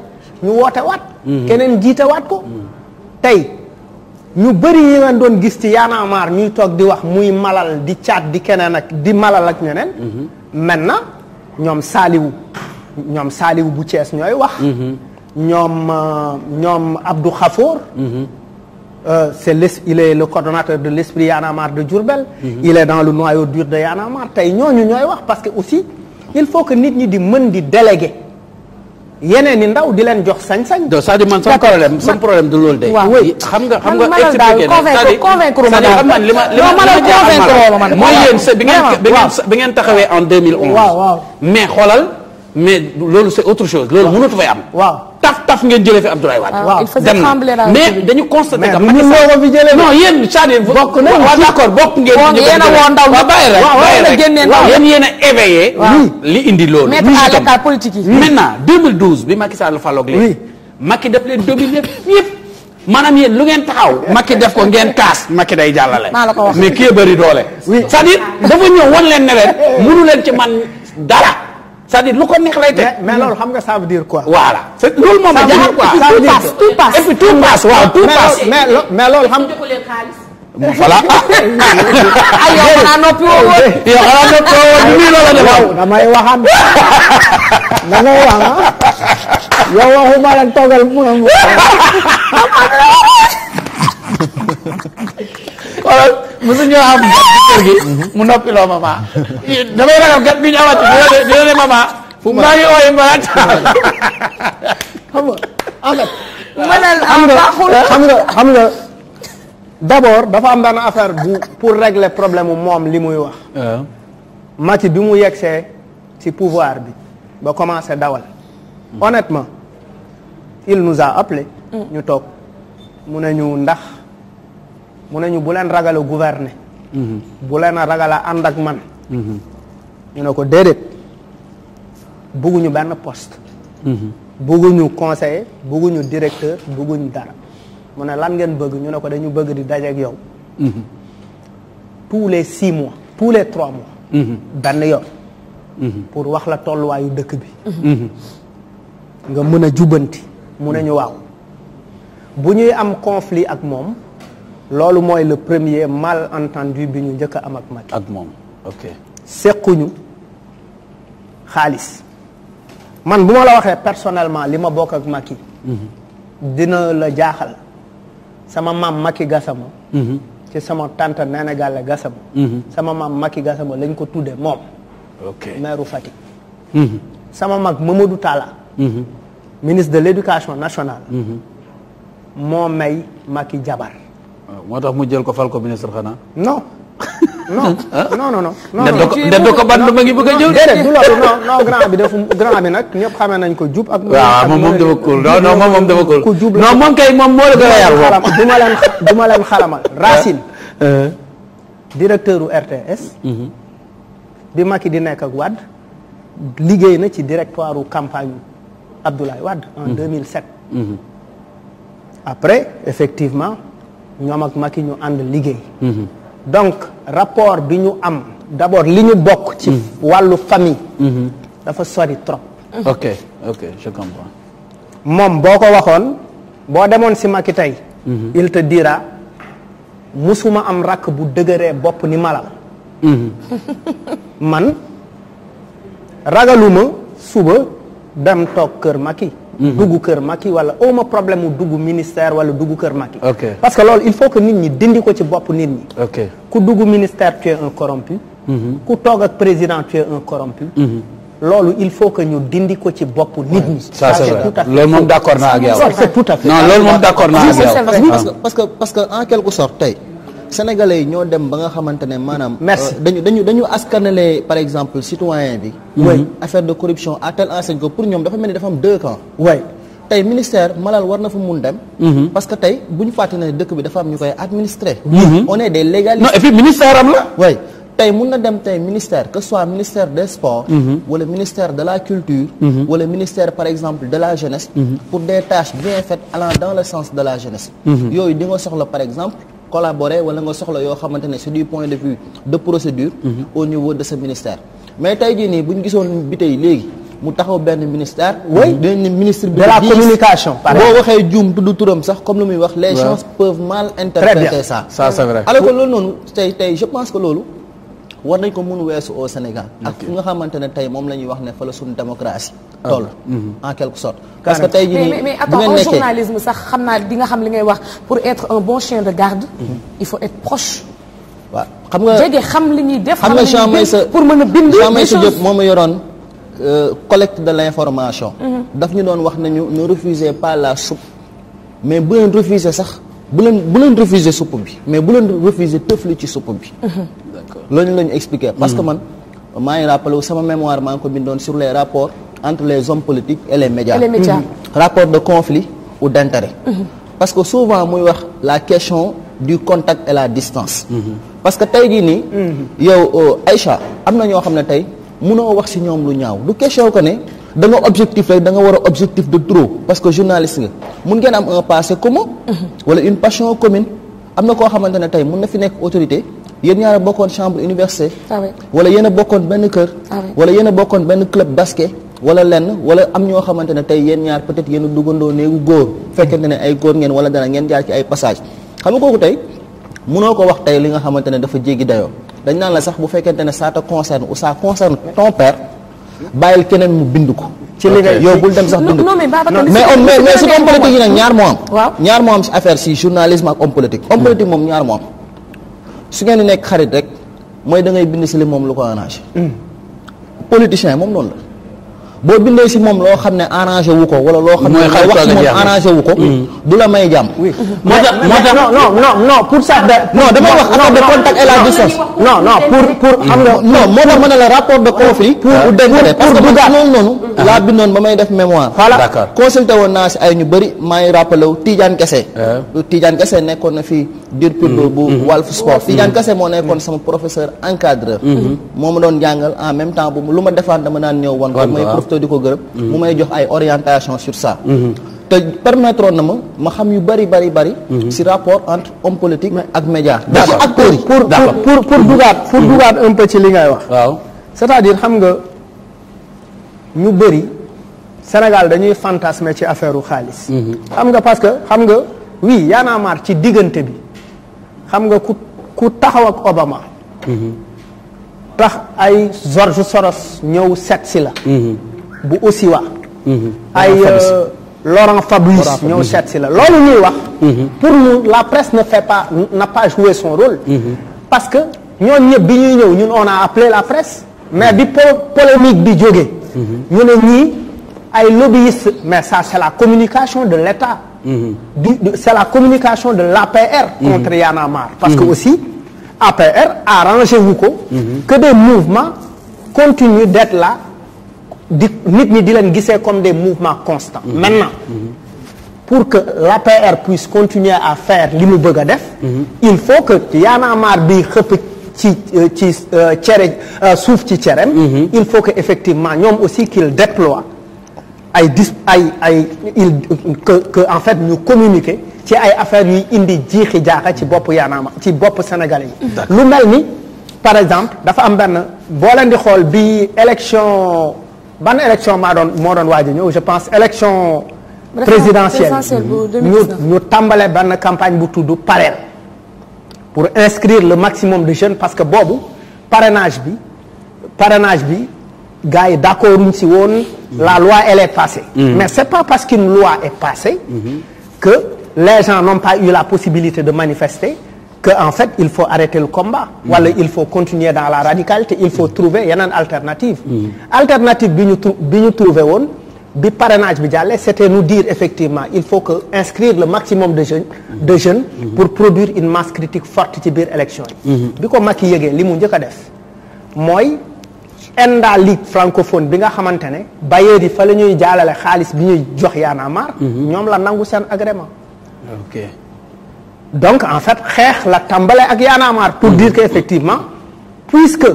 ñu woote waat. Mhm. keneen jiite waat ko. Mhm. tey ñu bëri yi doon gis ci Y'en a ñuy toog di wax muy malal di caat di keneen ak di malal ak ñeneen. na ñoom Saliou ñoom Saliou bu Thiès ñooy wax. ñoom euh, ñoom Abdou Khafour. Euh, c'est l' il est le coordonnateur de l'esprit Y'en a marre de Diourbel. Mm -hmm. il noyau dur de Y'en a ñooñu ñooy wax parce que aussi. il faut que nit ñi di mën di déléguer yeneen i ndaw di leen jox sañ-sañ. donc c'est-à-dire man sama problème sama problème du loolu de. waaw ma li ma bi ngeen bi ngeen taxawee en 2011. waaw waaw mais xoolal mais loolu c'est autre chose. loolu mënatu fay taf taf ngeen jëlee fi Abdoulaye Wade. Ah, dem na mais dañu constaté que. mais ñun ko fi jëlee non yéen c'est-à-dire. bokk nañu waaw ñu yéen a woo ndaw ñu bàyyi rek bàyyi rek waaw yéen a éveillé. li indi loolu. mettre à l'écart politique bi Macky Sall faloog léegi. oui Macky daf leen maanaam yéen lu ngeen taxaw. Macky def ko ngeen kaas. Macky day jàllale. maa la ko wax doole. oui c'est-à-dire dafa ñëw wan leen ne leen leen ci man dara c'est-à-dire lu ko neex lay teg. mais mais loolu xam nga ça veut dire quoi. voilà c'est loolu moom la jaaxal quoi ça veut dire tout passe et puis tout passe waaw tout passe. mais mais loolu xam. voilà ah. yow xanaa noppi woo woon. yow xanaa noppi woo woon nii loola defoon. damay waxam damay wax ah yow waxuma lan toogal mu ne xoolal mosu am mu noppi loo mama damay ragal gat bi ñu amati dina ne mama maa ngi ooye mbaat xam nga mënal am baaxul xam nga xam dafa am benn affaire bu pour régler problème moom li muy wax euh. mati bi mu yegsee ci pouvoir bi ba commencé dawal hmm. honnêtement il nous a appelé hmm. ñu toog mu ne ñu ndax mu ne ñu bu leen mhm. ragal a gouverner. bu leen ragala ànd ak man. Mhm. ñu ne ko déedéet bugguñu benn poste. Mhm. bugguñu conseiller bugguñu directeur bugguñu dara mu ne lan ngeen bëgg ñu ne ko dañu bëgg di dajeek yow. tous les six mois tous les trois mois. benn yoon. pour wax la tolluwaayu dëkk bi. nga mën a jubbanti. mu ne ñu waaw bu ñuy am conflit ak moom. loolu mooy le premier malentendu bi ñu njëkk a am ak Macky. ak moom ok. sequñu xaalis man bu ma la waxee personnellement li ma bokk ak yi mhm. dina la jaaxal sama maam Macky Gassama. Mhm. ci sama tante Néné Galle Gassama. Mhm. sama maam Macky Gassama lañ ko tuddee moom. ok maire Fatick. sama mag Mamadou Talla. ministre de l' éducation nationale. moo may Macky jabar. Euh, moo tax mu jël ko fal ko ministre xanaa. non. non non non non. non ko ngi bëgg a ñëw. grand bi dafa grand bi nag ñëpp xamee nañ ko jub ak. waaw moom moom dafa cool non moom moom dafa ku jub non moom kay moom moo la gën a yar ma leen du ma leen xalamal Racine. directeur u RTS. Mhm. bi Macky di nekk ak Wade. liggéey na ci directoire u campagne Abdoulaye Wade. en 2007. Mhm. Mhm. après effectivement. ñoom ak Macky ñu ànd liggéey. Mhm. donc rapport bi ñu am d'abord li ñu bokk. ci mhm. wàllu famille. Mhm. dafa sori trop. ok ok moom boo ko waxoon boo demoon si Macky tey. il te dira musuma am rakk bu dëgëree bopp ni malal. man ragaluma suba dem toog kër Macky. Mm-hmm. dugg kër Macky wala awma problème mu dugg ministère wala dugg kër Macky parce que loolu il faut que nit ñi dindi ko ci bopp nit ñi ku dugg ministère tu es un corrompu mm-hmm. ku toog ak président tu es un corrompu mm-hmm. loolu il faut que ñu dindi ko ci bopp nit ñi. ça c'est vrai loolu moom d'accord naa ak yow. c'est loolu moom d'accord naa ak yow. parce que parce que en quelque sorte tey. sénégalais yi ñoo dem ba nga xamante ne euh, dañu dañu par exemple citoyen bi. way affaire de corruption à telle enseigne que pour ñoom dafa mel ni dafa am deux camps. tey ministère malal war na fa mun dem. Mm-hmm. parce que tey bu ñu fàtte ne dëkk bi dafa am ñu koy administrer. Mm-hmm. on est des légalistes. non et puis ministère am la. way tey mun na dem tey ministère que soit ministère des sports. Mm-hmm. wala ministère de la culture. wala ministère par exemple de la jeunesse. pour des tâches de la jeunesse. collaborer wala nga soxla yoo xamante ne c'est du point de vue de procédure mm-hmm. au niveau de ce ministère mais tey jii nii bu ñu gisoon bi tey léegi mu taxaw benn ministère oui dinañ ne ministre bi de la communication boo waxee juum tudd turam sax comme lu muy wax les gens peuvent mal interpréter ça ça c'est vrai alors que loolu noonu tey tey je pense que loolu war nañ ko mun weesu au Sénégal ak nga xamante ne tey moom la ñuy wax ne fa la suñu démocratie ah, toll mhm. en quelque sorte parce que tey jii nii mais attends au xam naa wax pour être un bon chien mhm. nga jege xam li ñuy def xam nga Jean pour mën a bind moo ma yoroon euh, collecte de l'information mhm. daf ñu doon wax nañu ne refusez pas la soupe mais bu leen refuser sax bu leen bu leen refuser supp bi mais buleen leen refuser tëfli ci supp bi. Mhm. d'accord loolu la ñu expliqué. parce que mhm. man maa ngi rappelé sama mémoire maa ngi ko bindoon sur les rapports entre les hommes politiques et les médias. Et les médias. Mmh. rapport de conflit ou d'intérêt. Mmh. parce que souvent muy wax la question du contact et la distance. Mmh. parce que tey jii nii. Mhm. yow euh, Aïcha am na ñoo xam ne tey munoo wax ci ñoom lu ñaaw du question ko ne. da objectif rek da nga war a objectif de trop parce que journaliste nga mun ngeen am un passé commun wala une passion commune am na koo xamante ne tey mun na fi nekk autorité yéen ñaar a bokkoon chambre université ah wala yéen bokkoon benn kër ah wala yéen bokkoon benn club basket wala lenn wala am ñoo xamante ne tey yéen ñaar peut-être yéen a duggandoo néegu góor fekkente ne ay góor ngeen wala dara ngeen jaar ci ay passage xam nga kooku tey mënoo ko wax tey li nga xamante ne dafa jéggi dayoo dañ naan la sax bu fekkente ne ça te concerne ou ça concerne ton bàyyil keneen mu bind ko. ci li ngay yow bul dem sax bind ko. mais mais mais su homme politique yi ñaar moo am. waaw ñaar moo am si affaire si journalisme ak homme politique. homme hmm. politique moom ñaar moo am su ngeen di nekk xarit rek mooy da ngay bind si li moom lu ko arrangé. Hmm. politicien moom noonu la. boo bindee si moom loo xam ne arrangé wu ko wala loo xam ne wax moom arrangé wu ko mm. du la may jàmm moo tax moo pour ça non damay wax affaire de la pour mm. ma ne la rapport de conflit pour dénkale parce que noonu noonu ah. laa bindoon ba may def mémoire voilà consulté woon naa si ay ñu bëri maa ngi rappelé wu Tidiane Kese ah. Tidiane Kese nekkoon na fii dir purbe mm-hmm. bu mm-hmm. Walf Sport mm-hmm. Tidiane Kese moo nekkoon sama professeur encadreur moo ma doon jàngal en même temps bu lu ma defaan dama naan ñëw wan ko profité di ko gërëm. Mm-hmm. mu may jox ay orientation sur ça. Mm-hmm. te permettre na ma ma xam yu bari bari bari. si mm-hmm. rapport entre homme politique ak média. d'accord ak pour pour dugaat pour ci li ngay wax. waaw c'est-à-dire xam nga ñu bari Sénégal dañuy fantasmer ci affaire u xaalis. xam nga parce que xam nga oui ci diggante bi xam nga ku ku taxaw ak Obama. tax ay George Soros ñëw seet la. bu Osiwa. Mhm. ay Laurent Fabius euh, ñëw seet si la loolu ñuy wax. Mhm. pour nous la presse n'a pas joué son rôle. Mhm. parce que ñoon ñëpp bi ñuy la presse. mais bi po polémique bi jógee. ñu ne ñii ay lobbyistes mais ça la communication de l' État. est la communication de l' APR. contre Y en parce que aussi APR arrangé wu ko. que des mouvements continuent d' la di nit ñi di leen gisee comme des mouvements constants mhm. maintenant mhm. pour que l'APR puisse continuer à faire li mu bëgg a def mhm. il faut que Y'en bi xëpp ci euh, ci euh, cere euh, suuf ci cerem il faut que effectivement ñoom aussi qu'il déploie ay dis ay ay il que en fait ñu communiquer ci ay affaires yuy indi jiixi jaaxa ci bopp Y'en ci bopp sénégalais lu mel ni par exemple dafa am benn boo leen di xool bi élection ban élection maa doon moo doon waaj ñëw je pense élection présidentielle ñu ñu tàmbale benn campagne bu tudd parrain pour inscrire le maximum de jeunes parce que boobu parrainage bi parrainage bi gars yi d'accord uñ si woon la mhm. loi elle est passée mmh. mais c'est pas parce qu'une loi est passée mmh. que les gens n'ont pas eu la possibilité de manifester que en fait il faut arrêter le combat mm. wala il faut continuer dans la radicalité il faut trouver yeneen alternative mm. alternative bi ñu bi ñu trouver woon bi parrainage bi jàllee c'était nous dire effectivement il faut que inscrire le maximum de jeunes de mm. jeunes pour produire une masse critique forte ci biir élection yi bi ko Macky yëgee li mu njëkk a def mooy ENDA ligue francophone bi nga xamante ne bailleurs yi fa la ñuy jaalale xaalis bi ñuy jox yaanaa maar mm-hmm. ñoom la nangu seen agrément donc en fait xeex la tàmbalee ak Y'en a marre pour dire que effectivement puisque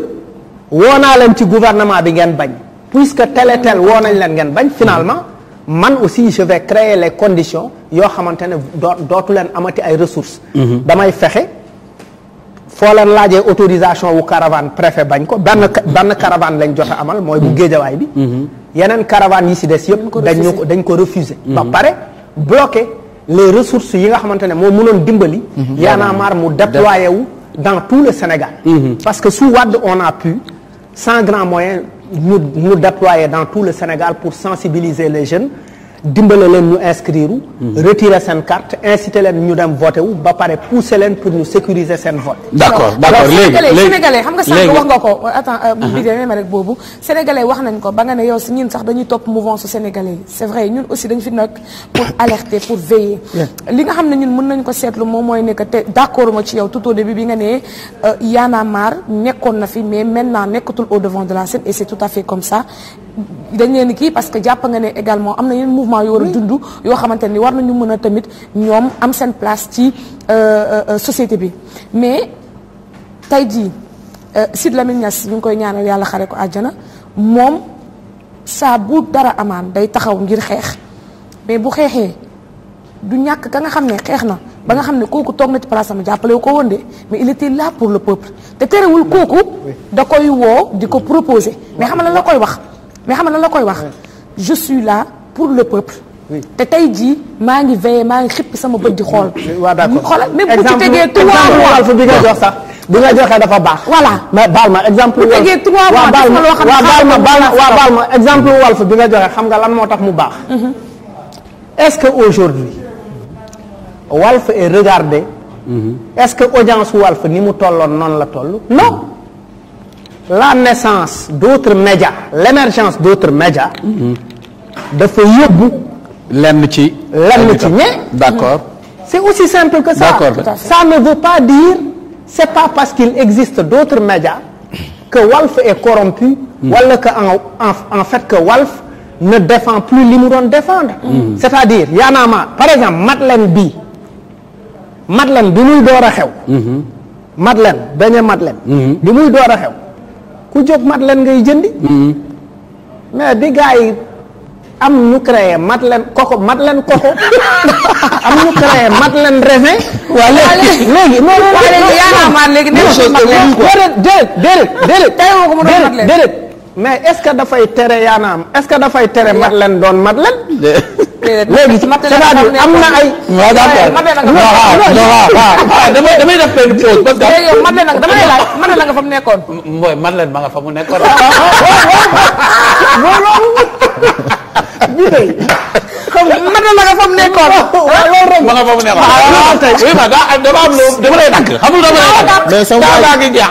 woo naa leen ci gouvernement bi ngeen bañ puisque tel et tel woo nañ leen ngeen bañ finalement man aussi je vais créer les conditions yoo xamante ne doo dootu leen amati ay ressources mhm. damay fexe foo leen laajee autorisation wu caravane préfet bañ ko benn benn caravane lañ jot amal mooy bu mhm. géejawaay bi mhm. yeneen caravane yi si des yëpp dañ ko dañ ko refuser ba pare bloqué les ressources yi nga xamante ne moo mënoon dimbali. Mhm. yaanaa maar mu déployé dans tout le Sénégal. Mhm. parce que sous Wade on a pu sans grand moyen ñu déployer dans tout le Sénégal pour sensibiliser les jeunes. dimbale leen ñu inscrire mhm. retirer seen carte inciter leen ñu dem voté wu ba pare pousser leen pour ñu sécuriser seen vote. d'accord d'accord léegi léegi sénégalais xam nga wax nga ko. attends euh, mhm. bi demee ma rek boobu. sénégalais wax nañ ko ba nga ne yow si ñun sax dañuy topp mouvance su sénégalais yi c'est vrai ñun aussi dañu fi nekk pour alerter pour veiller. li nga xam ne ñun mun nañ ko seetlu moom mooy ne que te d'accord ma ci yow tout au début bi nga ne euh, Y'en a nekkoon na fi mais maintenant nekkatul au de la scène et c'est tout à fait dañ leen kii parce que jàppa nga ne également am na yeneen mouvement yoo war a dund yoo xamante ni war nañu mën a tamit ñoom am seen place ci euh, euh, euh, société bi mais tey jii Sid Lamine Niass ñu ngi koy ñaanal yàlla xare ko àjjana moom saa bu dara amaan day taxaw ngir xeex mais bu xeexee du ñàkk ka nga xam ne xeex na ba nga xam ne kooku toog na ci place sama jàppale ko woon mais il était là pour le peuple te terewul kooku da koy woo di ko proposer mais xam nga la koy wax mais xam nga lan la koy wax je suis pour le peuple. te tey jii maa ngi veillé maa ngi xippi sama bët di xool. waaw d'accord xoolal même bu ci tegee sax bi nga joxee dafa baax. voilà mais baal ma exemple. bu tegee 3 mois dafa loo ma exemple Walf bi nga joxe xam nga lan moo tax mu baax. Mhm. est-ce que aujourd'hui Walf est regardé. Mhm. est-ce que audience Walf ni mu tolloon noonu la toll non. la naissance d'autres médias l'émergence d'autres médias dafa yóbbu lenn ci lenn ci ñe d'accord c'est aussi simple que ça ça ne veut pas dire c'est pas parce qu'il existe d'autres média que Walf est corrompu hmm. wala que en, en, en fait que Walf ne défend plus li mu doon défendre hmm. c'est-à-dire Y'en a marre par exemple Madeleine bi Madeleine bi muy door a xew hmm. Madeleine beñe Madeleine bi muy door a xew ku jóg mat leen ngay jëndi mm-hmm. mais bi gars am ñu créé mat leen koko mat leen koko am ñu créé mat leen raisin waa léegi léegi moo yaa mais est-ce que dafay tere yaanaam est-ce que dafay tere Madeleine doon Madeleine. léegi c'est-à-dire am na ay. waaw d'accord ah, damay damay def benn pause parce que. léegi yow Madeleine nag nekkoon. mooy Madeleine ma fa mu nekkoon. xam nga mën na naka fa mu nekkoon. waaw loolu rek ma nga fa mu nekkoon. waaw ah, tey oui ma daa ah, dama am lu dama lay dàgg. xamul dama lay dàgg mais sama waa ah, ji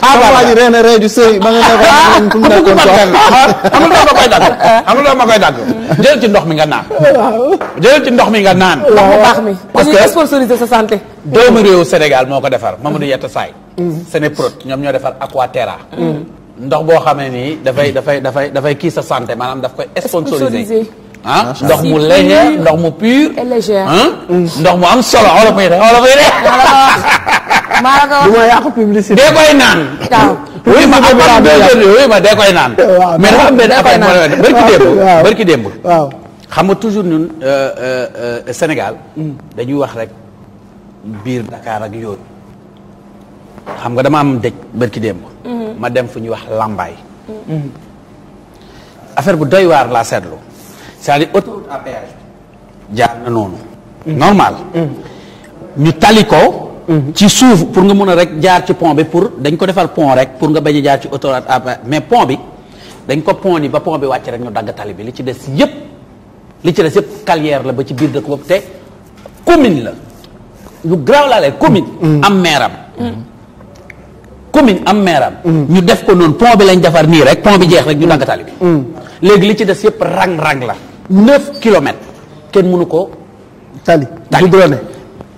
sama waa ji reen a reen ju sëy ma nga nekkoon fu mu nekkoon quoi. amul loo ma koy dàgg amul loo ma koy dàgg jël ci ndox mi nga naan. jël ci ndox mi nga naan. waaw waaw baax mi parce que dañuy sponsoriser sa santé. doomu réew Sénégal moo ko defar Mamadou Yatassaye. Mm. Sénéprot ñoom ñoo defar Aquaterra. Mm. ndox boo xamee ni dafay dafay dafay dafay kii sa santé maanaam daf koy sponsorisé ah ndox mu léger ndox mu pur mu am solo olof yi de olof yi de. dee koy naan. waaw ma dee koy naan. mais dafa am barki démb. barki démb. xam nga toujours ñun euh, euh, euh, Sénégal. dañuy wax rek biir Dakar ak yooyu. xam nga dama am dëj barki démb. Mhm. ma dem fu ñuy wax Lambaay. Mhm. affaire bu doy waar laa seetlu. c'est-à-dire autoroute jaar na noonu. normal. ñu tali ko. ci suuf pour nga mun a rek jaar ci pont bi pour dañ ko defal pont rek pour nga bañ jaar ci autoroute à mais pont bi dañ ko pont ni ba pont bi wàcc rek ñu dagg tali bi li ci des yëpp li ci des yëpp la ba ci biir dëkk boobu te commune la lu garaaw laa lay commune. Mm-hmm. am meeram. Mm-hmm. commune am meeram. Mm-hmm. ñu def ko noonu pont bi lañ defar nii rek pont bi jeex rek ñu dagg tali bi. léegi li ci des yëpp rang rang la. neuf kilomètres kenn munu ko tali goudronné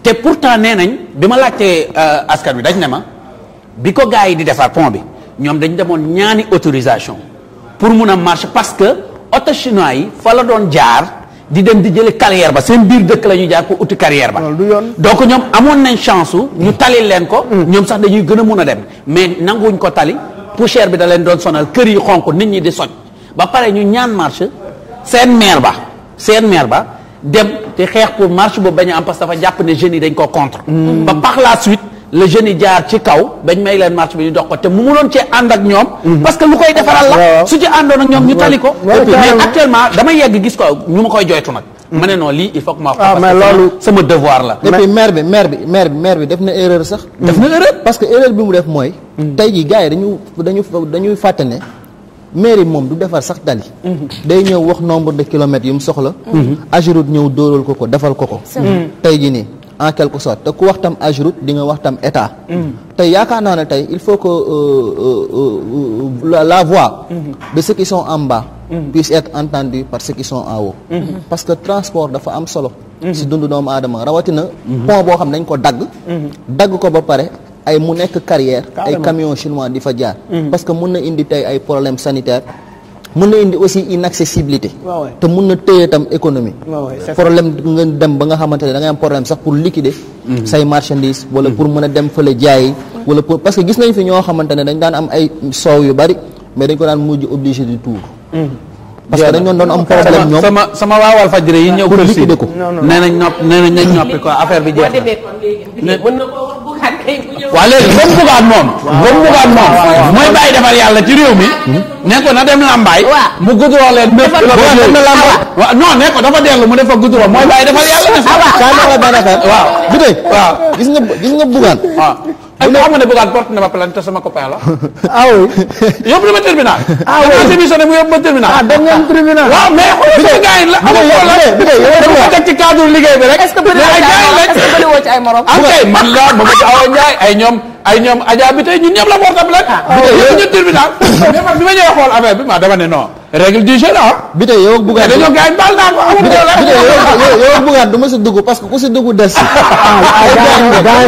te pourtant nee nañ bi ma laajtee euh, askan bi dañ ne ma bi ko gars yi di defar pont bi ñoom dañu demoon ñaani autorisation pour mun a marche parce que oto chinois yi fa la doon jaar di dem di jële carrière ba seen biir dëkk la ñuy jaar pour uti carrière ba donc ñoom amoon nañ chance su ñu talil leen ko mm. Mm. ñoom sax dañuy gën a mun a dem mais nanguwuñ ko tali poussière bi da leen doon sonal kër yi xonk nit ñi di soj ba pare ñu ñaan marche seen maire ba seen maire ba dem te xeex pour marche boobu bañ a am parce que dafa jàpp ne jeunes yi dañ ko contre. Hmm. ba par la suite le jeune jaar ci kaw bañ may leen marche bi ñu dox ko te mu mënoon cee ànd ak ñoom. Hmm. parce que lu koy defaral la. su ci àndoon ak ñoom ñu tali ko. mais actuellement dama yegg gis ko ñu ma koy joytu nag. Hmm. ma ne non lii il faut que ma wax. Ah, mais loolu sama devoir la. et puis maire bi maire bi maire bi maire def na erreur sax. def na erreur parce que erreur bi mu def mooy. tey jii gars yi dañu dañu dañuy fàtte mairie moom du defar sax tali. day ñëw wax nombre de kilomètres yu mu soxla. Ageroute ñëw dóoral ko ko defal ko ko. Mm. tey jii nii en quelque sorte te ku wax tam Ageroute di nga wax tam état. Mm. tey yaakaar naa ne tey il faut que euh, euh, euh, la la voix. Mm-hmm. de ceux qui sont en bas. Mm-hmm. par ceux qui sont en haut. Mm-hmm. parce que transport dafa am solo. si dundu doomu aadama rawatina. pont boo xam dañ ko dagg. dagg ko ba pare. ay mu nekk carrière ay camion chinois di fa jaar mhm. parce que mun na indi tey ay problème sanitaire mun na indi aussi inaccessibilité te mun na téye tam économie problème nga dem ba nga xamante ne da ngay am problème sax pour liquider mhm. say marchandise wala mhm. pour mën a dem fële jaayi wala pour parce que gis nañ fi ñoo xamante ne dañ daan am ay soow yu bari mais dañ ko daan mujj obligé di tuur parce que dañu doon am problème ñoom sama sama waawal fajjire yi ñëw waaw léegi ba mu bugaat moom ba mu bugaat moom mooy bàyyi defar yàlla ci réew mi hmm? ne ko na dem lambaay mu guduroo leen dafa dem na lambaay waaw non mu def fa guduroo mooy bàyyi defar yàlla na sax kaa defar benn affaire waaw gis nga gis nga bugaan waaw ay xam ne Bougane porte na ma plainte te sama copain la. ah oui. yóbbu na ma tribunal. ah oui danaa démissionné mu yóbbu ma tribunal. Ah, waaw mais xoolal gars yi ci cadre liggéey bi rek. est-ce que bëri ci ay morom ah, ok ma bëgg ñoom ay ñoom Adja bi tey ñun ñëpp la porte a ah waaw ah, bi ñu tribunal. mais ma ñëwee xool affaire bi ma dama ne non. règle du jeu la bi yow ak Bougane dañoo gaañ baal naa dugg parce que ku si dugg des si a ah? ba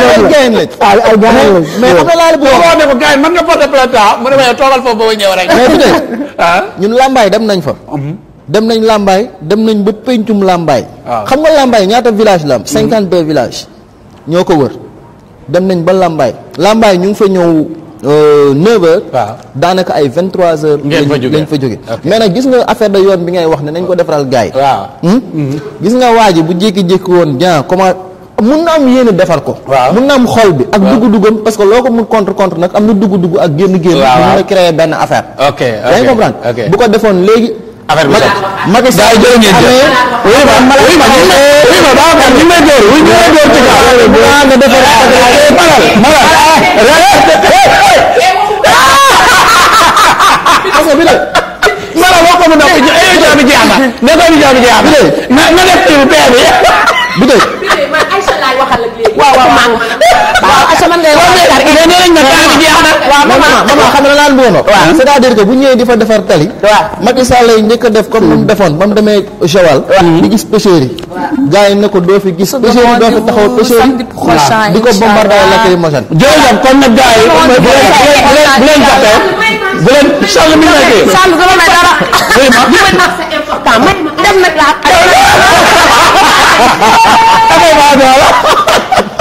ma ñëw ah? ñun làmbaay dem nañ fa mhm. dem nañ làmbaay dem nañ ba péncum làmbaay ah. xam nga làmbaay ñaata village la am cinquante deux villages ñoo ko nañ ba làmbaay làmbaay Euh, neuf heures waaw daanaka ay vingt trois heures lañ fa jóge mais nag gis nga affaire da yoon bi ngay wax ne nañ ko defaral gars yi waaw hmm? mhm. gis nga waa ji bu jékki-jékki woon bien comment mun na am yéene defar ko mun na am xol bi ak dugg-duggam parce que loo ko mu contre contre nag am na dugg-dugg ak génn génn mun na créer benn affaire ok ok bu ko defoon léegi affaire bi sax Macky Sall jërë ngeen jëf oui ma oui ma oui ma baax na ñu may door oui ñu may door ci kaw bu nga defal malal malal malal wax ko mu ndaw émission bi jeex na ne ko émission bi jeex na na def ci bi bu dee. man waaw waaw waaw Aïcha waaw xam na lan bu woon. waaw c'est-à-dire que bu ñëwee di fa defar tali. waaw lay njëkk def comme defoon ba mu demee Joal. di gis pêcheurs yi. yi ne ko doo fi gis. pêcheurs doo fi taxaw pêcheurs yi. waaw di ko bombardé lacrymogène. jërëjëf kon nag gars yi bu leen jàppee. bu leen Sall mi ngi lay Ano ba